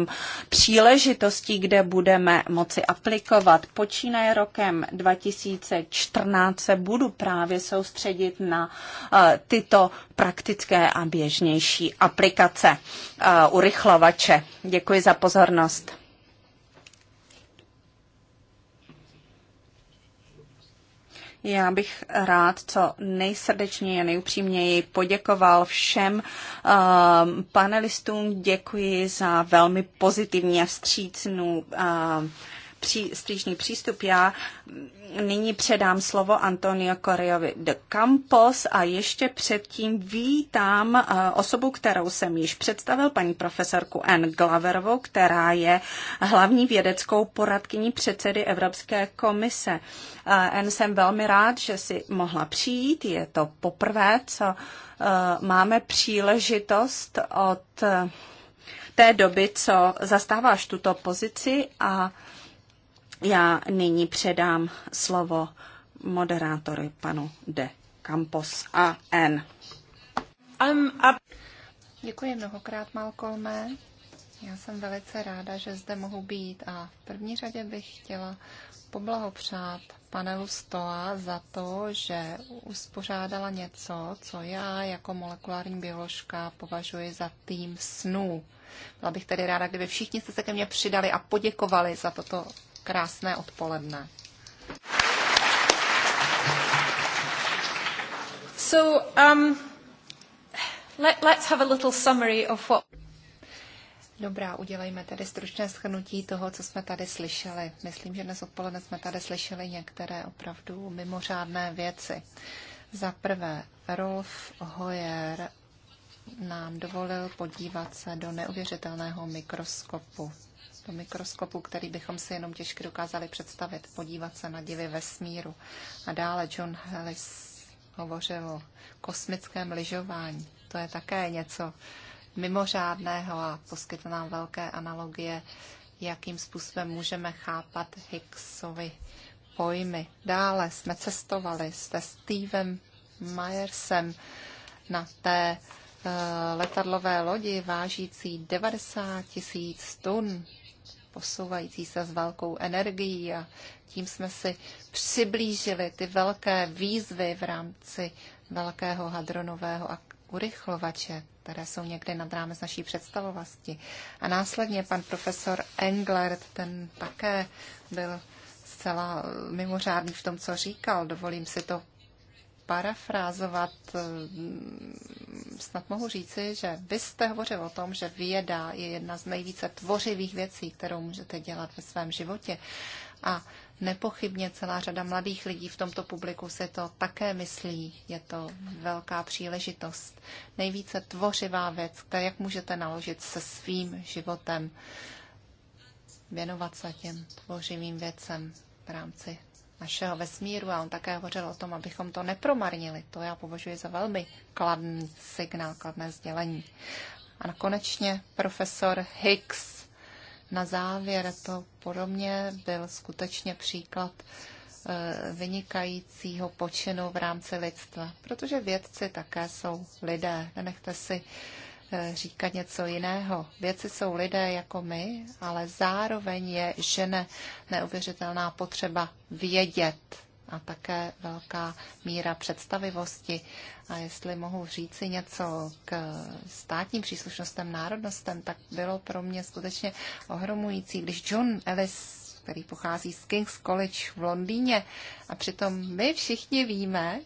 příležitostí, kde budeme moci aplikovat. Počínaje rokem 2014 se budu právě soustředit na e, tyto praktické a běžnější aplikace e, urychlovačů posluchače. Děkuji za pozornost. Já bych rád co nejsrdečněji a nejupřímněji poděkoval všem um, panelistům. Děkuji za velmi pozitivní a vstřícnou um, pří, střížný přístup. Já nyní předám slovo Antonio Coriovi de Campos a ještě předtím vítám eh, osobu, kterou jsem již představil, paní profesorku N. Glaverovou, která je hlavní vědeckou poradkyní předsedy Evropské komise. Eh, N. jsem velmi rád, že si mohla přijít. Je to poprvé, co eh, máme příležitost od té doby, co zastáváš tuto pozici a já nyní předám slovo moderátory panu De Campos a N. Děkuji mnohokrát, Malcolme. Já jsem velice ráda, že zde mohu být a v první řadě bych chtěla poblahopřát panelu STOA za to, že uspořádala něco, co já jako molekulární bioložka považuji za tým snů. Byla bych tedy ráda, kdyby všichni jste se ke mně přidali a poděkovali za toto krásné odpoledne. So, um, let, let's have a little summary of what... Dobrá, udělejme tedy stručné shrnutí toho, co jsme tady slyšeli. Myslím, že dnes odpoledne jsme tady slyšeli některé opravdu mimořádné věci. Za prvé, Rolf Hoyer nám dovolil podívat se do neuvěřitelného mikroskopu do mikroskopu, který bychom si jenom těžky dokázali představit, podívat se na divy vesmíru. A dále John Ellis hovořil o kosmickém lyžování. To je také něco mimořádného a poskytl nám velké analogie, jakým způsobem můžeme chápat Higgsovy pojmy. Dále jsme cestovali se Stevem Myersem na té eh, letadlové lodi vážící 90 tisíc tun posouvající se s velkou energií a tím jsme si přiblížili ty velké výzvy v rámci velkého hadronového a urychlovače, které jsou někdy nad rámec naší představovosti. A následně pan profesor Englert, ten také byl zcela mimořádný v tom, co říkal. Dovolím si to parafrázovat, eh, snad mohu říci, že vy jste hovořil o tom, že věda je jedna z nejvíce tvořivých věcí, kterou můžete dělat ve svém životě. A nepochybně celá řada mladých lidí v tomto publiku se to také myslí. Je to velká příležitost. Nejvíce tvořivá věc, které jak můžete naložit se svým životem, věnovat se těm tvořivým věcem v rámci našeho vesmíru a on také hovořil o tom, abychom to nepromarnili. To já považuji za velmi kladný signál, kladné sdělení. A konečně profesor Hicks na závěr to podobně byl skutečně příklad eh, vynikajícího počinu v rámci lidstva, protože vědci také jsou lidé. Nenechte si Eh, říkat něco jiného. Věci jsou lidé jako my, ale zároveň je žene neuvěřitelná potřeba vědět a také velká míra představivosti. A jestli mohu říci něco k státním příslušnostem, národnostem, tak bylo pro mě skutečně ohromující, když John Ellis který pochází z King's College v Londýně. A přitom my všichni víme,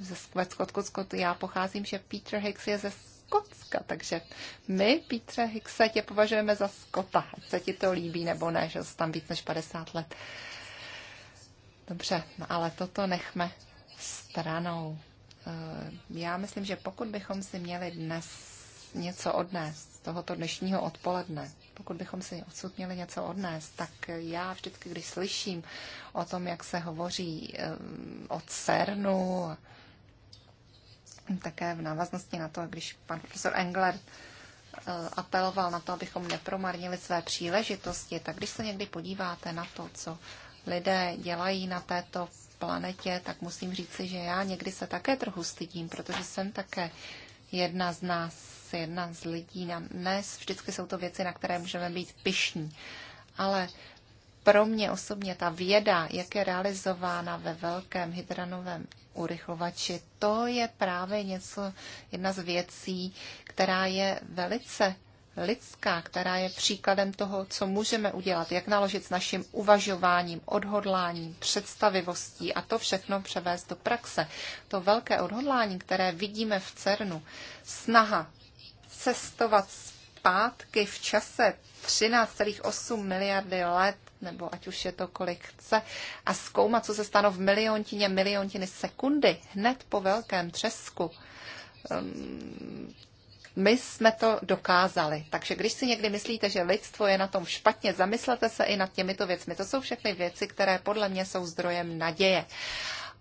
ze Skotskotu já pocházím, že Peter Hicks je ze Skotska. Takže my, Pítře Hickse, tě považujeme za Skota, ať se ti to líbí nebo ne, že jsi tam víc než 50 let. Dobře, no ale toto nechme stranou. Eh, já myslím, že pokud bychom si měli dnes něco odnést z tohoto dnešního odpoledne, pokud bychom si odsud měli něco odnést, tak já vždycky, když slyším o tom, jak se hovoří eh, o CERNu, také v návaznosti na to, když pan profesor Engler eh, apeloval na to, abychom nepromarnili své příležitosti, tak když se někdy podíváte na to, co lidé dělají na této planetě, tak musím říci, že já někdy se také trochu stydím, protože jsem také jedna z nás, jedna z lidí. Na dnes vždycky jsou to věci, na které můžeme být pyšní, Ale pro mě osobně ta věda, jak je realizována ve velkém hydranovém urychlovači. To je právě něco, jedna z věcí, která je velice lidská, která je příkladem toho, co můžeme udělat, jak naložit s naším uvažováním, odhodláním, představivostí a to všechno převést do praxe. To velké odhodlání, které vidíme v CERNu, snaha cestovat zpátky v čase 13,8 miliardy let nebo ať už je to kolik chce, a zkoumat, co se stane v miliontině, miliontiny sekundy, hned po velkém třesku. Um, my jsme to dokázali. Takže když si někdy myslíte, že lidstvo je na tom špatně, zamyslete se i nad těmito věcmi. To jsou všechny věci, které podle mě jsou zdrojem naděje.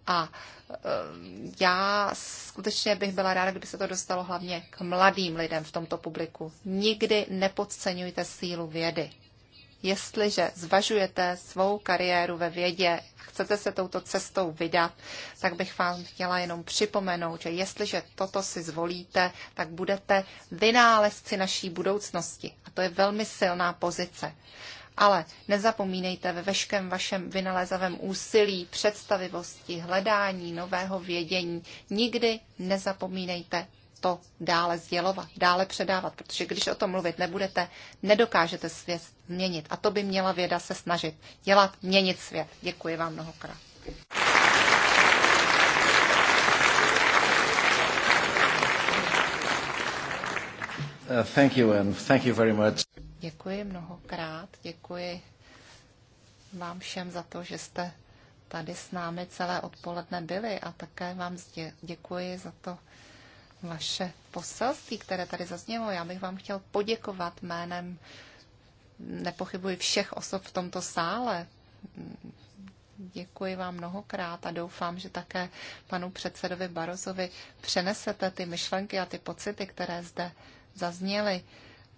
A ehm, já skutečně bych byla ráda, kdyby se to dostalo hlavně k mladým lidem v tomto publiku. Nikdy nepodceňujte sílu vědy. Jestliže zvažujete svou kariéru ve vědě a chcete se touto cestou vydat, tak bych vám chtěla jenom připomenout, že jestliže toto si zvolíte, tak budete vynálezci naší budoucnosti. A to je velmi silná pozice. Ale nezapomínejte ve veškem vašem vynalézavém úsilí, představivosti, hledání nového vědění. Nikdy nezapomínejte to dále sdělovat, dále předávat, protože když o tom mluvit nebudete, nedokážete svět změnit. A to by měla věda se snažit. Dělat, měnit svět. Děkuji vám mnohokrát. Uh, thank you and thank you very much. Děkuji mnohokrát, děkuji vám všem za to, že jste tady s námi celé odpoledne byli a také vám děkuji za to, vaše poselství, které tady zaznělo. Já bych vám chtěl poděkovat jménem, nepochybuji, všech osob v tomto sále. Děkuji vám mnohokrát a doufám, že také panu předsedovi Barozovi přenesete ty myšlenky a ty pocity, které zde zazněly.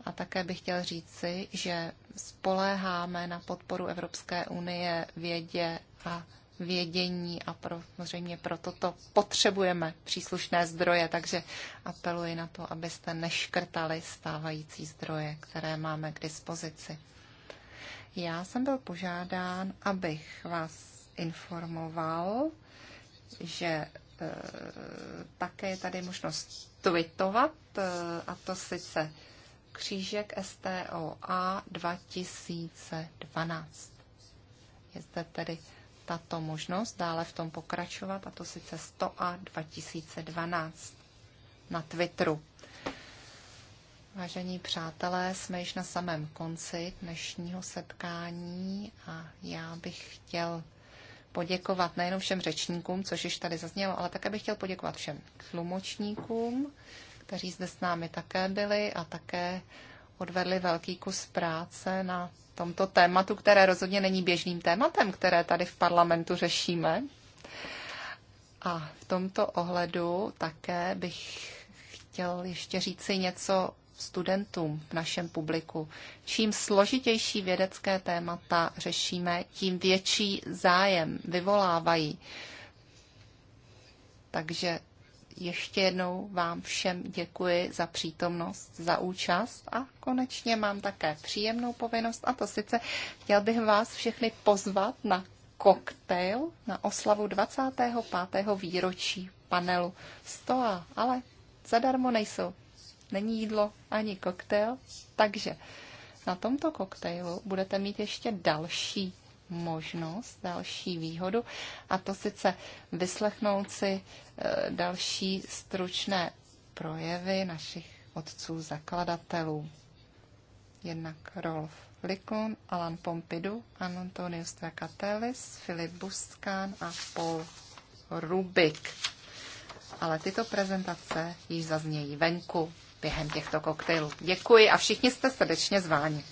A také bych chtěl říci, že spoléháme na podporu Evropské unie vědě a vědění a pro, samozřejmě pro toto potřebujeme příslušné zdroje, takže apeluji na to, abyste neškrtali stávající zdroje, které máme k dispozici. Já jsem byl požádán, abych vás informoval, že e, také je tady možnost tweetovat, e, a to sice křížek STOA 2012. Je zde tedy tato možnost dále v tom pokračovat, a to sice 100 a 2012 na Twitteru. Vážení přátelé, jsme již na samém konci dnešního setkání a já bych chtěl poděkovat nejenom všem řečníkům, což již tady zaznělo, ale také bych chtěl poděkovat všem tlumočníkům, kteří zde s námi také byli a také odvedli velký kus práce na tomto tématu, které rozhodně není běžným tématem, které tady v parlamentu řešíme. A v tomto ohledu také bych chtěl ještě říci něco studentům v našem publiku. Čím složitější vědecké témata řešíme, tím větší zájem vyvolávají. Takže ještě jednou vám všem děkuji za přítomnost, za účast a konečně mám také příjemnou povinnost a to sice chtěl bych vás všechny pozvat na koktejl na oslavu 25. výročí panelu STOA, ale zadarmo nejsou. Není jídlo ani koktejl, takže na tomto koktejlu budete mít ještě další možnost, další výhodu, a to sice vyslechnout si e, další stručné projevy našich otců zakladatelů. Jednak Rolf Likun, Alan Pompidou, Antonius Trakatelis, Filip Buskán a Paul Rubik. Ale tyto prezentace již zaznějí venku během těchto koktejlů. Děkuji a všichni jste srdečně zváni.